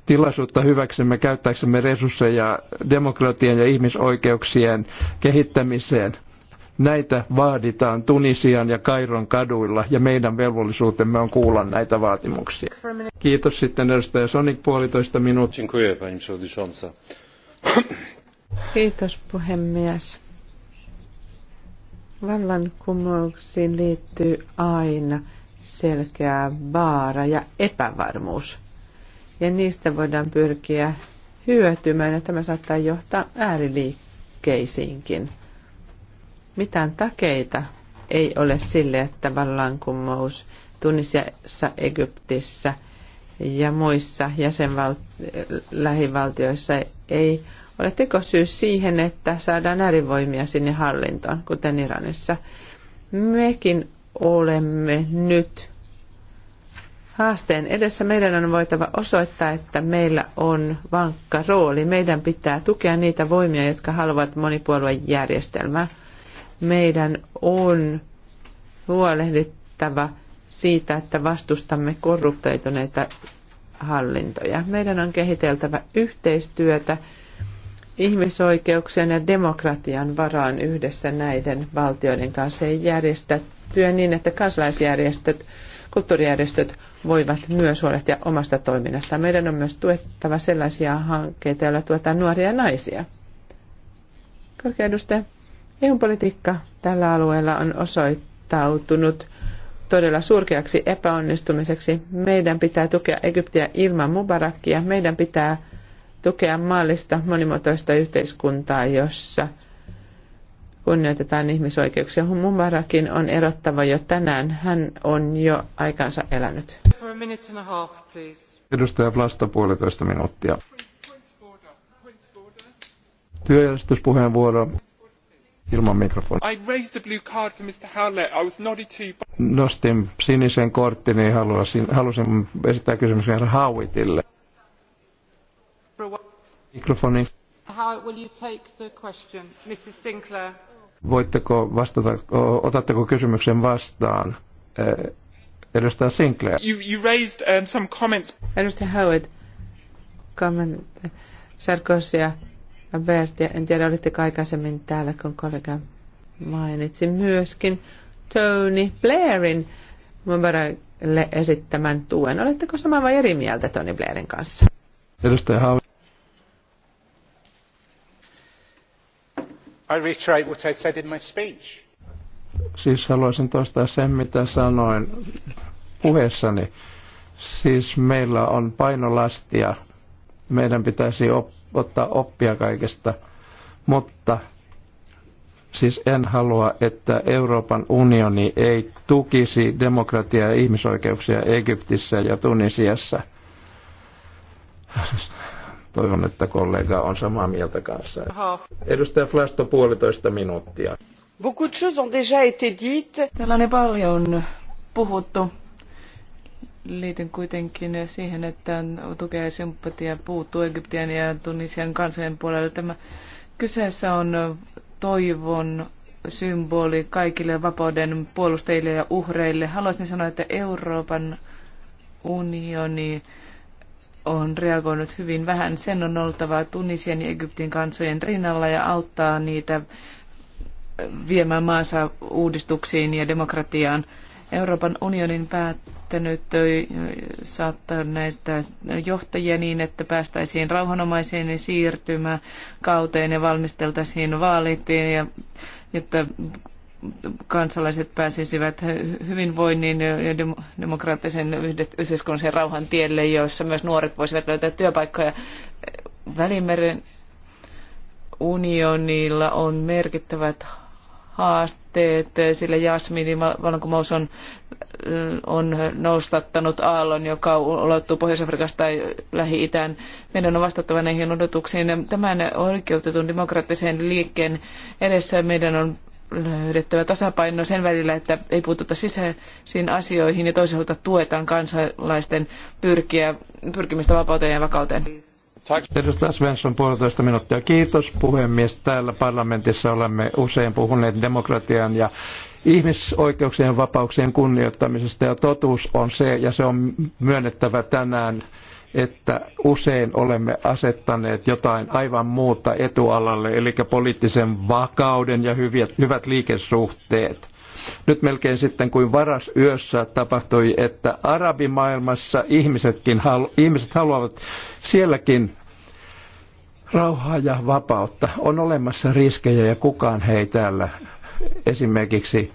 tilaisuutta hyväksemme, käyttääksemme resursseja demokratian ja ihmisoikeuksien kehittämiseen – Näitä vaaditaan Tunisian ja Kairon kaduilla ja meidän velvollisuutemme on kuulla näitä vaatimuksia. Kiitos sitten edustaja Sonik puolitoista minuuttia. Kiitos puhemies. Vallankumouksiin liittyy aina selkeä vaara ja epävarmuus. Ja niistä voidaan pyrkiä hyötymään ja tämä saattaa johtaa ääriliikkeisiinkin. Mitään takeita ei ole sille, että vallankumous Tunisiassa, Egyptissä ja muissa jäsenlähivaltioissa ei ole tekosyy siihen, että saadaan äärivoimia sinne hallintoon, kuten Iranissa. Mekin olemme nyt haasteen edessä. Meidän on voitava osoittaa, että meillä on vankka rooli. Meidän pitää tukea niitä voimia, jotka haluavat monipuoluejärjestelmää. järjestelmää meidän on huolehdittava siitä, että vastustamme korruptoituneita hallintoja. Meidän on kehiteltävä yhteistyötä ihmisoikeuksien ja demokratian varaan yhdessä näiden valtioiden kanssa ja järjestää työ niin, että kansalaisjärjestöt, kulttuurijärjestöt voivat myös huolehtia omasta toiminnastaan. Meidän on myös tuettava sellaisia hankkeita, joilla tuetaan nuoria naisia. Korkea edustaja. EU-politiikka tällä alueella on osoittautunut todella surkeaksi epäonnistumiseksi. Meidän pitää tukea Egyptiä ilman Mubarakia. Meidän pitää tukea maallista monimuotoista yhteiskuntaa, jossa kunnioitetaan ihmisoikeuksia. Mubarakin on erottava jo tänään. Hän on jo aikansa elänyt. Half, Edustaja Vlasta puolitoista minuuttia. Työjärjestyspuheenvuoro ilman mikrofonia. Nostin sinisen korttini niin halusin, halusin esittää kysymyksen herra Howitille. Mikrofoni. How will you take the question, Mrs. Sinclair? Voitteko vastata, otatteko kysymyksen vastaan? E, edustaja Sinclair. You, you raised um, some comments. Edustaja Howard, comment Sarkosia Bert, en tiedä olitteko aikaisemmin täällä, kun kollega mainitsi myöskin Tony Blairin Mubarakille esittämän tuen. Oletteko samaa vai eri mieltä Tony Blairin kanssa? Edustaja Haavi. I reiterate what I said in my speech. Siis haluaisin toistaa sen, mitä sanoin puheessani. Siis meillä on painolastia. Meidän pitäisi oppia ottaa oppia kaikesta, mutta siis en halua, että Euroopan unioni ei tukisi demokratiaa ja ihmisoikeuksia Egyptissä ja Tunisiassa. Toivon, että kollega on samaa mieltä kanssa. Edustaja Flasto, puolitoista minuuttia. Täällä on paljon puhuttu liityn kuitenkin siihen, että tukea ja sympatia puuttuu Egyptian ja Tunisian kansojen puolelle. Tämä kyseessä on toivon symboli kaikille vapauden puolustajille ja uhreille. Haluaisin sanoa, että Euroopan unioni on reagoinut hyvin vähän. Sen on oltava Tunisian ja Egyptin kansojen rinnalla ja auttaa niitä viemään maansa uudistuksiin ja demokratiaan. Euroopan unionin päättänyt saattaa näitä johtajia niin, että päästäisiin rauhanomaiseen siirtymäkauteen ja valmisteltaisiin vaalit, ja, jotta kansalaiset pääsisivät hyvinvoinnin ja demokraattisen yhteiskunnallisen rauhan tielle, jossa myös nuoret voisivat löytää työpaikkoja. Välimeren unionilla on merkittävät haasteet, sillä Jasmini vallankumous on, on noustattanut aallon, joka ulottuu Pohjois-Afrikasta Lähi-Itään. Meidän on vastattava näihin odotuksiin. Tämän oikeutetun demokraattisen liikkeen edessä meidän on löydettävä tasapaino sen välillä, että ei puututa sisäisiin asioihin ja toisaalta tuetaan kansalaisten pyrkiä, pyrkimistä vapauteen ja vakauteen. Edustaja Svensson, puolitoista minuuttia. Kiitos puhemies. Täällä parlamentissa olemme usein puhuneet demokratian ja ihmisoikeuksien ja vapauksien kunnioittamisesta. Ja totuus on se, ja se on myönnettävä tänään, että usein olemme asettaneet jotain aivan muuta etualalle, eli poliittisen vakauden ja hyviä, hyvät liikesuhteet. Nyt melkein sitten kuin varas yössä tapahtui, että arabimaailmassa ihmisetkin halu- ihmiset haluavat sielläkin rauhaa ja vapautta. On olemassa riskejä ja kukaan he täällä esimerkiksi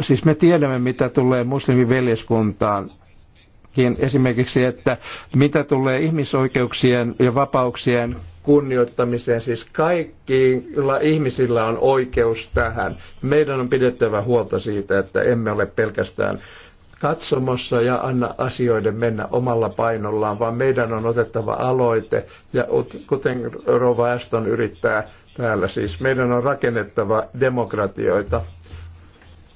Siis me tiedämme, mitä tulee muslimiveljeskuntaan niin esimerkiksi, että mitä tulee ihmisoikeuksien ja vapauksien kunnioittamiseen, siis kaikilla ihmisillä on oikeus tähän. Meidän on pidettävä huolta siitä, että emme ole pelkästään katsomossa ja anna asioiden mennä omalla painollaan, vaan meidän on otettava aloite, ja kuten Rova Aston yrittää täällä siis, meidän on rakennettava demokratioita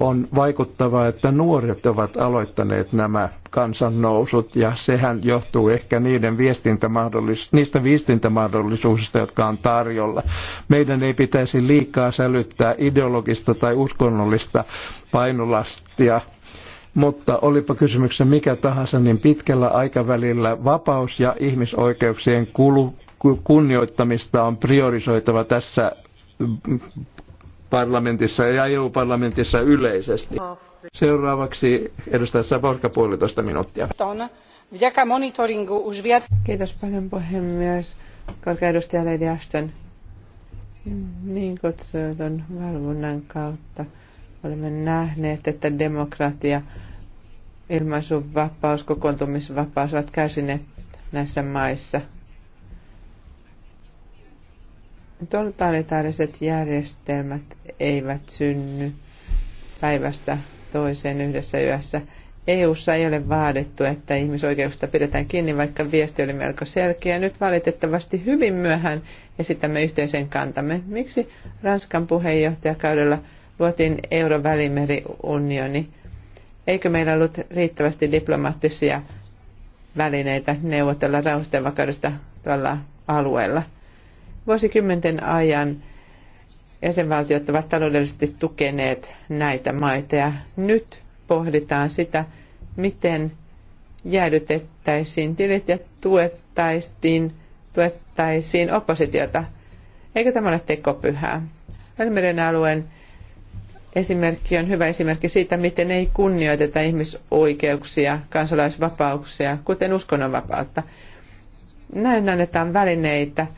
on vaikuttavaa, että nuoret ovat aloittaneet nämä kansannousut ja sehän johtuu ehkä niiden viestintämahdollis- niistä viestintämahdollisuuksista, jotka on tarjolla. Meidän ei pitäisi liikaa sälyttää ideologista tai uskonnollista painolastia mutta olipa kysymyksessä mikä tahansa, niin pitkällä aikavälillä vapaus ja ihmisoikeuksien kunnioittamista on priorisoitava tässä parlamentissa ja EU-parlamentissa yleisesti. Seuraavaksi edustaja Saborka puolitoista minuuttia. Kiitos paljon puhemies. Korkea edustaja Lady Ashton. Niin kutsutun valvonnan kautta olemme nähneet, että demokratia, ilmaisuvapaus, kokoontumisvapaus ovat kärsineet näissä maissa – totalitaariset järjestelmät eivät synny päivästä toiseen yhdessä yössä. EU:ssa ei ole vaadittu, että ihmisoikeuksista pidetään kiinni, vaikka viesti oli melko selkeä. Nyt valitettavasti hyvin myöhään esitämme yhteisen kantamme. Miksi Ranskan puheenjohtajakaudella luotiin Eurovälimeriunioni? Eikö meillä ollut riittävästi diplomaattisia välineitä neuvotella rauhasta ja vakaudesta tuolla alueella? Vuosikymmenten ajan jäsenvaltiot ovat taloudellisesti tukeneet näitä maita ja nyt pohditaan sitä, miten jäädytettäisiin tilit ja tuettaisiin, tuettaisiin oppositiota. Eikö tämä ole tekopyhää? Välimeren alueen esimerkki on hyvä esimerkki siitä, miten ei kunnioiteta ihmisoikeuksia, kansalaisvapauksia, kuten uskonnonvapautta. Näin annetaan välineitä –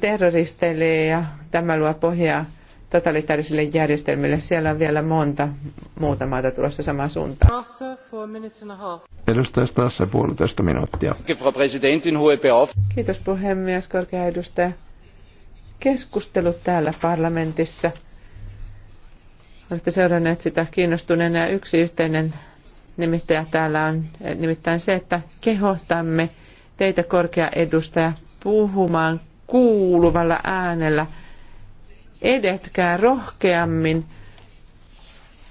terroristeille ja tämä luo pohjaa totalitaarisille järjestelmille. Siellä on vielä monta muuta maata tulossa samaan suuntaan. Edustaja Strasse, puolitoista minuuttia. Kiitos puhemies, korkea edustaja. Keskustelut täällä parlamentissa. Olette seuranneet sitä kiinnostuneena ja yksi yhteinen nimittäjä täällä on nimittäin se, että kehotamme teitä korkea edustaja puhumaan kuuluvalla äänellä. Edetkää rohkeammin.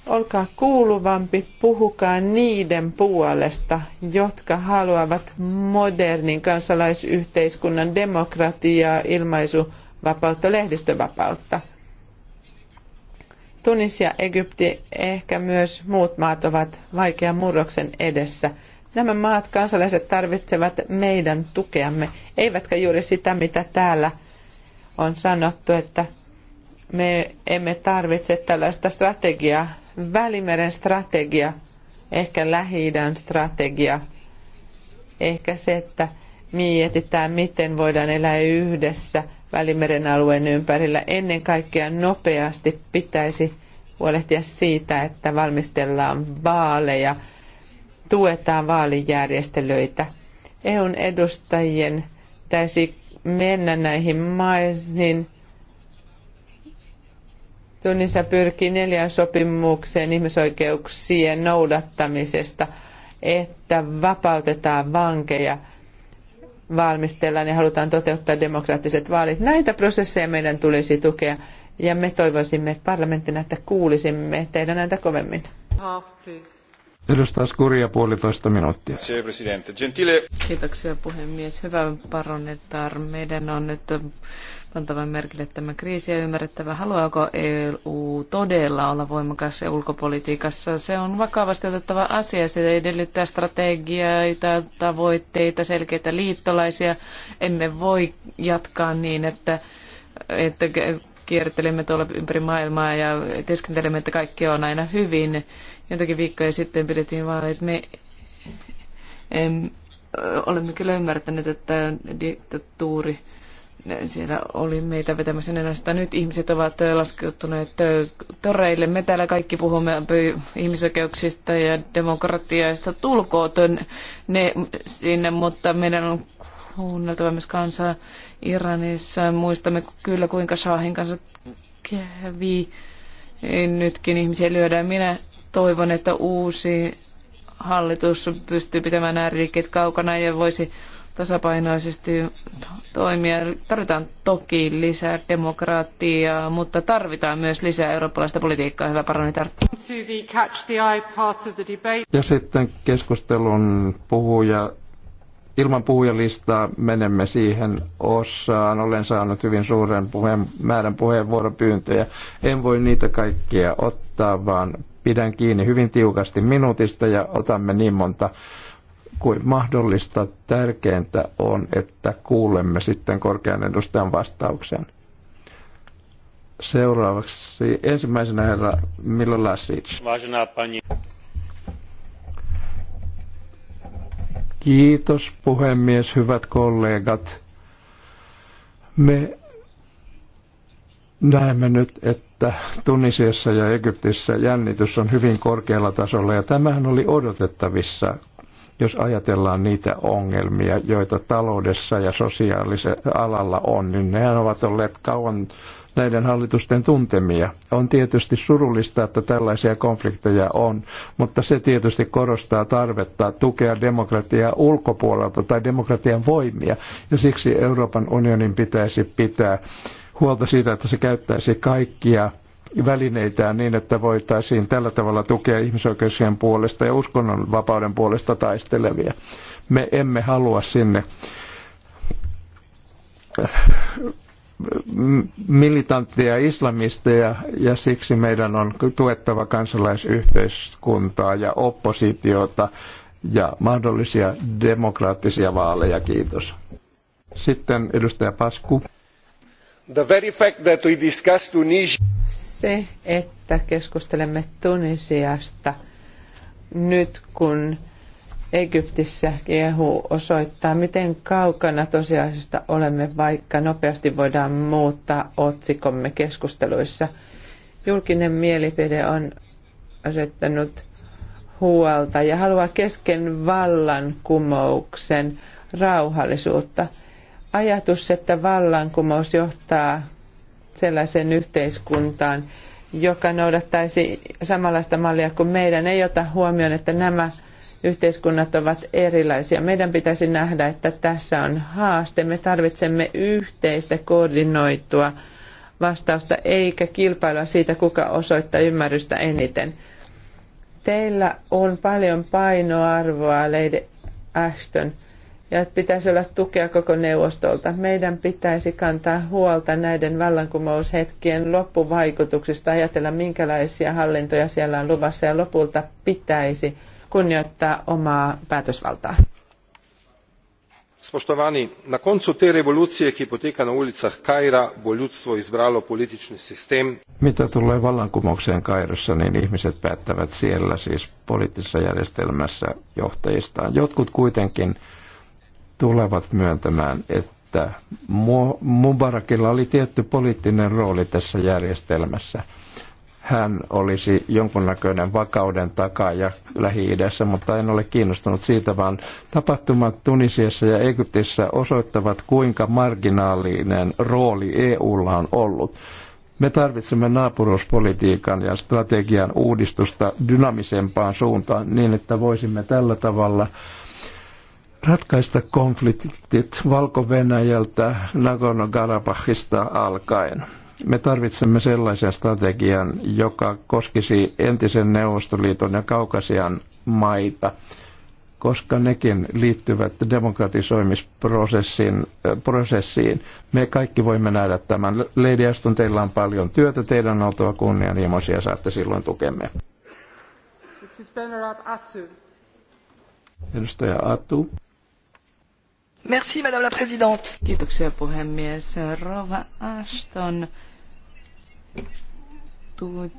Olkaa kuuluvampi, puhukaa niiden puolesta, jotka haluavat modernin kansalaisyhteiskunnan demokratiaa, ilmaisuvapautta, lehdistövapautta. Tunisia, Egypti, ehkä myös muut maat ovat vaikean murroksen edessä. Nämä maat, kansalaiset tarvitsevat meidän tukeamme, eivätkä juuri sitä, mitä täällä on sanottu, että me emme tarvitse tällaista strategiaa, Välimeren strategia, ehkä lähi strategia, ehkä se, että mietitään, miten voidaan elää yhdessä Välimeren alueen ympärillä. Ennen kaikkea nopeasti pitäisi huolehtia siitä, että valmistellaan vaaleja – tuetaan vaalijärjestelyitä. EUn edustajien täisi mennä näihin maihin. Tunnissa pyrkii neljän sopimukseen ihmisoikeuksien noudattamisesta, että vapautetaan vankeja, valmistellaan ja halutaan toteuttaa demokraattiset vaalit. Näitä prosesseja meidän tulisi tukea ja me toivoisimme että parlamenttina, että kuulisimme teidän näitä kovemmin. Half, please. Edustaa Skuria puolitoista minuuttia. Kiitoksia puhemies. Hyvä paronnetar. Meidän on nyt pantava merkille tämä kriisi ja ymmärrettävä, haluaako EU todella olla voimakas ulkopolitiikassa. Se on vakavasti otettava asia. Se edellyttää strategioita, tavoitteita, selkeitä liittolaisia. Emme voi jatkaa niin, että, että kiertelemme tuolla ympäri maailmaa ja teskentelemme, että kaikki on aina hyvin jotakin viikkoja sitten pidettiin että Me em, olemme kyllä ymmärtäneet, että diktatuuri siellä oli meitä vetämässä nenästä. Nyt ihmiset ovat laskeutuneet toreille. Me täällä kaikki puhumme ihmisoikeuksista ja demokratiaista. Tulkoot ne sinne, mutta meidän on kuunneltava myös kansaa Iranissa. Muistamme kyllä, kuinka Shahin kanssa kävi. Nytkin ihmisiä lyödään. Minä Toivon, että uusi hallitus pystyy pitämään ääriliikkeet kaukana ja voisi tasapainoisesti toimia. Tarvitaan toki lisää demokraattiaa, mutta tarvitaan myös lisää eurooppalaista politiikkaa, hyvä parlamentaari. Ja sitten keskustelun puhuja, ilman puhujalistaa menemme siihen osaan. Olen saanut hyvin suuren puheen, määrän puheenvuoropyyntöjä. En voi niitä kaikkia ottaa, vaan pidän kiinni hyvin tiukasti minuutista ja otamme niin monta kuin mahdollista. Tärkeintä on, että kuulemme sitten korkean edustajan vastauksen. Seuraavaksi ensimmäisenä herra Milo Lasic. Kiitos puhemies, hyvät kollegat. Me Näemme nyt, että Tunisiassa ja Egyptissä jännitys on hyvin korkealla tasolla ja tämähän oli odotettavissa, jos ajatellaan niitä ongelmia, joita taloudessa ja sosiaalisella alalla on, niin nehän ovat olleet kauan näiden hallitusten tuntemia. On tietysti surullista, että tällaisia konflikteja on, mutta se tietysti korostaa tarvetta tukea demokratiaa ulkopuolelta tai demokratian voimia, ja siksi Euroopan unionin pitäisi pitää huolta siitä, että se käyttäisi kaikkia välineitään niin, että voitaisiin tällä tavalla tukea ihmisoikeuksien puolesta ja uskonnonvapauden puolesta taistelevia. Me emme halua sinne militantteja islamisteja ja siksi meidän on tuettava kansalaisyhteiskuntaa ja oppositiota ja mahdollisia demokraattisia vaaleja. Kiitos. Sitten edustaja Pasku. The very fact that we discuss Tunisia... Se, että keskustelemme Tunisiasta nyt kun Egyptissä kiehu osoittaa, miten kaukana tosiasiasta olemme, vaikka nopeasti voidaan muuttaa otsikomme keskusteluissa. Julkinen mielipide on asettanut huolta ja haluaa kesken vallankumouksen rauhallisuutta – ajatus, että vallankumous johtaa sellaiseen yhteiskuntaan, joka noudattaisi samanlaista mallia kuin meidän, ei ota huomioon, että nämä yhteiskunnat ovat erilaisia. Meidän pitäisi nähdä, että tässä on haaste. Me tarvitsemme yhteistä koordinoitua vastausta, eikä kilpailua siitä, kuka osoittaa ymmärrystä eniten. Teillä on paljon painoarvoa, Lady Ashton – ja että pitäisi olla tukea koko neuvostolta. Meidän pitäisi kantaa huolta näiden vallankumoushetkien loppuvaikutuksista, ajatella minkälaisia hallintoja siellä on luvassa ja lopulta pitäisi kunnioittaa omaa päätösvaltaa. Spoštovani, na koncu te revolucije, ki poteka na ulicah Kaira, bo ljudstvo izbralo politični sistem. Mitä tulee vallankumoukseen Kairossa, niin ihmiset päättävät siellä siis poliittisessa järjestelmässä johtajistaan. Jotkut kuitenkin tulevat myöntämään, että Mubarakilla oli tietty poliittinen rooli tässä järjestelmässä. Hän olisi jonkunnäköinen vakauden takaaja Lähi-idässä, mutta en ole kiinnostunut siitä, vaan tapahtumat Tunisiassa ja Egyptissä osoittavat, kuinka marginaalinen rooli EUlla on ollut. Me tarvitsemme naapuruuspolitiikan ja strategian uudistusta dynamisempaan suuntaan niin, että voisimme tällä tavalla – ratkaista konfliktit Valko-Venäjältä, Nagorno-Karabahista alkaen. Me tarvitsemme sellaisen strategian, joka koskisi entisen Neuvostoliiton ja Kaukasian maita, koska nekin liittyvät demokratisoimisprosessiin. Me kaikki voimme nähdä tämän. Lady Aston, teillä on paljon työtä, teidän on oltava kunnianhimoisia, saatte silloin tukemme. Edustaja Atu. Merci, Madame la Présidente. Kiitoksia puhemies. Rova Ashton, tu,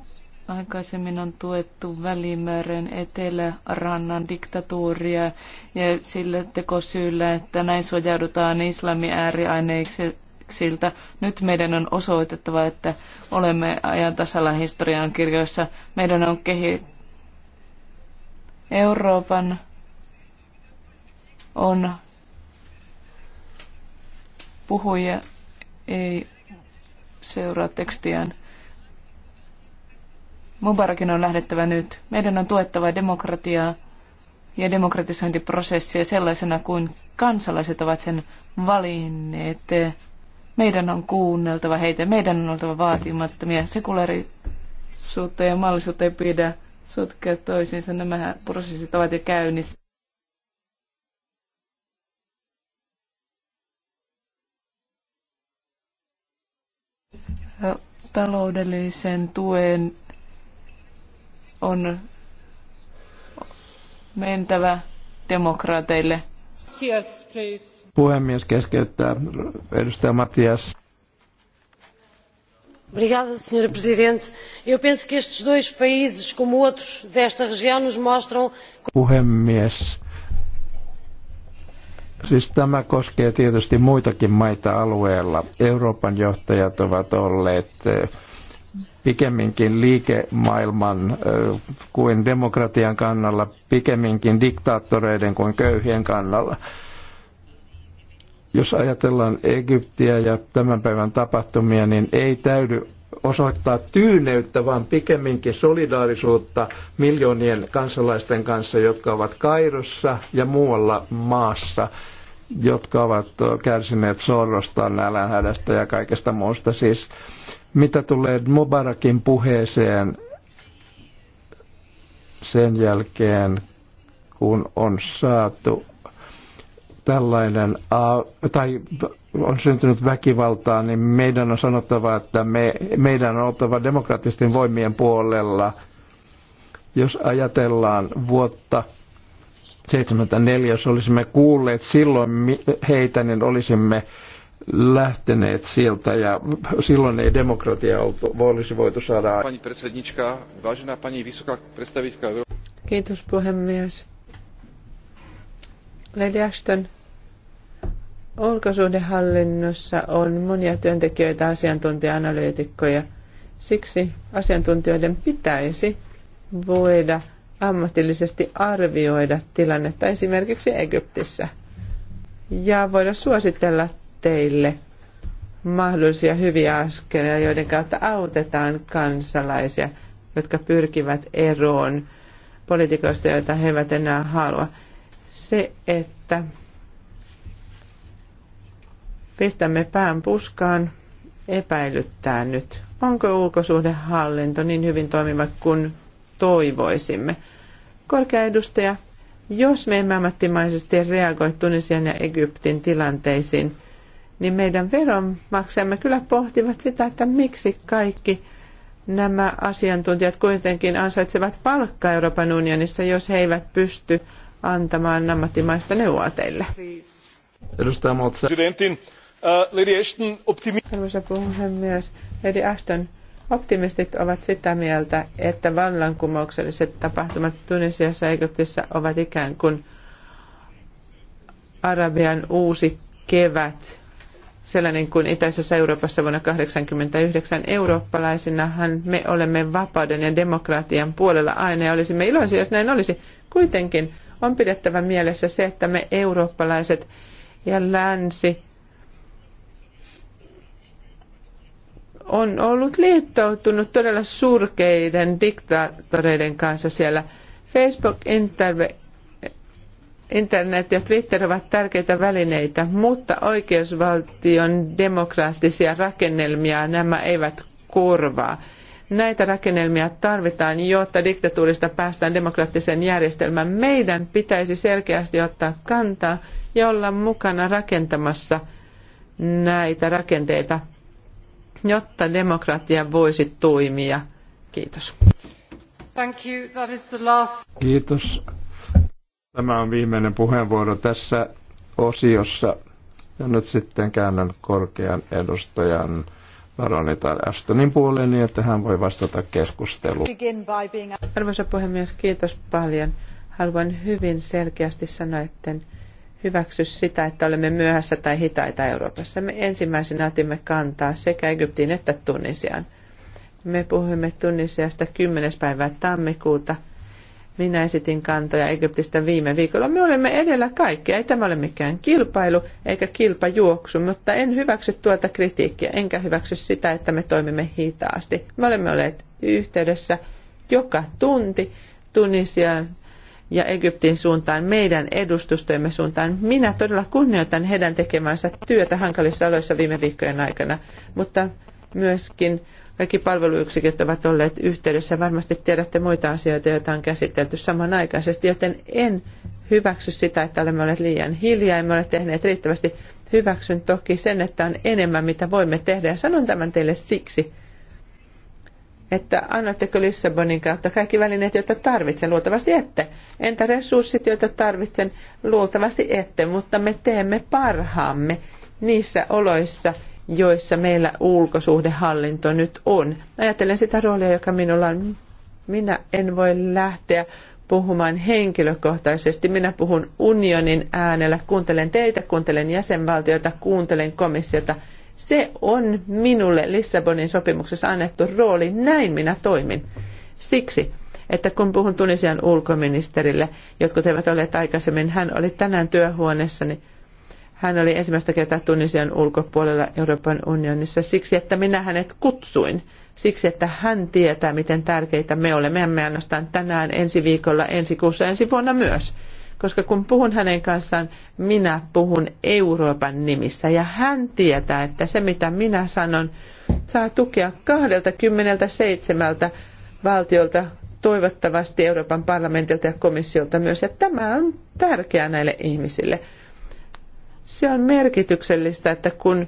aikaisemmin on tuettu Välimeren etelärannan diktatuuria ja sillä tekosyyllä, että näin suojaudutaan islamin ääriaineiksilta. Nyt meidän on osoitettava, että olemme ajan tasalla historian kirjoissa. Meidän on kehi Euroopan on puhuja ei seuraa tekstiään. Mubarakin on lähdettävä nyt. Meidän on tuettava demokratiaa ja demokratisointiprosessia sellaisena kuin kansalaiset ovat sen valinneet. Meidän on kuunneltava heitä, meidän on oltava vaatimattomia. Sekulaarisuutta ja mallisuutta ei pidä sotkea toisiinsa. Nämä prosessit ovat jo käynnissä. taloudellisen tuen on mentävä demokraateille. Yes, Puhemies keskeyttää edustaja Matias. Obrigada, Sra. Presidente. Eu penso que estes dois países, como outros desta região, nos mostram... Puhemies, Siis tämä koskee tietysti muitakin maita alueella. Euroopan johtajat ovat olleet eh, pikemminkin liikemaailman eh, kuin demokratian kannalla, pikemminkin diktaattoreiden kuin köyhien kannalla. Jos ajatellaan Egyptiä ja tämän päivän tapahtumia, niin ei täydy osoittaa tyyneyttä, vaan pikemminkin solidaarisuutta miljoonien kansalaisten kanssa, jotka ovat Kairossa ja muualla maassa, jotka ovat kärsineet sorrosta, nälänhädästä ja kaikesta muusta. Siis mitä tulee Mubarakin puheeseen sen jälkeen, kun on saatu tällainen tai on syntynyt väkivaltaa, niin meidän on sanottava, että me, meidän on oltava demokraattisten voimien puolella. Jos ajatellaan vuotta 74, jos olisimme kuulleet silloin heitä, niin olisimme lähteneet sieltä ja silloin ei demokratia olisi voitu saada. Kiitos puhemies. Lady Ashton, Ulkosuhdehallinnossa on monia työntekijöitä, asiantuntija-analyytikkoja. Siksi asiantuntijoiden pitäisi voida ammatillisesti arvioida tilannetta esimerkiksi Egyptissä ja voida suositella teille mahdollisia hyviä askelia, joiden kautta autetaan kansalaisia, jotka pyrkivät eroon poliitikoista, joita he eivät enää halua. Se, että pistämme pään puskaan, epäilyttää nyt. Onko ulkosuhdehallinto niin hyvin toimiva kuin toivoisimme? Korkea edustaja, jos me emme ammattimaisesti reagoi Tunisian ja Egyptin tilanteisiin, niin meidän veronmaksajamme kyllä pohtivat sitä, että miksi kaikki nämä asiantuntijat kuitenkin ansaitsevat palkkaa Euroopan unionissa, jos he eivät pysty antamaan ammattimaista neuvoa teille. Edustaja Moltsa. Presidentin Arvoisa puhemies, Lady Ashton, optimistit ovat sitä mieltä, että vallankumoukselliset tapahtumat Tunisiassa ja Egyptissä ovat ikään kuin Arabian uusi kevät, sellainen kuin itäisessä Euroopassa vuonna 1989. Eurooppalaisinahan me olemme vapauden ja demokratian puolella aina ja olisimme iloisia, jos näin olisi. Kuitenkin on pidettävä mielessä se, että me eurooppalaiset ja länsi on ollut liittoutunut todella surkeiden diktaattoreiden kanssa siellä. Facebook, internet ja Twitter ovat tärkeitä välineitä, mutta oikeusvaltion demokraattisia rakennelmia nämä eivät korvaa. Näitä rakennelmia tarvitaan, jotta diktatuurista päästään demokraattiseen järjestelmään. Meidän pitäisi selkeästi ottaa kantaa ja olla mukana rakentamassa näitä rakenteita jotta demokratia voisi toimia. Kiitos. Thank you. That is the last... Kiitos. Tämä on viimeinen puheenvuoro tässä osiossa. Ja nyt sitten käännän korkean edustajan Baronitar Ashtonin puoleen niin, että hän voi vastata keskusteluun. Arvoisa puhemies, kiitos paljon. Haluan hyvin selkeästi sanoa, että hyväksy sitä, että olemme myöhässä tai hitaita Euroopassa. Me ensimmäisenä otimme kantaa sekä Egyptiin että Tunisiaan. Me puhuimme Tunisiasta 10. päivää tammikuuta. Minä esitin kantoja Egyptistä viime viikolla. Me olemme edellä kaikkea. Ei tämä ole mikään kilpailu eikä kilpajuoksu, mutta en hyväksy tuota kritiikkiä, enkä hyväksy sitä, että me toimimme hitaasti. Me olemme olleet yhteydessä joka tunti Tunisian ja Egyptin suuntaan, meidän edustustojemme suuntaan. Minä todella kunnioitan heidän tekemänsä työtä hankalissa oloissa viime viikkojen aikana, mutta myöskin kaikki palveluyksiköt ovat olleet yhteydessä. Varmasti tiedätte muita asioita, joita on käsitelty samanaikaisesti, joten en hyväksy sitä, että olemme olleet liian hiljaa, emme ole tehneet riittävästi. Hyväksyn toki sen, että on enemmän, mitä voimme tehdä, ja sanon tämän teille siksi, että annatteko Lissabonin kautta kaikki välineet, joita tarvitsen? Luultavasti ette. Entä resurssit, joita tarvitsen? Luultavasti ette, mutta me teemme parhaamme niissä oloissa, joissa meillä ulkosuhdehallinto nyt on. Ajattelen sitä roolia, joka minulla on. Minä en voi lähteä puhumaan henkilökohtaisesti. Minä puhun unionin äänellä, kuuntelen teitä, kuuntelen jäsenvaltioita, kuuntelen komissiota – se on minulle Lissabonin sopimuksessa annettu rooli, näin minä toimin. Siksi, että kun puhun Tunisian ulkoministerille, jotkut eivät olleet aikaisemmin, hän oli tänään niin hän oli ensimmäistä kertaa Tunisian ulkopuolella Euroopan unionissa siksi, että minä hänet kutsuin. Siksi, että hän tietää, miten tärkeitä me olemme. Me ainoastaan tänään, ensi viikolla, ensi kuussa, ensi vuonna myös koska kun puhun hänen kanssaan, minä puhun Euroopan nimissä ja hän tietää, että se mitä minä sanon, saa tukea 27 valtiolta, toivottavasti Euroopan parlamentilta ja komissiolta myös. Ja tämä on tärkeää näille ihmisille. Se on merkityksellistä, että kun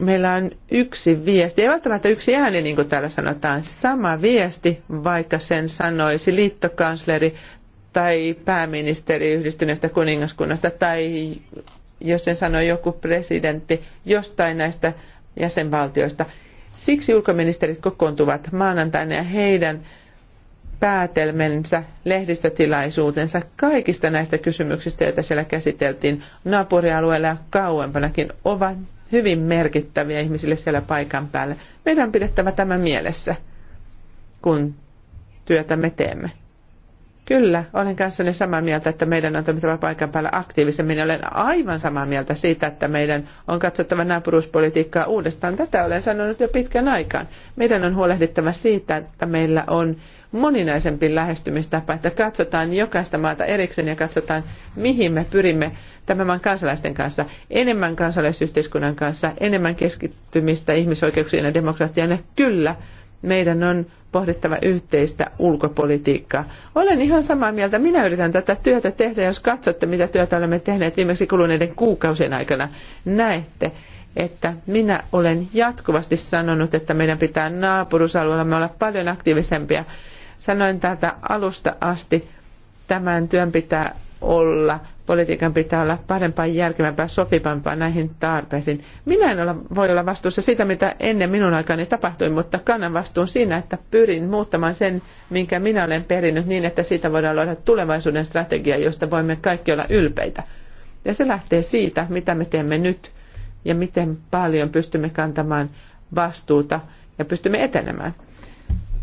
meillä on yksi viesti, ei välttämättä yksi ääni, niin kuin täällä sanotaan, sama viesti, vaikka sen sanoisi liittokansleri tai pääministeri yhdistyneestä kuningaskunnasta tai jos sen sanoi joku presidentti jostain näistä jäsenvaltioista. Siksi ulkoministerit kokoontuvat maanantaina ja heidän päätelmensä lehdistötilaisuutensa kaikista näistä kysymyksistä, joita siellä käsiteltiin naapurialueella ja kauempanakin, ovat hyvin merkittäviä ihmisille siellä paikan päällä. Meidän on pidettävä tämä mielessä, kun työtä me teemme. Kyllä, olen kanssanne samaa mieltä, että meidän on toimittava paikan päällä aktiivisemmin. Olen aivan samaa mieltä siitä, että meidän on katsottava naapuruuspolitiikkaa uudestaan. Tätä olen sanonut jo pitkän aikaan. Meidän on huolehdittava siitä, että meillä on moninaisempi lähestymistapa, että katsotaan jokaista maata erikseen ja katsotaan, mihin me pyrimme tämän maan kansalaisten kanssa, enemmän kansalaisyhteiskunnan kanssa, enemmän keskittymistä ihmisoikeuksiin ja demokratian. Ja kyllä, meidän on pohdittava yhteistä ulkopolitiikkaa. Olen ihan samaa mieltä. Minä yritän tätä työtä tehdä. Jos katsotte, mitä työtä olemme tehneet viimeksi kuluneiden kuukausien aikana, näette, että minä olen jatkuvasti sanonut, että meidän pitää naapurusalueellamme olla paljon aktiivisempia. Sanoin tätä alusta asti, tämän työn pitää olla politiikan pitää olla parempaa, järkevämpää, sopivampaa näihin tarpeisiin. Minä en ole, voi olla vastuussa siitä, mitä ennen minun aikani tapahtui, mutta kannan vastuun siinä, että pyrin muuttamaan sen, minkä minä olen perinnyt niin, että siitä voidaan luoda tulevaisuuden strategia, josta voimme kaikki olla ylpeitä. Ja se lähtee siitä, mitä me teemme nyt ja miten paljon pystymme kantamaan vastuuta ja pystymme etenemään.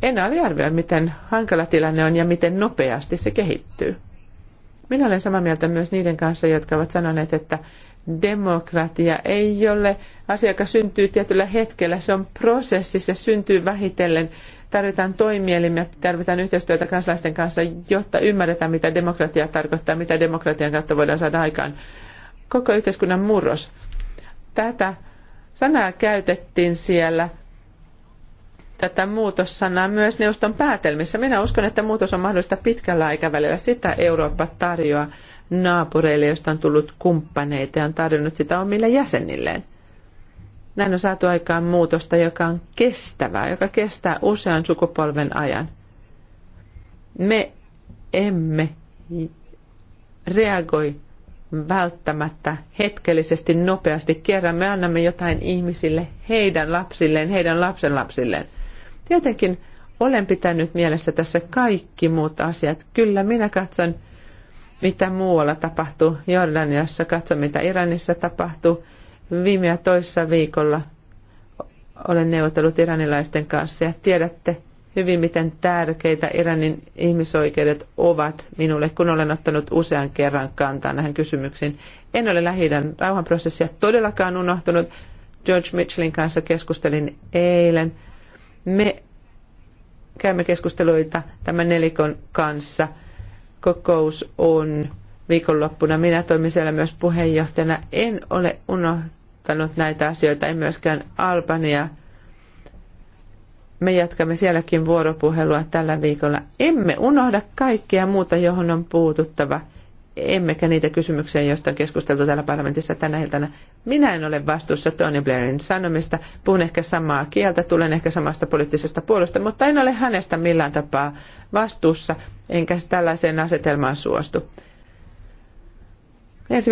En aliarvioi, miten hankala tilanne on ja miten nopeasti se kehittyy. Minä olen samaa mieltä myös niiden kanssa, jotka ovat sanoneet, että demokratia ei ole asia, joka syntyy tietyllä hetkellä. Se on prosessi, se syntyy vähitellen. Tarvitaan toimielimiä, tarvitaan yhteistyötä kansalaisten kanssa, jotta ymmärretään, mitä demokratia tarkoittaa, mitä demokratian kautta voidaan saada aikaan. Koko yhteiskunnan murros. Tätä sanaa käytettiin siellä – tätä muutossanaa myös neuvoston päätelmissä. Minä uskon, että muutos on mahdollista pitkällä aikavälillä. Sitä Eurooppa tarjoaa naapureille, joista on tullut kumppaneita ja on tarjonnut sitä omille jäsenilleen. Näin on saatu aikaan muutosta, joka on kestävää, joka kestää usean sukupolven ajan. Me emme reagoi välttämättä hetkellisesti, nopeasti kerran. Me annamme jotain ihmisille, heidän lapsilleen, heidän lapsenlapsilleen. Tietenkin olen pitänyt mielessä tässä kaikki muut asiat. Kyllä minä katson, mitä muualla tapahtuu Jordaniassa, katson, mitä Iranissa tapahtuu. Viime ja toissa viikolla olen neuvotellut iranilaisten kanssa ja tiedätte hyvin, miten tärkeitä Iranin ihmisoikeudet ovat minulle, kun olen ottanut usean kerran kantaa näihin kysymyksiin. En ole lähi rauhanprosessia todellakaan unohtunut. George Mitchellin kanssa keskustelin eilen – me käymme keskusteluita tämän nelikon kanssa. Kokous on viikonloppuna. Minä toimin siellä myös puheenjohtajana. En ole unohtanut näitä asioita, en myöskään Albania. Me jatkamme sielläkin vuoropuhelua tällä viikolla. Emme unohda kaikkea muuta, johon on puututtava – emmekä niitä kysymyksiä, joista on keskusteltu täällä parlamentissa tänä iltana. Minä en ole vastuussa Tony Blairin sanomista, puhun ehkä samaa kieltä, tulen ehkä samasta poliittisesta puolesta, mutta en ole hänestä millään tapaa vastuussa, enkä tällaiseen asetelmaan suostu. Ensi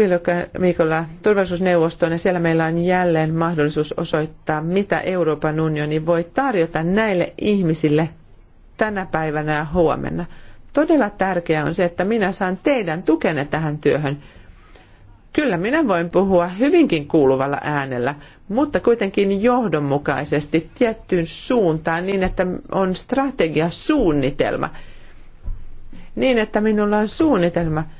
viikolla turvallisuusneuvostoon ja siellä meillä on jälleen mahdollisuus osoittaa, mitä Euroopan unioni voi tarjota näille ihmisille tänä päivänä ja huomenna. Todella tärkeää on se, että minä saan teidän tukenne tähän työhön. Kyllä minä voin puhua hyvinkin kuuluvalla äänellä, mutta kuitenkin johdonmukaisesti tiettyyn suuntaan niin, että on strategia, suunnitelma. Niin, että minulla on suunnitelma –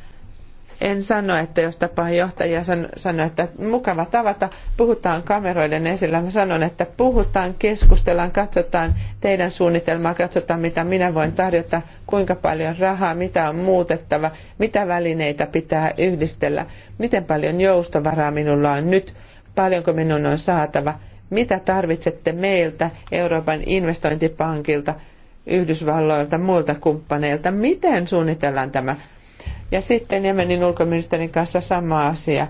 en sano, että jos tapaa johtajia, san, sano, että mukava tavata, puhutaan kameroiden esillä. Mä sanon, että puhutaan, keskustellaan, katsotaan teidän suunnitelmaa, katsotaan mitä minä voin tarjota, kuinka paljon rahaa, mitä on muutettava, mitä välineitä pitää yhdistellä, miten paljon joustovaraa minulla on nyt, paljonko minun on saatava, mitä tarvitsette meiltä, Euroopan investointipankilta, Yhdysvalloilta, muilta kumppaneilta, miten suunnitellaan tämä ja sitten Jemenin ulkoministerin kanssa sama asia.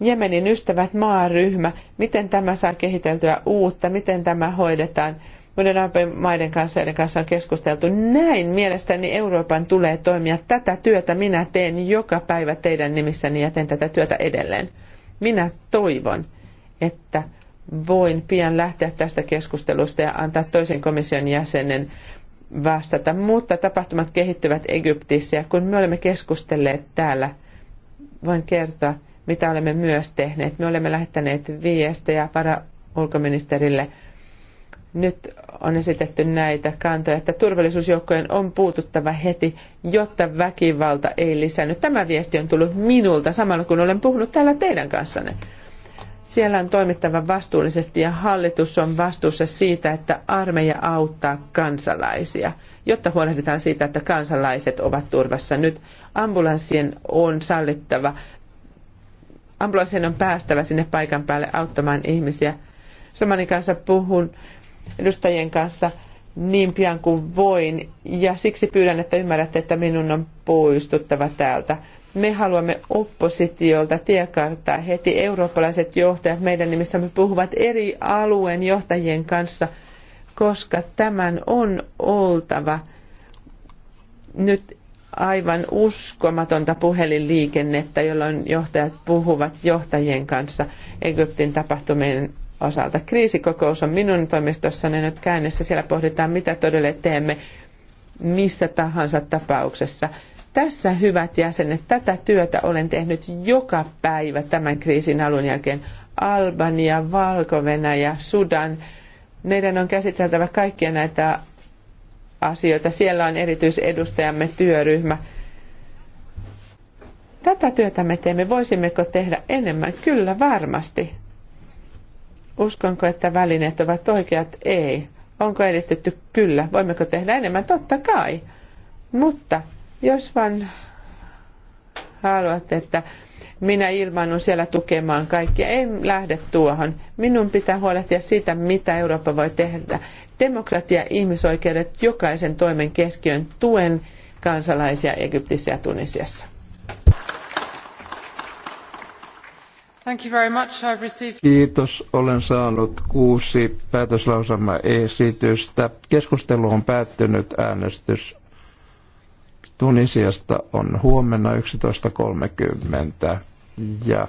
Jemenin ystävät maaryhmä, miten tämä saa kehiteltyä uutta, miten tämä hoidetaan. Muiden maiden kanssa, kanssa on keskusteltu. Näin mielestäni Euroopan tulee toimia. Tätä työtä minä teen joka päivä teidän nimissäni ja teen tätä työtä edelleen. Minä toivon, että voin pian lähteä tästä keskustelusta ja antaa toisen komission jäsenen vastata, mutta tapahtumat kehittyvät Egyptissä ja kun me olemme keskustelleet täällä, voin kertoa, mitä olemme myös tehneet. Me olemme lähettäneet viestejä ulkoministerille. Nyt on esitetty näitä kantoja, että turvallisuusjoukkojen on puututtava heti, jotta väkivalta ei lisännyt. Tämä viesti on tullut minulta samalla, kun olen puhunut täällä teidän kanssanne. Siellä on toimittava vastuullisesti ja hallitus on vastuussa siitä, että armeija auttaa kansalaisia, jotta huolehditaan siitä, että kansalaiset ovat turvassa. Nyt ambulanssien on sallittava, ambulanssien on päästävä sinne paikan päälle auttamaan ihmisiä. Somanin kanssa puhun edustajien kanssa niin pian kuin voin ja siksi pyydän, että ymmärrätte, että minun on poistuttava täältä. Me haluamme oppositiolta tiekarttaa heti. Eurooppalaiset johtajat meidän nimissämme puhuvat eri alueen johtajien kanssa, koska tämän on oltava nyt aivan uskomatonta puhelinliikennettä, jolloin johtajat puhuvat johtajien kanssa Egyptin tapahtumien osalta. Kriisikokous on minun toimistossani nyt käynnissä. Siellä pohditaan, mitä todelle teemme missä tahansa tapauksessa. Tässä, hyvät jäsenet, tätä työtä olen tehnyt joka päivä tämän kriisin alun jälkeen. Albania, Valko-Venäjä, Sudan. Meidän on käsiteltävä kaikkia näitä asioita. Siellä on erityisedustajamme työryhmä. Tätä työtä me teemme. Voisimmeko tehdä enemmän? Kyllä, varmasti. Uskonko, että välineet ovat oikeat? Ei. Onko edistytty? Kyllä. Voimmeko tehdä enemmän? Totta kai. Mutta jos vaan haluat, että minä on siellä tukemaan kaikkia, en lähde tuohon. Minun pitää huolehtia siitä, mitä Eurooppa voi tehdä. Demokratia, ihmisoikeudet, jokaisen toimen keskiön tuen kansalaisia Egyptissä ja Tunisiassa. Kiitos. Olen saanut kuusi päätöslauselmaesitystä. Keskustelu on päättynyt. Äänestys Tunisiasta on huomenna 11.30 ja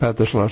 päätöslaus